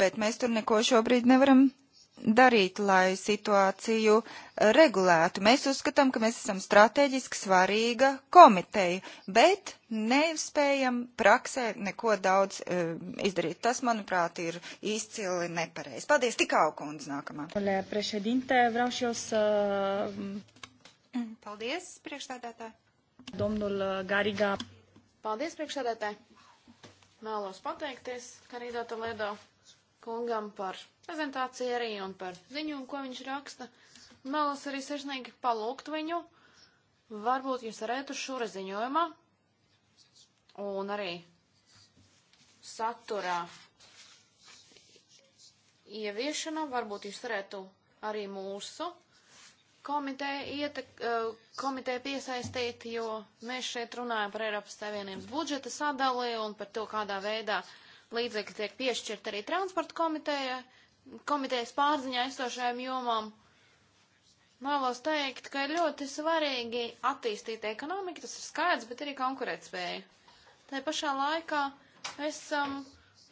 bet mēs tur neko šobrīd nevaram darīt, lai situāciju regulētu. Mēs uzskatām, ka mēs esam strateģiski svarīga komiteja, bet nespējam praksē neko daudz e, izdarīt. Tas, manuprāt, ir izcili nepareizi. Paldies, tik augundz nākamā. Mm. Paldies, priekšstādātāji. Domnul uh, Garīgā. Paldies, priekšstādātāji. Vēlos pateikties Karīdāta Ledo kungam par prezentāciju arī un par ziņu, ko viņš raksta. Vēlos arī sirsnīgi palūgt viņu. Varbūt jūs varētu šura ziņojumā un arī saturā ieviešana, varbūt jūs varētu arī mūsu komiteja, ietek, eh, komiteja piesaistīti, jo mēs šeit runājam par Eiropas Savienības budžeta sadali un par to, kādā veidā līdzekļi tiek piešķirt arī transporta komiteja, komitejas pārziņā aizstošajām jomām. Vēlos teikt, ka ir ļoti svarīgi attīstīt ekonomiku, tas ir skaidrs, bet arī konkurētspēja. Tā pašā laikā esam,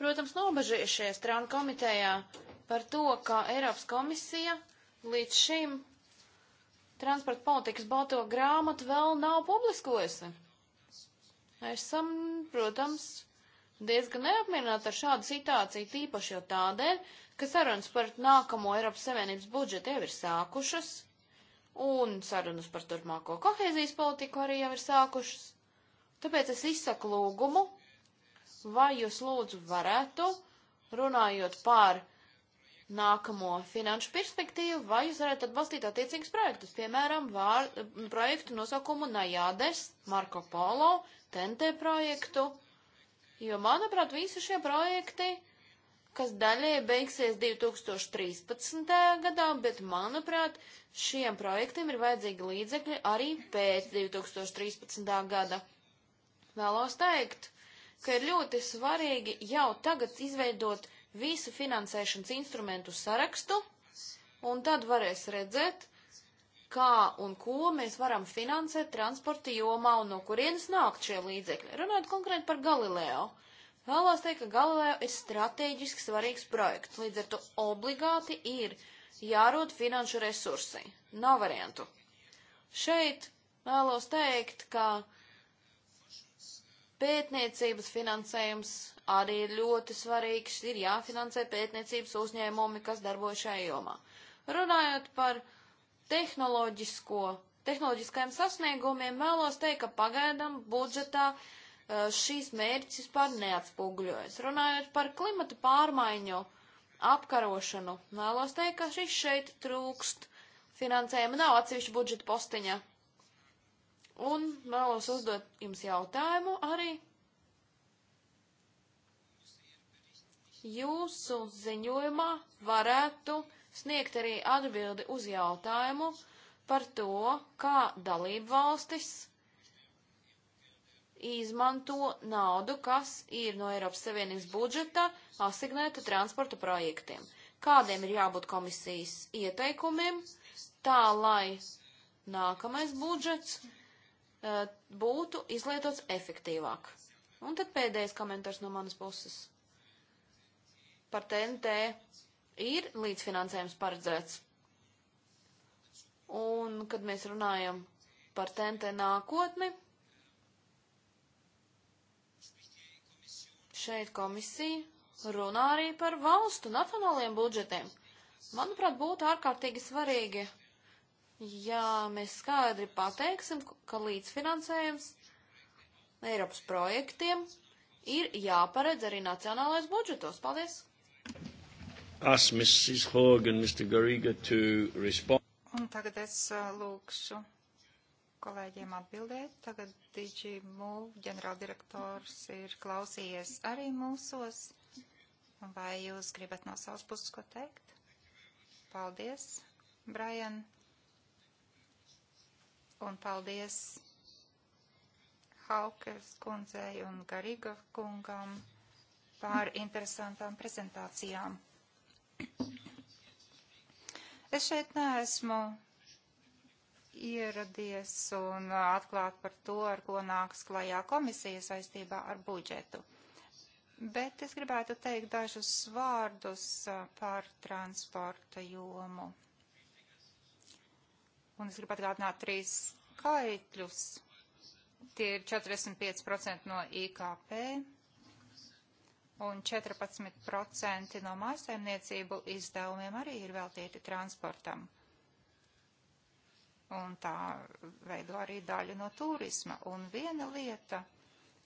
protams, nobežījušies Trānu komitejā par to, ka Eiropas komisija līdz šim transporta politikas balto grāmatu vēl nav publiskojusi. Esam, protams, diezgan neapmierināti ar šādu situāciju, tīpaši jau tādēļ, ka sarunas par nākamo Eiropas Savienības budžetu jau ir sākušas, un sarunas par turpmāko kohēzijas politiku arī jau ir sākušas. Tāpēc es izsaku lūgumu, vai jūs lūdzu varētu, runājot par nākamo finanšu perspektīvu, vai jūs varētu atbalstīt attiecīgus projektus, piemēram, vār, projektu nosaukumu Najādes, Marko Polo, TNT projektu, jo, manuprāt, visi šie projekti, kas daļai beigsies 2013. gadā, bet, manuprāt, šiem projektiem ir vajadzīgi līdzekļi arī pēc 2013. gada. Vēlos teikt, ka ir ļoti svarīgi jau tagad izveidot visu finansēšanas instrumentu sarakstu, un tad varēs redzēt, kā un ko mēs varam finansēt transporta jomā un no kurienes nāk šie līdzekļi. Runājot konkrēti par Galileo. Vēlos teikt, ka Galileo ir strateģiski svarīgs projekts, līdz ar to obligāti ir jārod finanšu resursi. Nav variantu. Šeit vēlos teikt, ka pētniecības finansējums arī ir ļoti svarīgs, ir jāfinansē pētniecības uzņēmumi, kas darbojas šajā jomā. Runājot par tehnoloģisko, tehnoloģiskajiem sasniegumiem, vēlos teikt, ka pagaidam budžetā e, šīs mērķis vispār neatspūgļojas. Runājot par klimata pārmaiņu apkarošanu, vēlos teikt, ka šis šeit trūkst finansējuma, nav atsevišķa budžeta posteņa. Un vēlos uzdot jums jautājumu arī jūsu ziņojumā varētu sniegt arī atbildi uz jautājumu par to, kā dalību valstis izmanto naudu, kas ir no Eiropas Savienības budžeta asignēta transporta projektiem. Kādiem ir jābūt komisijas ieteikumiem, tā lai nākamais budžets uh, būtu izlietots efektīvāk. Un tad pēdējais komentārs no manas puses par TNT ir līdzfinansējums paredzēts. Un, kad mēs runājam par TNT nākotni, šeit komisija runā arī par valstu nacionālajiem budžetiem. Manuprāt, būtu ārkārtīgi svarīgi, ja mēs skaidri pateiksim, ka līdzfinansējums Eiropas projektiem ir jāparedz arī nacionālais budžetos. Paldies! ask Mrs. Hogg and Mr. Garriga to respond. Un tagad es uh, lūkšu kolēģiem atbildēt. Tagad DG Move ģenerāldirektors ir klausījies arī mūsos. Vai jūs gribat no savas puses ko teikt? Paldies, Brian. Un paldies Haukers kundzei un Garigov kungam par interesantām prezentācijām. Es šeit neesmu ieradies un atklāt par to, ar ko nāks klajā komisija saistībā ar budžetu. Bet es gribētu teikt dažus vārdus par transporta jomu. Un es gribu atgādināt trīs skaitļus. Tie ir 45% no IKP, un 14% no mājasēmniecību izdevumiem arī ir veltīti transportam. Un tā veido arī daļu no turisma. Un viena lieta,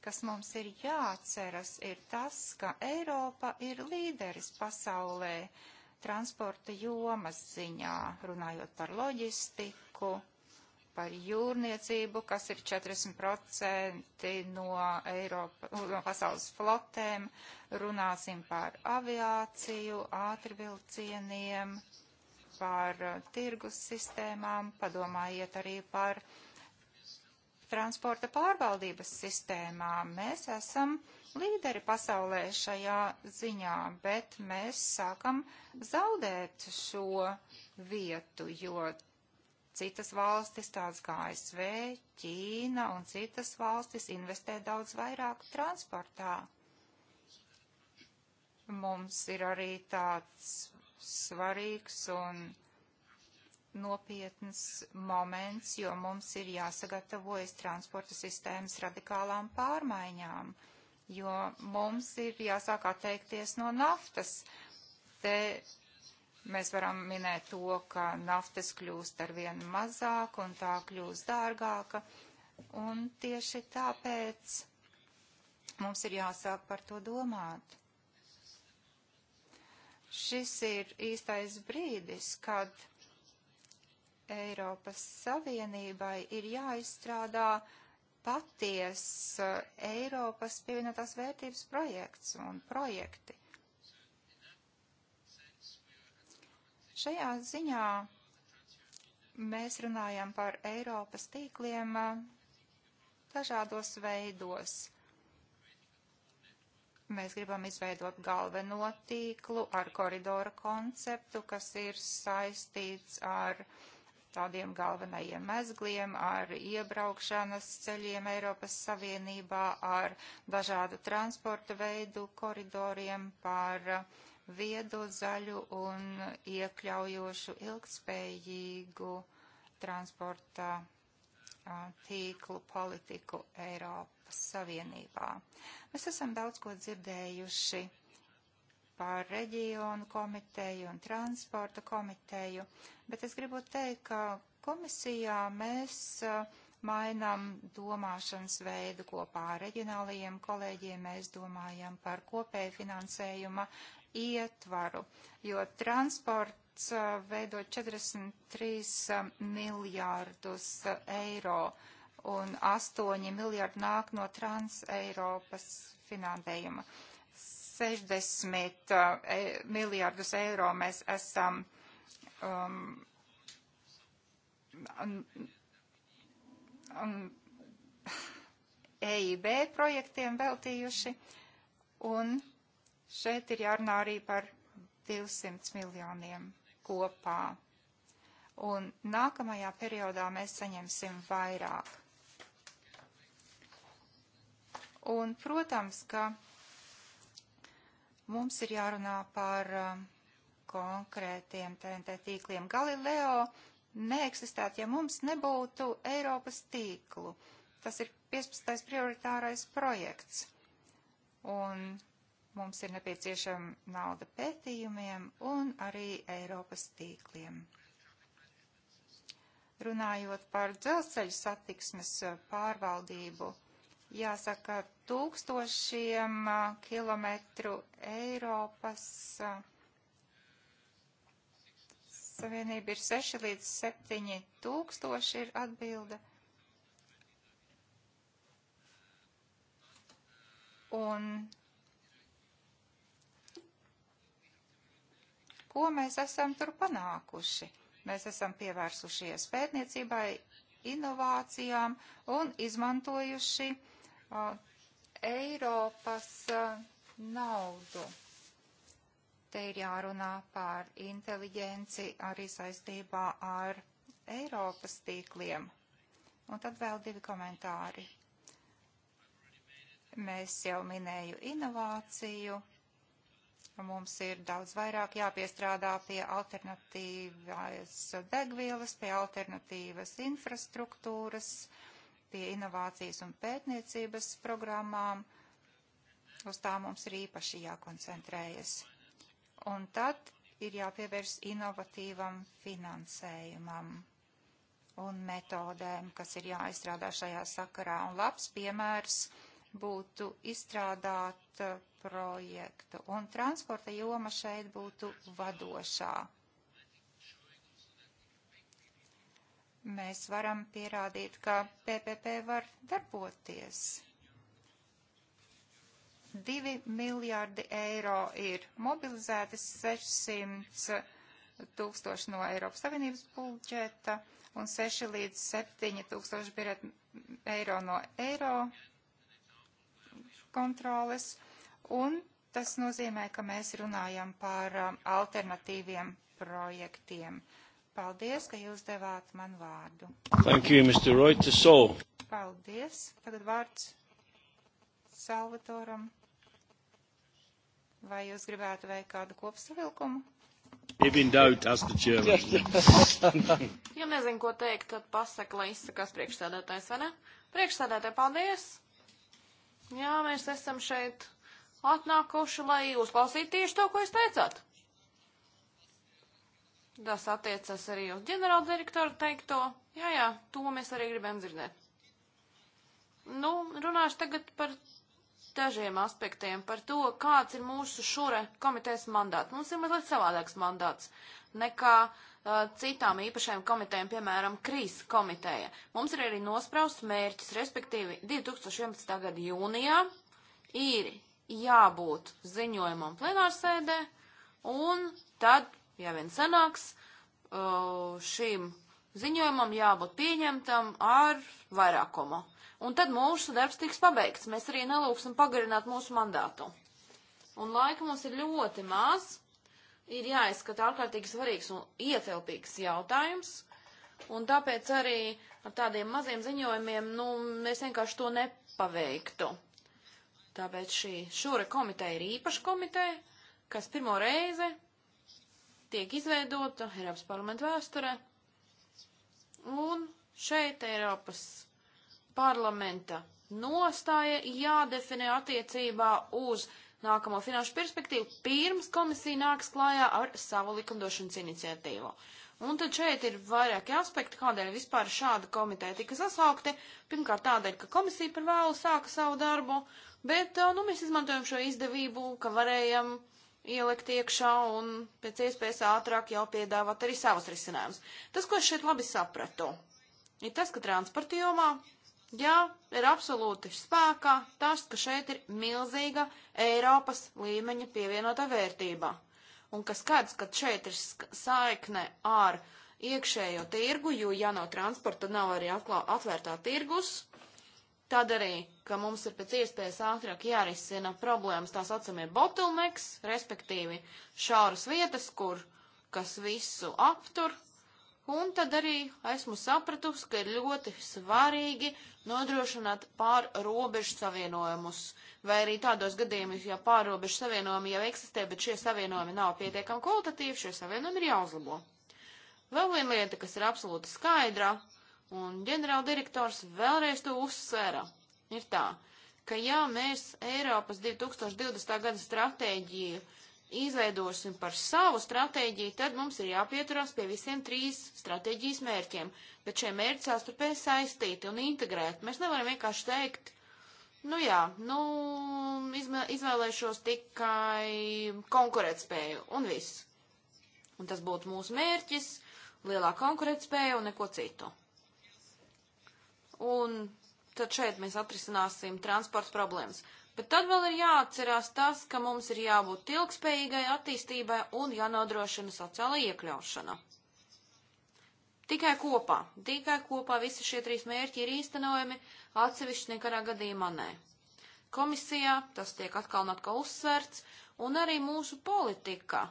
kas mums ir jāatceras, ir tas, ka Eiropa ir līderis pasaulē transporta jomas ziņā, runājot par loģistiku, par jūrniecību, kas ir 40% no, Eiropa, no pasaules flotēm. Runāsim par aviāciju, ātrvilcieniem, par uh, tirgus sistēmām, padomājiet arī par transporta pārvaldības sistēmām. Mēs esam līderi pasaulē šajā ziņā, bet mēs sākam zaudēt šo vietu, jo Citas valstis, tādas kā ASV, Ķīna un citas valstis, investē daudz vairāk transportā. Mums ir arī tāds svarīgs un nopietns moments, jo mums ir jāsagatavojas transporta sistēmas radikālām pārmaiņām, jo mums ir jāsāk atteikties no naftas. Te Mēs varam minēt to, ka naftas kļūst ar vien mazāk un tā kļūst dārgāka. Un tieši tāpēc mums ir jāsāk par to domāt. Šis ir īstais brīdis, kad Eiropas Savienībai ir jāizstrādā paties Eiropas pievienotās vērtības projekts un projekti. Šajā ziņā mēs runājam par Eiropas tīkliem uh, dažādos veidos. Mēs gribam izveidot galveno tīklu ar koridoru konceptu, kas ir saistīts ar tādiem galvenajiem mezgliem, ar iebraukšanas ceļiem Eiropas Savienībā, ar dažādu transporta veidu koridoriem, par uh, viedu, zaļu un iekļaujošu ilgspējīgu transporta tīklu politiku Eiropas Savienībā. Mēs esam daudz ko dzirdējuši par reģionu komiteju un transporta komiteju, bet es gribu teikt, ka komisijā mēs mainām domāšanas veidu kopā ar reģionālajiem kolēģiem. Mēs domājam par kopēju finansējuma ietvaru, jo transports uh, veido 43 uh, miljārdus uh, eiro un 8 miljārdi nāk no Trans-Eiropas finansējuma. 60 e, miljārdus eiro mēs esam um, um, EIB projektiem veltījuši un Šeit ir jārunā arī par 200 miljoniem kopā. Un nākamajā periodā mēs saņemsim vairāk. Un, protams, ka mums ir jārunā par um, konkrētiem TNT tīkliem. Galileo neeksistētu, ja mums nebūtu Eiropas tīklu. Tas ir 15. prioritārais projekts. Un Mums ir nepieciešama nauda pētījumiem un arī Eiropas tīkliem. Runājot par dzelzceļa satiksmes eh, pārvaldību, jāsaka, tūkstošiem eh, kilometru Eiropas eh, Savienība ir 6 līdz 7 tūkstoši ir atbilde. Un Ko mēs esam tur panākuši? Mēs esam pievērsušies pētniecībai, inovācijām un izmantojuši uh, Eiropas uh, naudu. Te ir jārunā par inteliģenci arī saistībā ar Eiropas tīkliem. Un tad vēl divi komentāri. Mēs jau minēju inovāciju ka mums ir daudz vairāk jāpiestrādā pie alternatīvas degvielas, pie alternatīvas infrastruktūras, pie inovācijas un pētniecības programmām. Uz tā mums ir īpaši jākoncentrējas. Un tad ir jāpievērš inovatīvam finansējumam un metodēm, kas ir jāizstrādā šajā sakarā. Un labs piemērs būtu izstrādāt eh, projektu, un transporta joma šeit būtu vadošā. Mēs varam pierādīt, ka PPP var darboties. Divi miljārdi eiro ir mobilizēti 600 tūkstoši no Eiropas Savienības budžeta un 6 līdz 7 tūkstoši eiro no Eiro kontroles, un tas nozīmē, ka mēs runājam par um, alternatīviem projektiem. Paldies, ka jūs devāt man vārdu. Thank you, Mr. Reuter. So. Paldies. Tagad vārds Salvatoram. Vai jūs gribētu veikt kādu kopsavilkumu? If in doubt, ask the chairman. ja nezinu, ko teikt, tad pasaka, lai izsakās priekšsēdētājs, vai ne? Priekšsēdētāji, paldies! Jā, mēs esam šeit atnākuši, lai uzklausītu tieši to, ko jūs teicāt. Tas attiecas arī uz ģenerāldirektoru teikto. Jā, jā, to mēs arī gribam dzirdēt. Nu, runāšu tagad par dažiem aspektiem, par to, kāds ir mūsu šure komitejas mandāts. Mums ir mazliet savādāks mandāts nekā uh, citām īpašajām komitejām, piemēram, krīzes komiteja. Mums ir arī nosprausts mērķis, respektīvi 2011. gada jūnijā ir jābūt ziņojumam plenārsēdē, un tad, ja vien sanāks, šim ziņojumam jābūt pieņemtam ar vairākumu. Un tad mūsu darbs tiks pabeigts. Mēs arī nelūksim pagarināt mūsu mandātu. Un laika mums ir ļoti maz ir jāizskata ārkārtīgi svarīgs un ietilpīgs jautājums, un tāpēc arī ar tādiem maziem ziņojumiem, nu, mēs vienkārši to nepaveiktu. Tāpēc šī šūra komiteja ir īpaša komiteja, kas pirmo reizi tiek izveidota Eiropas parlamenta vēsturē. Un šeit Eiropas parlamenta nostāja jādefinē attiecībā uz nākamo finanšu perspektīvu, pirms komisija nāks klājā ar savu likumdošanas iniciatīvu. Un tad šeit ir vairāki aspekti, kādēļ vispār šāda komiteja tika sasaukti. Pirmkārt, tādēļ, ka komisija par vēlu sāka savu darbu, bet nu, mēs izmantojam šo izdevību, ka varējam ielikt iekšā un pēc iespējas ātrāk jau piedāvāt arī savus risinājumus. Tas, ko es šeit labi sapratu, ir tas, ka transporta jomā Jā, ir absolūti spēkā tas, ka šeit ir milzīga Eiropas līmeņa pievienotā vērtība. Un kas skaidrs, ka šeit ir saikne ar iekšējo tirgu, jo ja nav transporta, tad nav arī atklā, atvērtā tirgus. Tad arī, ka mums ir pēc iespējas ātrāk jārisina problēmas tās atsamie bottlenecks, respektīvi šauras vietas, kur kas visu aptur, Un tad arī esmu sapratusi, ka ir ļoti svarīgi nodrošināt pārrobežu savienojumus, vai arī tādos gadījumos, ja pārrobežu savienojumi jau eksistē, bet šie savienojumi nav pietiekami kvalitatīvi, šie savienojumi ir jāuzlabo. Vēl viena lieta, kas ir absolūti skaidra, un ģenerāldirektors vēlreiz to uzsvēra, ir tā, ka ja mēs Eiropas 2020. gada stratēģiju izveidosim par savu stratēģiju, tad mums ir jāpieturās pie visiem trīs stratēģijas mērķiem. Bet šie mērķi sastarpēji saistīti un integrēti. Mēs nevaram vienkārši teikt, nu jā, nu izvēlēšos tikai konkurētspēju un viss. Un tas būtu mūsu mērķis, lielā konkurētspēja un neko citu. Un tad šeit mēs atrisināsim transporta problēmas. Bet tad vēl ir jāatcerās tas, ka mums ir jābūt ilgspējīgai attīstībai un jānodrošina sociāla iekļaušana. Tikai kopā, tikai kopā visi šie trīs mērķi ir īstenojami, atsevišķi nekarā gadījumā nē. Komisijā tas tiek atkal un atkal uzsverts, un arī mūsu politika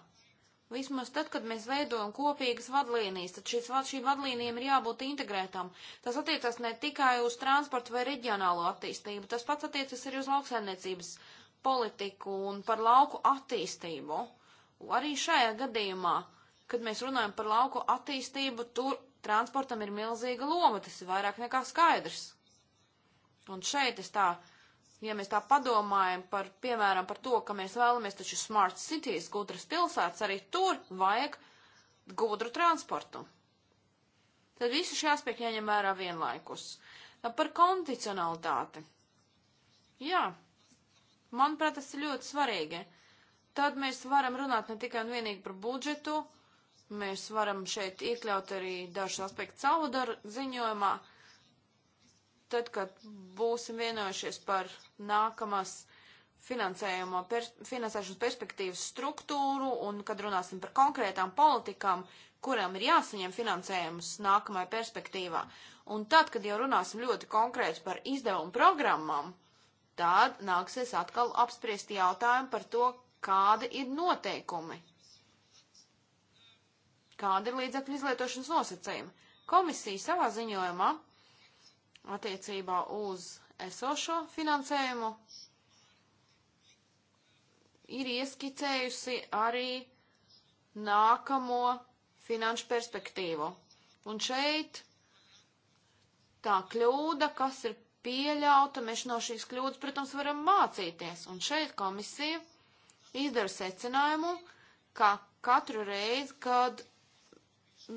Vismaz tad, kad mēs veidojam kopīgas vadlīnijas, tad šīs, šīm vadlīnijām ir jābūt integrētām. Tas attiecas ne tikai uz transportu vai reģionālo attīstību, tas pats attiecas arī uz lauksaimniecības politiku un par lauku attīstību. Arī šajā gadījumā, kad mēs runājam par lauku attīstību, tur transportam ir milzīga loma, tas ir vairāk nekā skaidrs. Un šeit es tā ja mēs tā padomājam par, piemēram, par to, ka mēs vēlamies taču smart cities, gudras pilsētas, arī tur vajag gudru transportu. Tad visu šie aspekti jāņem vērā vienlaikus. Par kondicionalitāti. Jā, manuprāt, tas ir ļoti svarīgi. Tad mēs varam runāt ne tikai un vienīgi par budžetu, mēs varam šeit iekļaut arī dažus aspektus savu ziņojumā, tad, kad būsim vienojušies par nākamās finansējuma pers finansēšanas perspektīvas struktūru un kad runāsim par konkrētām politikām, kurām ir jāsaņem finansējums nākamajā perspektīvā. Un tad, kad jau runāsim ļoti konkrēti par izdevumu programmām, tad nāksies atkal apspriest jautājumu par to, kādi ir noteikumi, kāda ir līdzekļu izlietošanas nosacījuma. Komisija savā ziņojumā attiecībā uz esošo finansējumu ir ieskicējusi arī nākamo finanšu perspektīvu. Un šeit tā kļūda, kas ir pieļauta, mēs no šīs kļūdas, protams, varam mācīties. Un šeit komisija izdara secinājumu, ka katru reizi, kad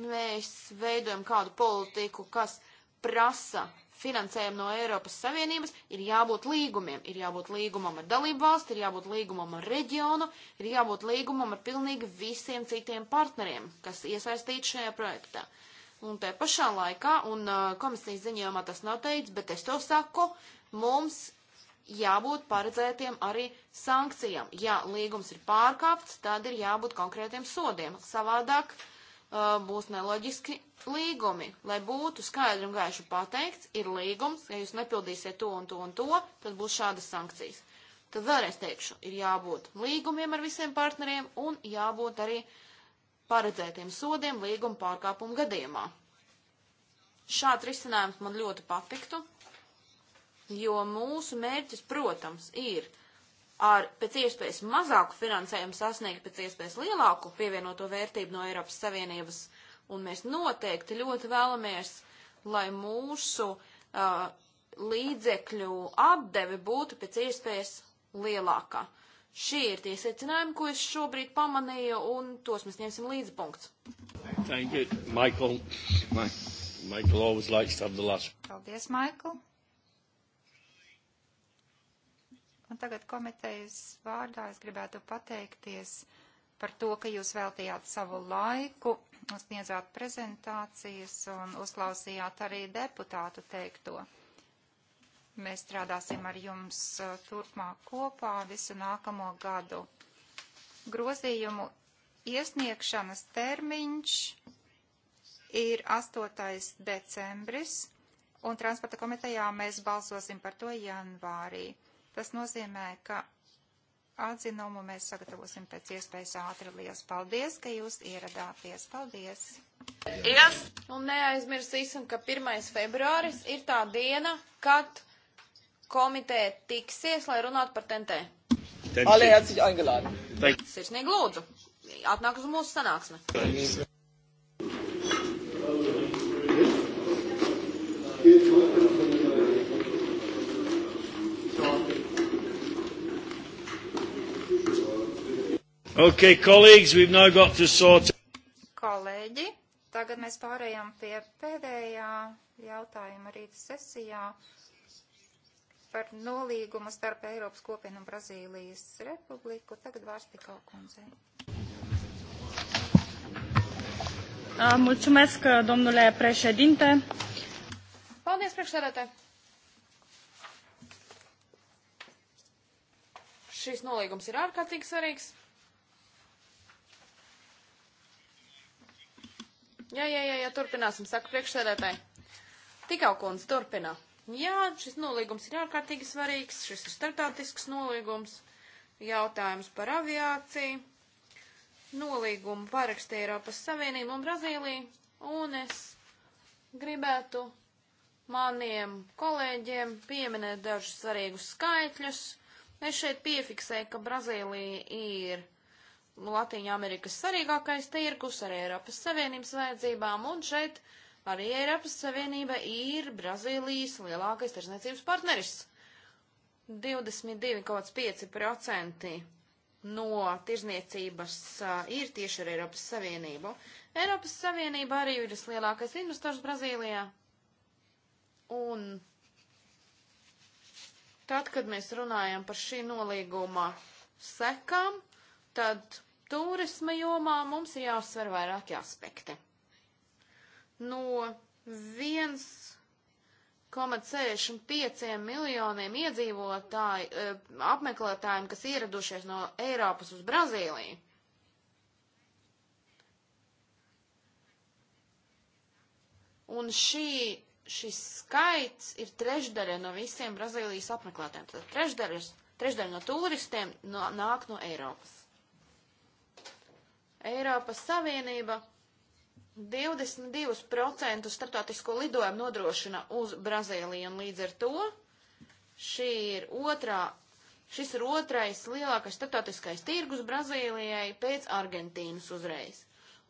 mēs veidojam kādu politiku, kas prasa finansējumu no Eiropas Savienības, ir jābūt līgumiem. Ir jābūt līgumam ar dalību valsti, ir jābūt līgumam ar reģionu, ir jābūt līgumam ar pilnīgi visiem citiem partneriem, kas iesaistīti šajā projektā. Un te pašā laikā, un uh, komisijas ziņojumā tas nav teicis, bet es to saku, mums jābūt paredzētiem arī sankcijām. Ja līgums ir pārkāpts, tad ir jābūt konkrētiem sodiem. Savādāk uh, uh, būs neloģiski līgumi. Lai būtu skaidri un gaiši pateikts, ir līgums, ja jūs nepildīsiet to un to un to, tad būs šādas sankcijas. Tad vēlreiz teikšu, ir jābūt līgumiem ar visiem partneriem un jābūt arī paredzētiem sodiem līguma pārkāpumu gadījumā. Šāds risinājums man ļoti patiktu, jo mūsu mērķis, protams, ir – ar pēc iespējas mazāku finansējumu sasniegt pēc iespējas lielāku pievienoto vērtību no Eiropas Savienības. Un mēs noteikti ļoti vēlamies, lai mūsu uh, līdzekļu apdeve būtu pēc iespējas lielākā. Šie ir tie secinājumi, ko es šobrīd pamanīju, un tos mēs ņemsim līdz punkts. Thank you, Michael. Michael always likes to have the last. Paldies, Michael. Un tagad komitejas vārdā es gribētu pateikties par to, ka jūs veltījāt savu laiku, sniedzāt prezentācijas un uzklausījāt arī deputātu teikto. Mēs strādāsim ar jums uh, turpmāk kopā visu nākamo gadu. Grozījumu iesniegšanas termiņš ir 8. decembris, un transporta komitejā mēs balsosim par to janvārī. Tas nozīmē, ka atzinumu mēs sagatavosim pēc iespējas ātri. Lielas paldies, ka jūs ieradāties. Paldies! Yes. Un neaizmirsīsim, ka 1. februāris ir tā diena, kad komiteja tiksies, lai runātu par TNT. Alle herzlich eingeladen. Sirsnīgi lūdzu, atnāk uz mūsu sanāksmi. Okay, colleagues, we've now got to sort. Kolēģi, tagad mēs pārējām pie pēdējā jautājuma rīta sesijā par nolīgumu starp Eiropas kopienu un Brazīlijas republiku. Tagad vārds tikā kundzei. Mulțumesc, domnule președinte. Paldies, priekšsēdētāji. Šis nolīgums ir ārkārtīgi svarīgs Jā, jā, jā, jā turpināsim, saka priekšsēdētāji. Tikau kundze turpina. Jā, šis nolīgums ir ārkārtīgi svarīgs, šis ir startautisks nolīgums, jautājums par aviāciju. Nolīgumu parakstīja Eiropas Savienība un Brazīlija, un es gribētu maniem kolēģiem pieminēt dažus svarīgus skaitļus. Es šeit piefiksēju, ka Brazīlija ir Latīņa Amerikas svarīgākais tirgus ar Eiropas Savienības vajadzībām, un šeit arī Eiropas Savienība ir Brazīlijas lielākais tirsniecības partneris. 22,5% no tirzniecības ir tieši ar Eiropas Savienību. Eiropas Savienība arī ir vislielākais investors Brazīlijā. Un tad, kad mēs runājam par šī nolīguma sekām, Tad turisma jomā mums ir jāuzsver vairāki aspekti. No 1,65 miljoniem iedzīvotāju, eh, apmeklētājiem, kas ieradušies no Eiropas uz Brazīliju, Un šī, šis skaits ir trešdaļa no visiem Brazīlijas apmeklētājiem. Tad trešdaļa no turistiem no, nāk no Eiropas. Eiropas Savienība 22% startautisko lidojumu nodrošina uz Brazīliju, un līdz ar to šī ir otrā, šis ir otrais lielākais startautiskais tirgus Brazīlijai pēc Argentīnas uzreiz.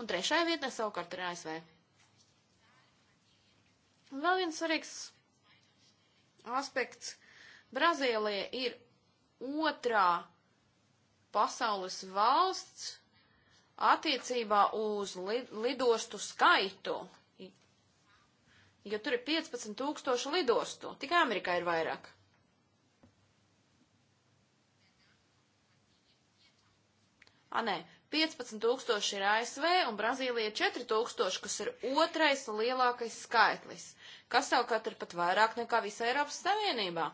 Un trešajā vietā savukārt ir ASV. Un vēl viens svarīgs aspekts. Brazīlija ir otrā pasaules valsts attiecībā uz li lidostu skaitu, jo tur ir 15 tūkstoši lidostu, tikai Amerikā ir vairāk. A, nē, 15 tūkstoši ir ASV un Brazīlija 4 tūkstoši, kas ir otrais lielākais skaitlis, kas savukārt ir pat vairāk nekā visā Eiropas Savienībā.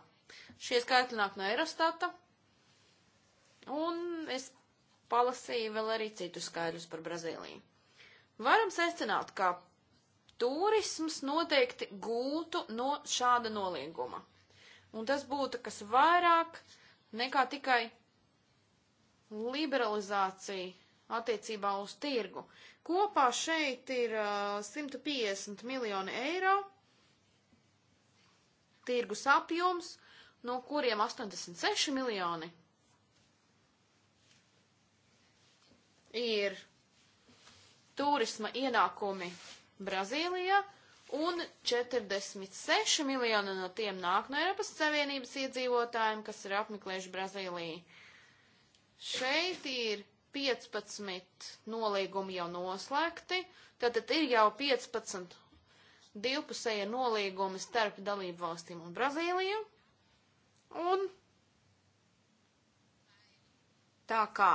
Šie skaitļi nāk no Eurostata, un es palasīju vēl arī citu skaidrus par Brazīliju. Varam secināt, ka turisms noteikti gūtu no šāda nolīguma. Un tas būtu kas vairāk nekā tikai liberalizācija attiecībā uz tirgu. Kopā šeit ir uh, 150 miljoni eiro tirgus apjoms, no kuriem 86 miljoni ir turisma ienākumi Brazīlijā, un 46 miljoni no tiem nāk no Eiropas Savienības iedzīvotājiem, kas ir apmeklējuši Brazīliju. Šeit ir 15 nolīgumi jau noslēgti, tātad ir jau 15 divpusēja nolīgumi starp dalību valstīm un Brazīliju. Un tā kā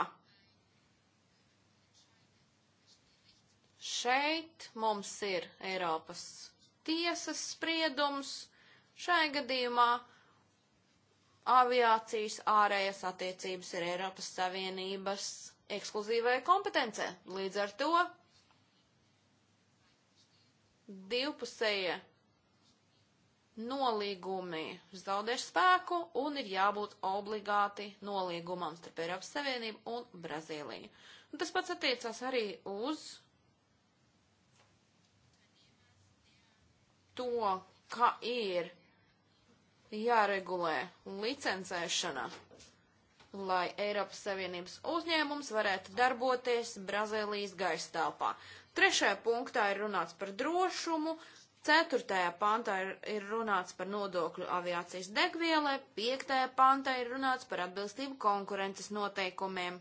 Šeit mums ir Eiropas tiesas spriedums šai gadījumā aviācijas ārējas attiecības ir Eiropas Savienības ekskluzīvai kompetencē. Līdz ar to divpusējie nolīgumi zaudēs spēku un ir jābūt obligāti nolīgumam starp Eiropas Savienību un Brazīliju. Un tas pats attiecās arī uz to, ka ir jāregulē licencēšana, lai Eiropas Savienības uzņēmums varētu darboties Brazīlijas gaisa telpā. Trešajā punktā ir runāts par drošumu, ceturtajā pantā ir, ir runāts par nodokļu aviācijas degvielai, piektajā pantā ir runāts par atbilstību konkurences noteikumiem.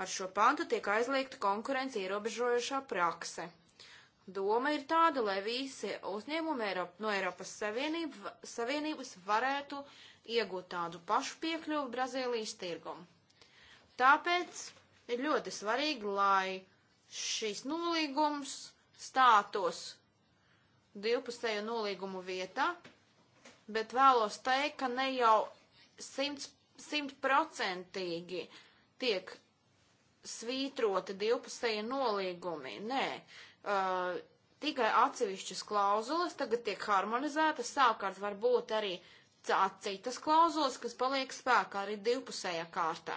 Ar šo pantu tiek aizliegta konkurence ierobežojošā prakse doma ir tāda, lai visi uzņēmumi Eiropa, no Eiropas Savienība, Savienības varētu iegūt tādu pašu piekļuvu Brazīlijas tirgumu. Tāpēc ir ļoti svarīgi, lai šīs nolīgums stātos divpusēju nolīgumu vietā, bet vēlos teikt, ka ne jau simtprocentīgi tiek svītroti divpusēji nolīgumi. Nē, uh, uh, tikai atsevišķas klauzulas tagad tiek harmonizētas, savukārt var būt arī citas klauzulas, kas paliek spēkā arī divpusējā kārtā.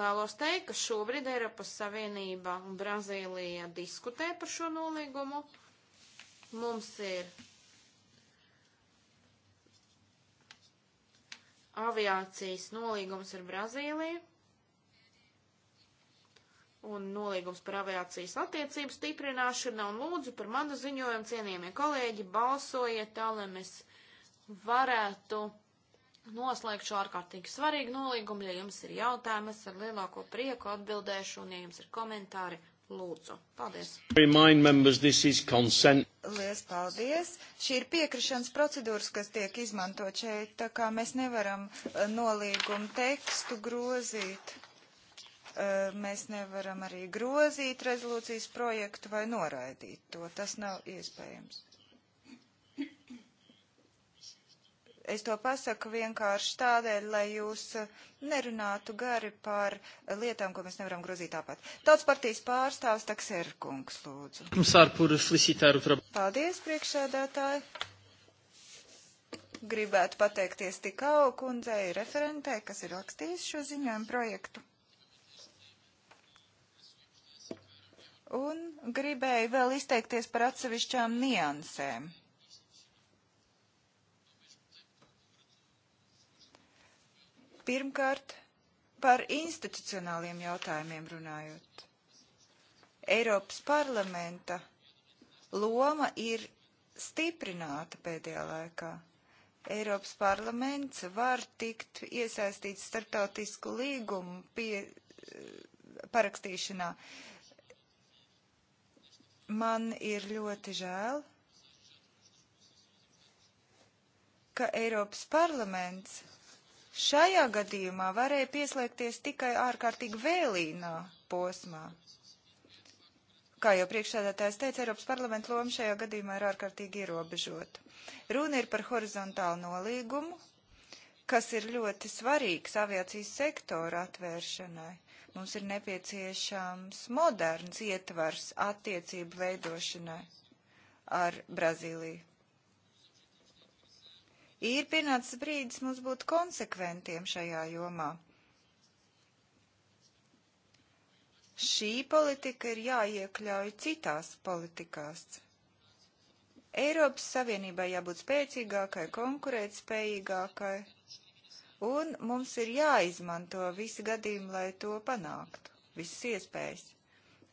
Vēlos teikt, ka šobrīd Eiropas Savienība un Brazīlija diskutē par šo nolīgumu. Mums ir aviācijas nolīgums ar Brazīliju un nolīgums par aviācijas attiecību stiprināšanu, un lūdzu par manu ziņojumu, cienījamie kolēģi, balsojiet tā, lai mēs varētu noslēgt šo ārkārtīgi svarīgu nolīgumu. Ja jums ir jautājumi, es ar lielāko prieku atbildēšu, un ja jums ir komentāri, lūdzu. Paldies. Lielas paldies. Šī ir piekrišanas procedūras, kas tiek izmantot šeit, tā kā mēs nevaram eh, nolīgumu tekstu grozīt mēs nevaram arī grozīt rezolūcijas projektu vai noraidīt to. Tas nav iespējams. Es to pasaku vienkārši tādēļ, lai jūs nerunātu gari par lietām, ko mēs nevaram grozīt tāpat. Tautas partijas pārstāvs Takserkungs, lūdzu. Paldies, priekšsēdētāji! gribētu pateikties Tikau kundzei referentē, kas ir rakstījis šo ziņojumu projektu. un gribēju vēl izteikties par atsevišķām niansēm. Pirmkārt, par institucionāliem jautājumiem runājot. Eiropas parlamenta loma ir stiprināta pēdējā laikā. Eiropas parlaments var tikt iesaistīts startautisku līgumu pie, eh, parakstīšanā. Uh, Man ir ļoti žēl, ka Eiropas parlaments šajā gadījumā varēja pieslēgties tikai ārkārtīgi vēlīnā posmā. Kā jau priekšsēdētājs teica, Eiropas parlamenta loma šajā gadījumā ir ārkārtīgi ierobežota. Runa ir par horizontālu nolīgumu, kas ir ļoti svarīgs aviācijas sektora atvēršanai. Mums ir nepieciešams moderns ietvars attiecību veidošanai ar Brazīliju. Ir pienācis brīdis mums būt konsekventiem šajā jomā. Šī politika ir jāiekļauj citās politikās. Eiropas Savienībai jābūt spēcīgākai, konkurētspējīgākai un mums ir jāizmanto visi gadījumi, lai to panāktu, visas iespējas.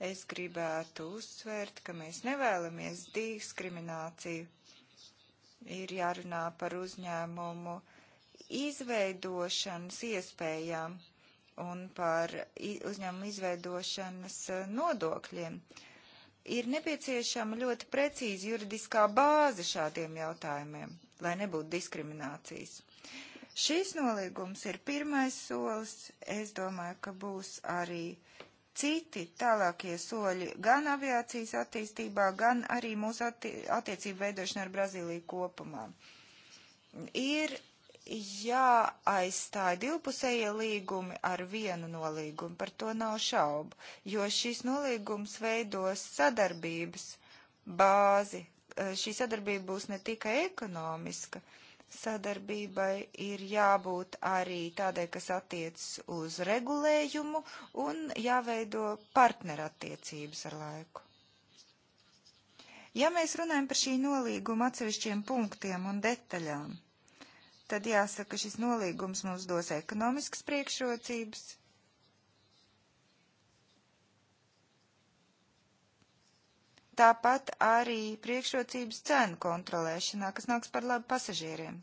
Es gribētu uzsvērt, ka mēs nevēlamies diskrimināciju. Ir jārunā par uzņēmumu izveidošanas iespējām un par uzņēmumu izveidošanas e, nodokļiem. Ir nepieciešama ļoti precīza juridiskā bāze šādiem jautājumiem, lai nebūtu diskriminācijas. Šīs nolīgums ir pirmais solis. Es domāju, ka būs arī citi tālākie soļi gan aviācijas attīstībā, gan arī mūsu atti attiecību veidošanā ar Brazīliju kopumā. Ir jāaizstāja divpusējie līgumi ar vienu nolīgumu, par to nav šaubu, jo šis nolīgums veidos sadarbības bāzi. Šī sadarbība būs ne tikai ekonomiska, uh, sadarbībai ir jābūt arī tādai, kas attiecas uz regulējumu un jāveido partnerattiecības ar laiku. Ja mēs runājam par šī nolīguma atsevišķiem punktiem un detaļām, tad jāsaka, šis nolīgums mums dos ekonomiskas priekšrocības, tāpat arī priekšrocības cenu kontrolēšanā, kas nāks par labu pasažieriem.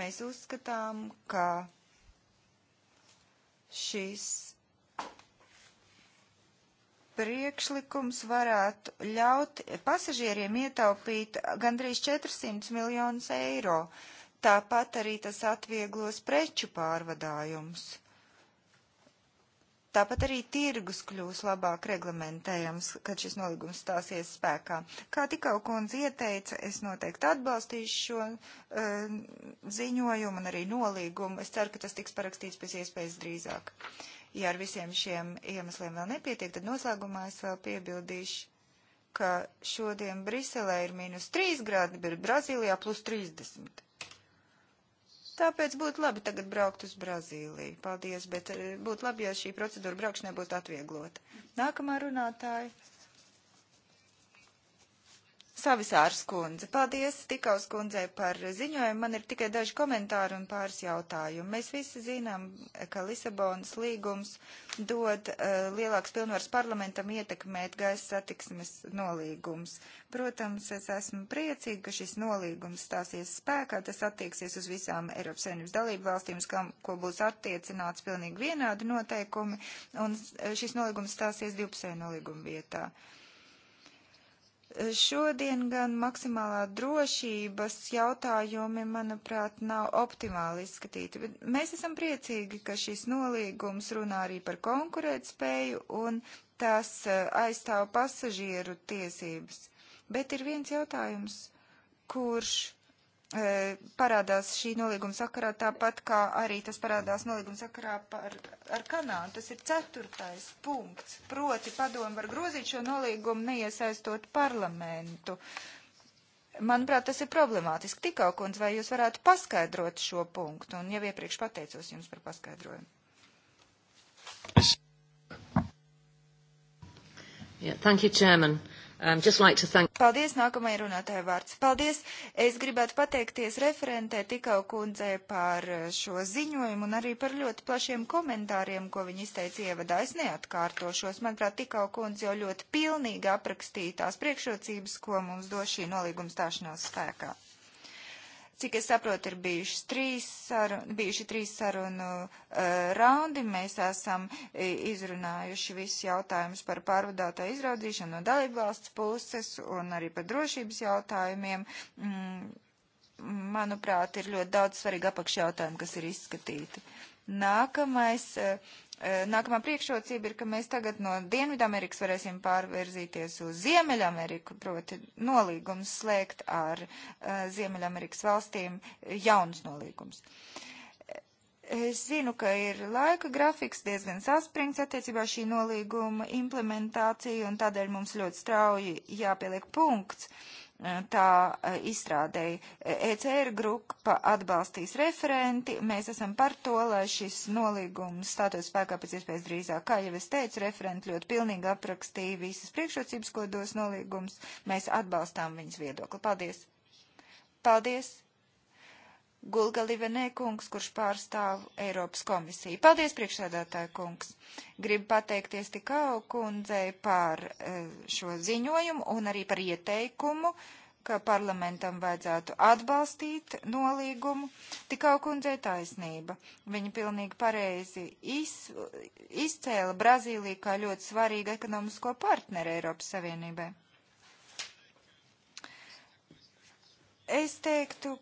Mēs uzskatām, ka šis priekšlikums varētu ļaut pasažieriem ietaupīt gandrīz 400 miljonus eiro. Tāpat arī tas atvieglos preču pārvadājumus. Tāpat arī tirgus kļūs labāk reglamentējams, kad šis nolīgums stāsies spēkā. Kā tikau kundze ieteica, es noteikti atbalstīšu šo uh, ziņojumu un arī nolīgumu. Es ceru, ka tas tiks parakstīts pēc iespējas drīzāk. Ja ar visiem šiem iemesliem vēl nepietiek, tad noslēgumā es vēl piebildīšu, ka šodien Briselē ir mīnus 3 grādi, bet Brazīlijā plus 30. Tāpēc būtu labi tagad braukt uz Brazīliju. Paldies, bet eh, būtu labi, ja šī procedūra braukšanai būtu atvieglota. Nākamā runātāja Savisārs kundze, paldies Tikaus kundzei par ziņojumu. Man ir tikai daži komentāri un pāris jautājumi. Mēs visi zinām, ka Lisabonas līgums dod uh, lielāks pilnvars parlamentam ietekmēt gaisa satiksmes nolīgums. Protams, es esmu priecīga, ka šis nolīgums stāsies spēkā. Tas attieksies uz visām Eiropas Savienības dalību valstīm, uz kam, ko būs attiecināts pilnīgi vienādi noteikumi, un eh, šis nolīgums stāsies divpusēju nolīgumu vietā. Uh, Šodien gan maksimālā drošības jautājumi, manuprāt, nav optimāli izskatīti, bet mēs esam priecīgi, ka šis nolīgums runā arī par konkurētspēju un tas eh, aizstāv pasažieru tiesības. Bet ir viens jautājums, kurš parādās šī nolīguma sakarā, tāpat kā arī tas parādās nolīguma sakarā par, ar Kanādu. Tas ir ceturtais punkts. Proti padomu var grozīt šo nolīgumu, neiesaistot parlamentu. Manuprāt, tas ir problemātiski. Tikau, kundze, vai jūs varētu paskaidrot šo punktu? Un jau iepriekš pateicos jums par paskaidrojumu. Yeah, thank you, Chairman. Uh, Um, just like to thank... Paldies, nākamajai runātāja vārds. Paldies. Es gribētu pateikties referentē Tikau kundzei par uh, šo ziņojumu un arī par ļoti plašiem komentāriem, ko viņa izteica ievadā. Es neatkārtošos. Manuprāt, Tikau kundze jau ļoti pilnīgi aprakstīja tās priekšrocības, ko mums dos šī nolīguma stāšanās spēkā. Cik es saprotu, ir bijušas trīs sarunu, bijuši trīs sarunu uh, raundi. Mēs esam e, izrunājuši visus jautājumus par pārvadātāju izraudzīšanu no dalībvalsts puses un arī par drošības jautājumiem. Mm, manuprāt, ir ļoti daudz svarīgi apakšjautājumu, kas ir izskatīti. Nākamais uh, Eh, nākamā priekšrocība ir, ka mēs tagad no Dienvidamerikas varēsim pārvirzīties uz Ziemeļameriku, proti nolīgums slēgt ar uh, Ziemeļamerikas valstīm jauns nolīgums. Eh, es zinu, ka ir laika grafiks diezgan saspringts attiecībā šī nolīguma implementācija, un tādēļ mums ļoti strauji jāpieliek punkts uh, tā e, izstrādēja. ECR e grupa atbalstīs referenti. Mēs esam par to, lai šis nolīgums stātos spēkā pēc iespējas drīzāk. Kā jau es teicu, referenti ļoti pilnīgi aprakstīja visas priekšrocības, ko dos nolīgums. Mēs atbalstām viņas viedokli. Paldies! Paldies! Gulga Livenē kungs, kurš pārstāv Eiropas komisiju. Paldies, priekšsēdētāja kungs! Gribu pateikties tikau kundzei par e, šo ziņojumu un arī par ieteikumu, ka parlamentam vajadzētu atbalstīt nolīgumu. Tikau kundzei taisnība. Viņa pilnīgi pareizi iz, izcēla Brazīliju kā ļoti svarīgu ekonomisko partneru Eiropas Savienībai. Es teiktu,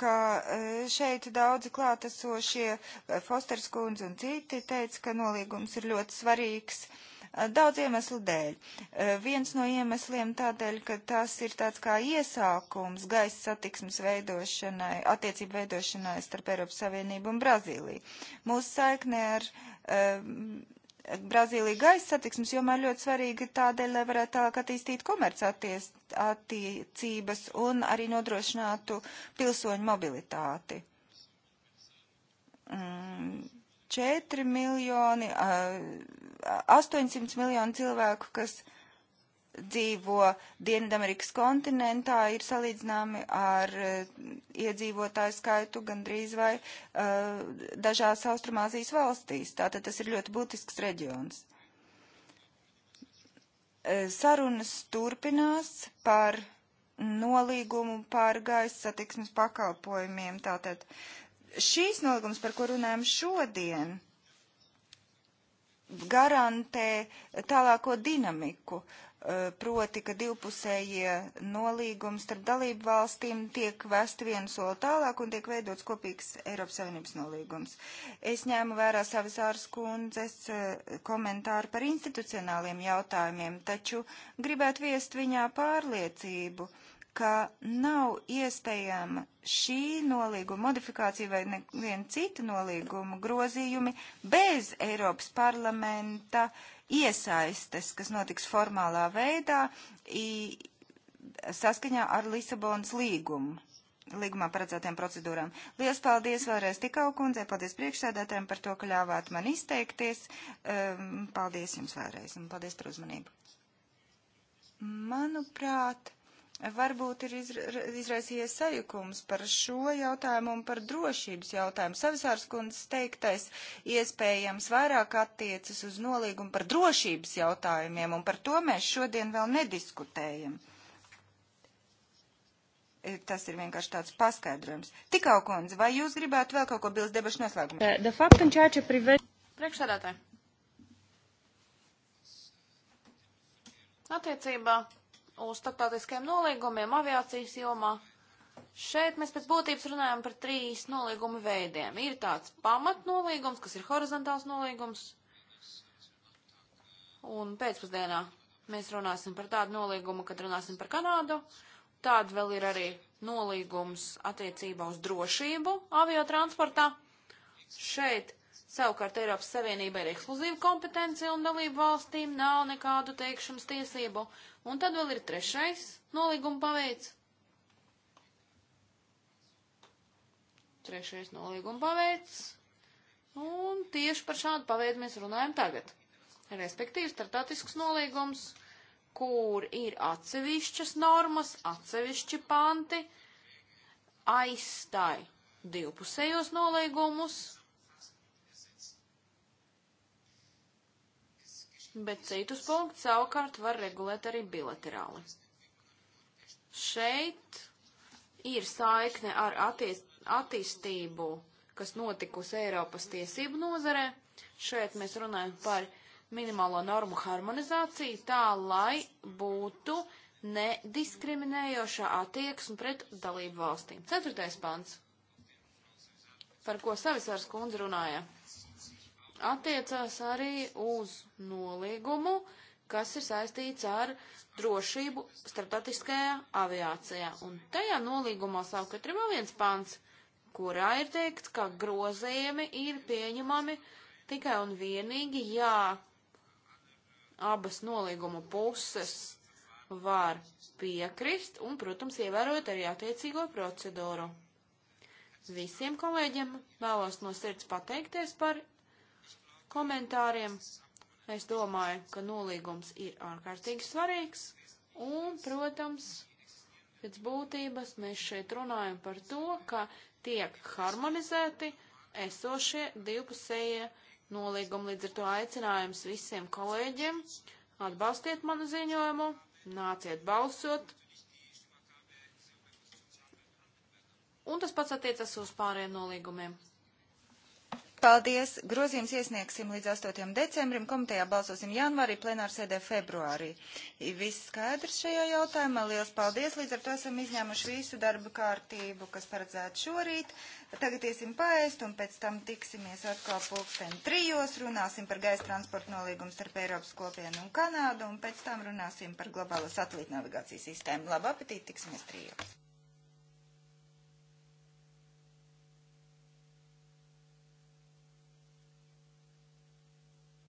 ka eh, šeit daudzi klātesošie eh, Fosters kundze un citi teica, ka nolīgums ir ļoti svarīgs. Eh, daudz iemeslu dēļ. Viens no iemesliem tādēļ, ka tas ir tāds kā iesākums gaisa satiksmes veidošanai, attiecību veidošanai starp Eiropas Savienību un Brazīliju. Mūsu saiknē ar um, Brazīlija gaisa satiksmes jomā ir ļoti svarīga tādēļ, lai varētu tālāk attīstīt komercattiecības un arī nodrošinātu pilsoņu mobilitāti. Mm, 4 miljoni, 800 miljoni cilvēku, kas uh, dzīvo Dienvidamerikas kontinentā, ir salīdzināmi ar uh, iedzīvotāju skaitu gandrīz vai uh, dažās Austrumāzijas valstīs. Tātad tas ir ļoti būtisks reģions. Uh, sarunas turpinās par nolīgumu par gaisa satiksmes pakalpojumiem. Tātad šīs nolīgums, par ko runājam šodien, garantē tālāko dinamiku. Uh, Eh, proti, ka divpusējie nolīgumi starp dalību valstīm tiek vesti vienu soli tālāk un tiek veidots kopīgs Eiropas Savienības nolīgums. Es ņēmu vērā savas āras kundzes eh, komentāru par institucionāliem jautājumiem, taču gribētu viest viņā pārliecību, uh, ka nav iespējama šī nolīguma modifikācija vai neviena cita nolīguma grozījumi bez Eiropas parlamenta iesaistes, kas notiks formālā veidā i, saskaņā ar Lisabonas līgumu. Līgumā paredzētiem procedūrām. Lielas paldies vēlreiz tikau kundzei, paldies priekšsēdētājiem par to, ka ļāvāt man izteikties. Um, paldies jums vēlreiz un paldies par uzmanību. Manuprāt, varbūt ir izraisījies sajukums par šo jautājumu un par drošības jautājumu. Savisārs kundzes teiktais iespējams vairāk attiecas uz nolīgumu par drošības jautājumiem, un par to mēs šodien vēl nediskutējam. E, tas ir vienkārši tāds paskaidrojums. Tikau, kundze, vai jūs gribētu vēl kaut ko bildes debašu noslēgumā? Priekšsādātāji. Attiecībā uz starptautiskajiem nolīgumiem aviācijas jomā. Šeit mēs pēc būtības runājam par trīs nolīguma veidiem. Ir tāds pamatnolīgums, kas ir horizontāls nolīgums, un pēcpusdienā mēs runāsim par tādu nolīgumu, kad runāsim par Kanādu. Tāda vēl ir arī nolīgums attiecībā uz drošību aviotransportā. Šeit Savukārt Eiropas Savienība ir ekskluzīva kompetence un dalību valstīm nav nekādu teikšanas tiesību. Un tad vēl ir trešais nolīguma paveids. Trešais nolīguma paveids. Un tieši par šādu paveidu mēs runājam tagad. Respektīvi, startautisks nolīgums, kur ir atsevišķas normas, atsevišķi panti, aizstāj divpusējos nolīgumus, bet citus punktus savukārt var regulēt arī bilaterāli. Šeit ir saikne ar attīst, attīstību, kas notikusi Eiropas tiesību nozarē. Šeit mēs runājam par minimālo normu harmonizāciju tā, lai būtu nediskriminējošā attieksme pret dalību valstīm. Ceturtais pants, par ko Savisārs kundze runāja attiecās arī uz nolīgumu, kas ir saistīts ar drošību starptautiskajā aviācijā. Un tajā nolīgumā savukārt ir vēl viens pants, kurā ir teikts, ka grozējumi ir pieņemami tikai un vienīgi, ja abas nolīguma puses var piekrist un, protams, ievērot arī attiecīgo procedūru. Visiem kolēģiem vēlos no sirds pateikties par komentāriem. Es domāju, ka nolīgums ir ārkārtīgi svarīgs, un, protams, pēc būtības mēs šeit runājam par to, ka tiek harmonizēti esošie divpusējie nolīgumi. Līdz ar to aicinājums visiem kolēģiem atbalstiet manu ziņojumu, nāciet balsot. Un tas pats attiecas uz pāriem nolīgumiem. Paldies! Grozījums iesniegsim līdz 8. decembrim, komitejā balsosim janvārī, plenārsēdē februārī. Viss skaidrs šajā jautājumā. Liels paldies! Līdz ar to esam izņēmuši visu darba kārtību, kas paredzēta šorīt. Tagad iesim paēst un pēc tam tiksimies atkal pulksten trijos, runāsim par gaisa transporta nolīgumu starp Eiropas kopienu un Kanādu un pēc tam runāsim par globālo satelītu navigācijas sistēmu. Labu apetīti, tiksimies trijos!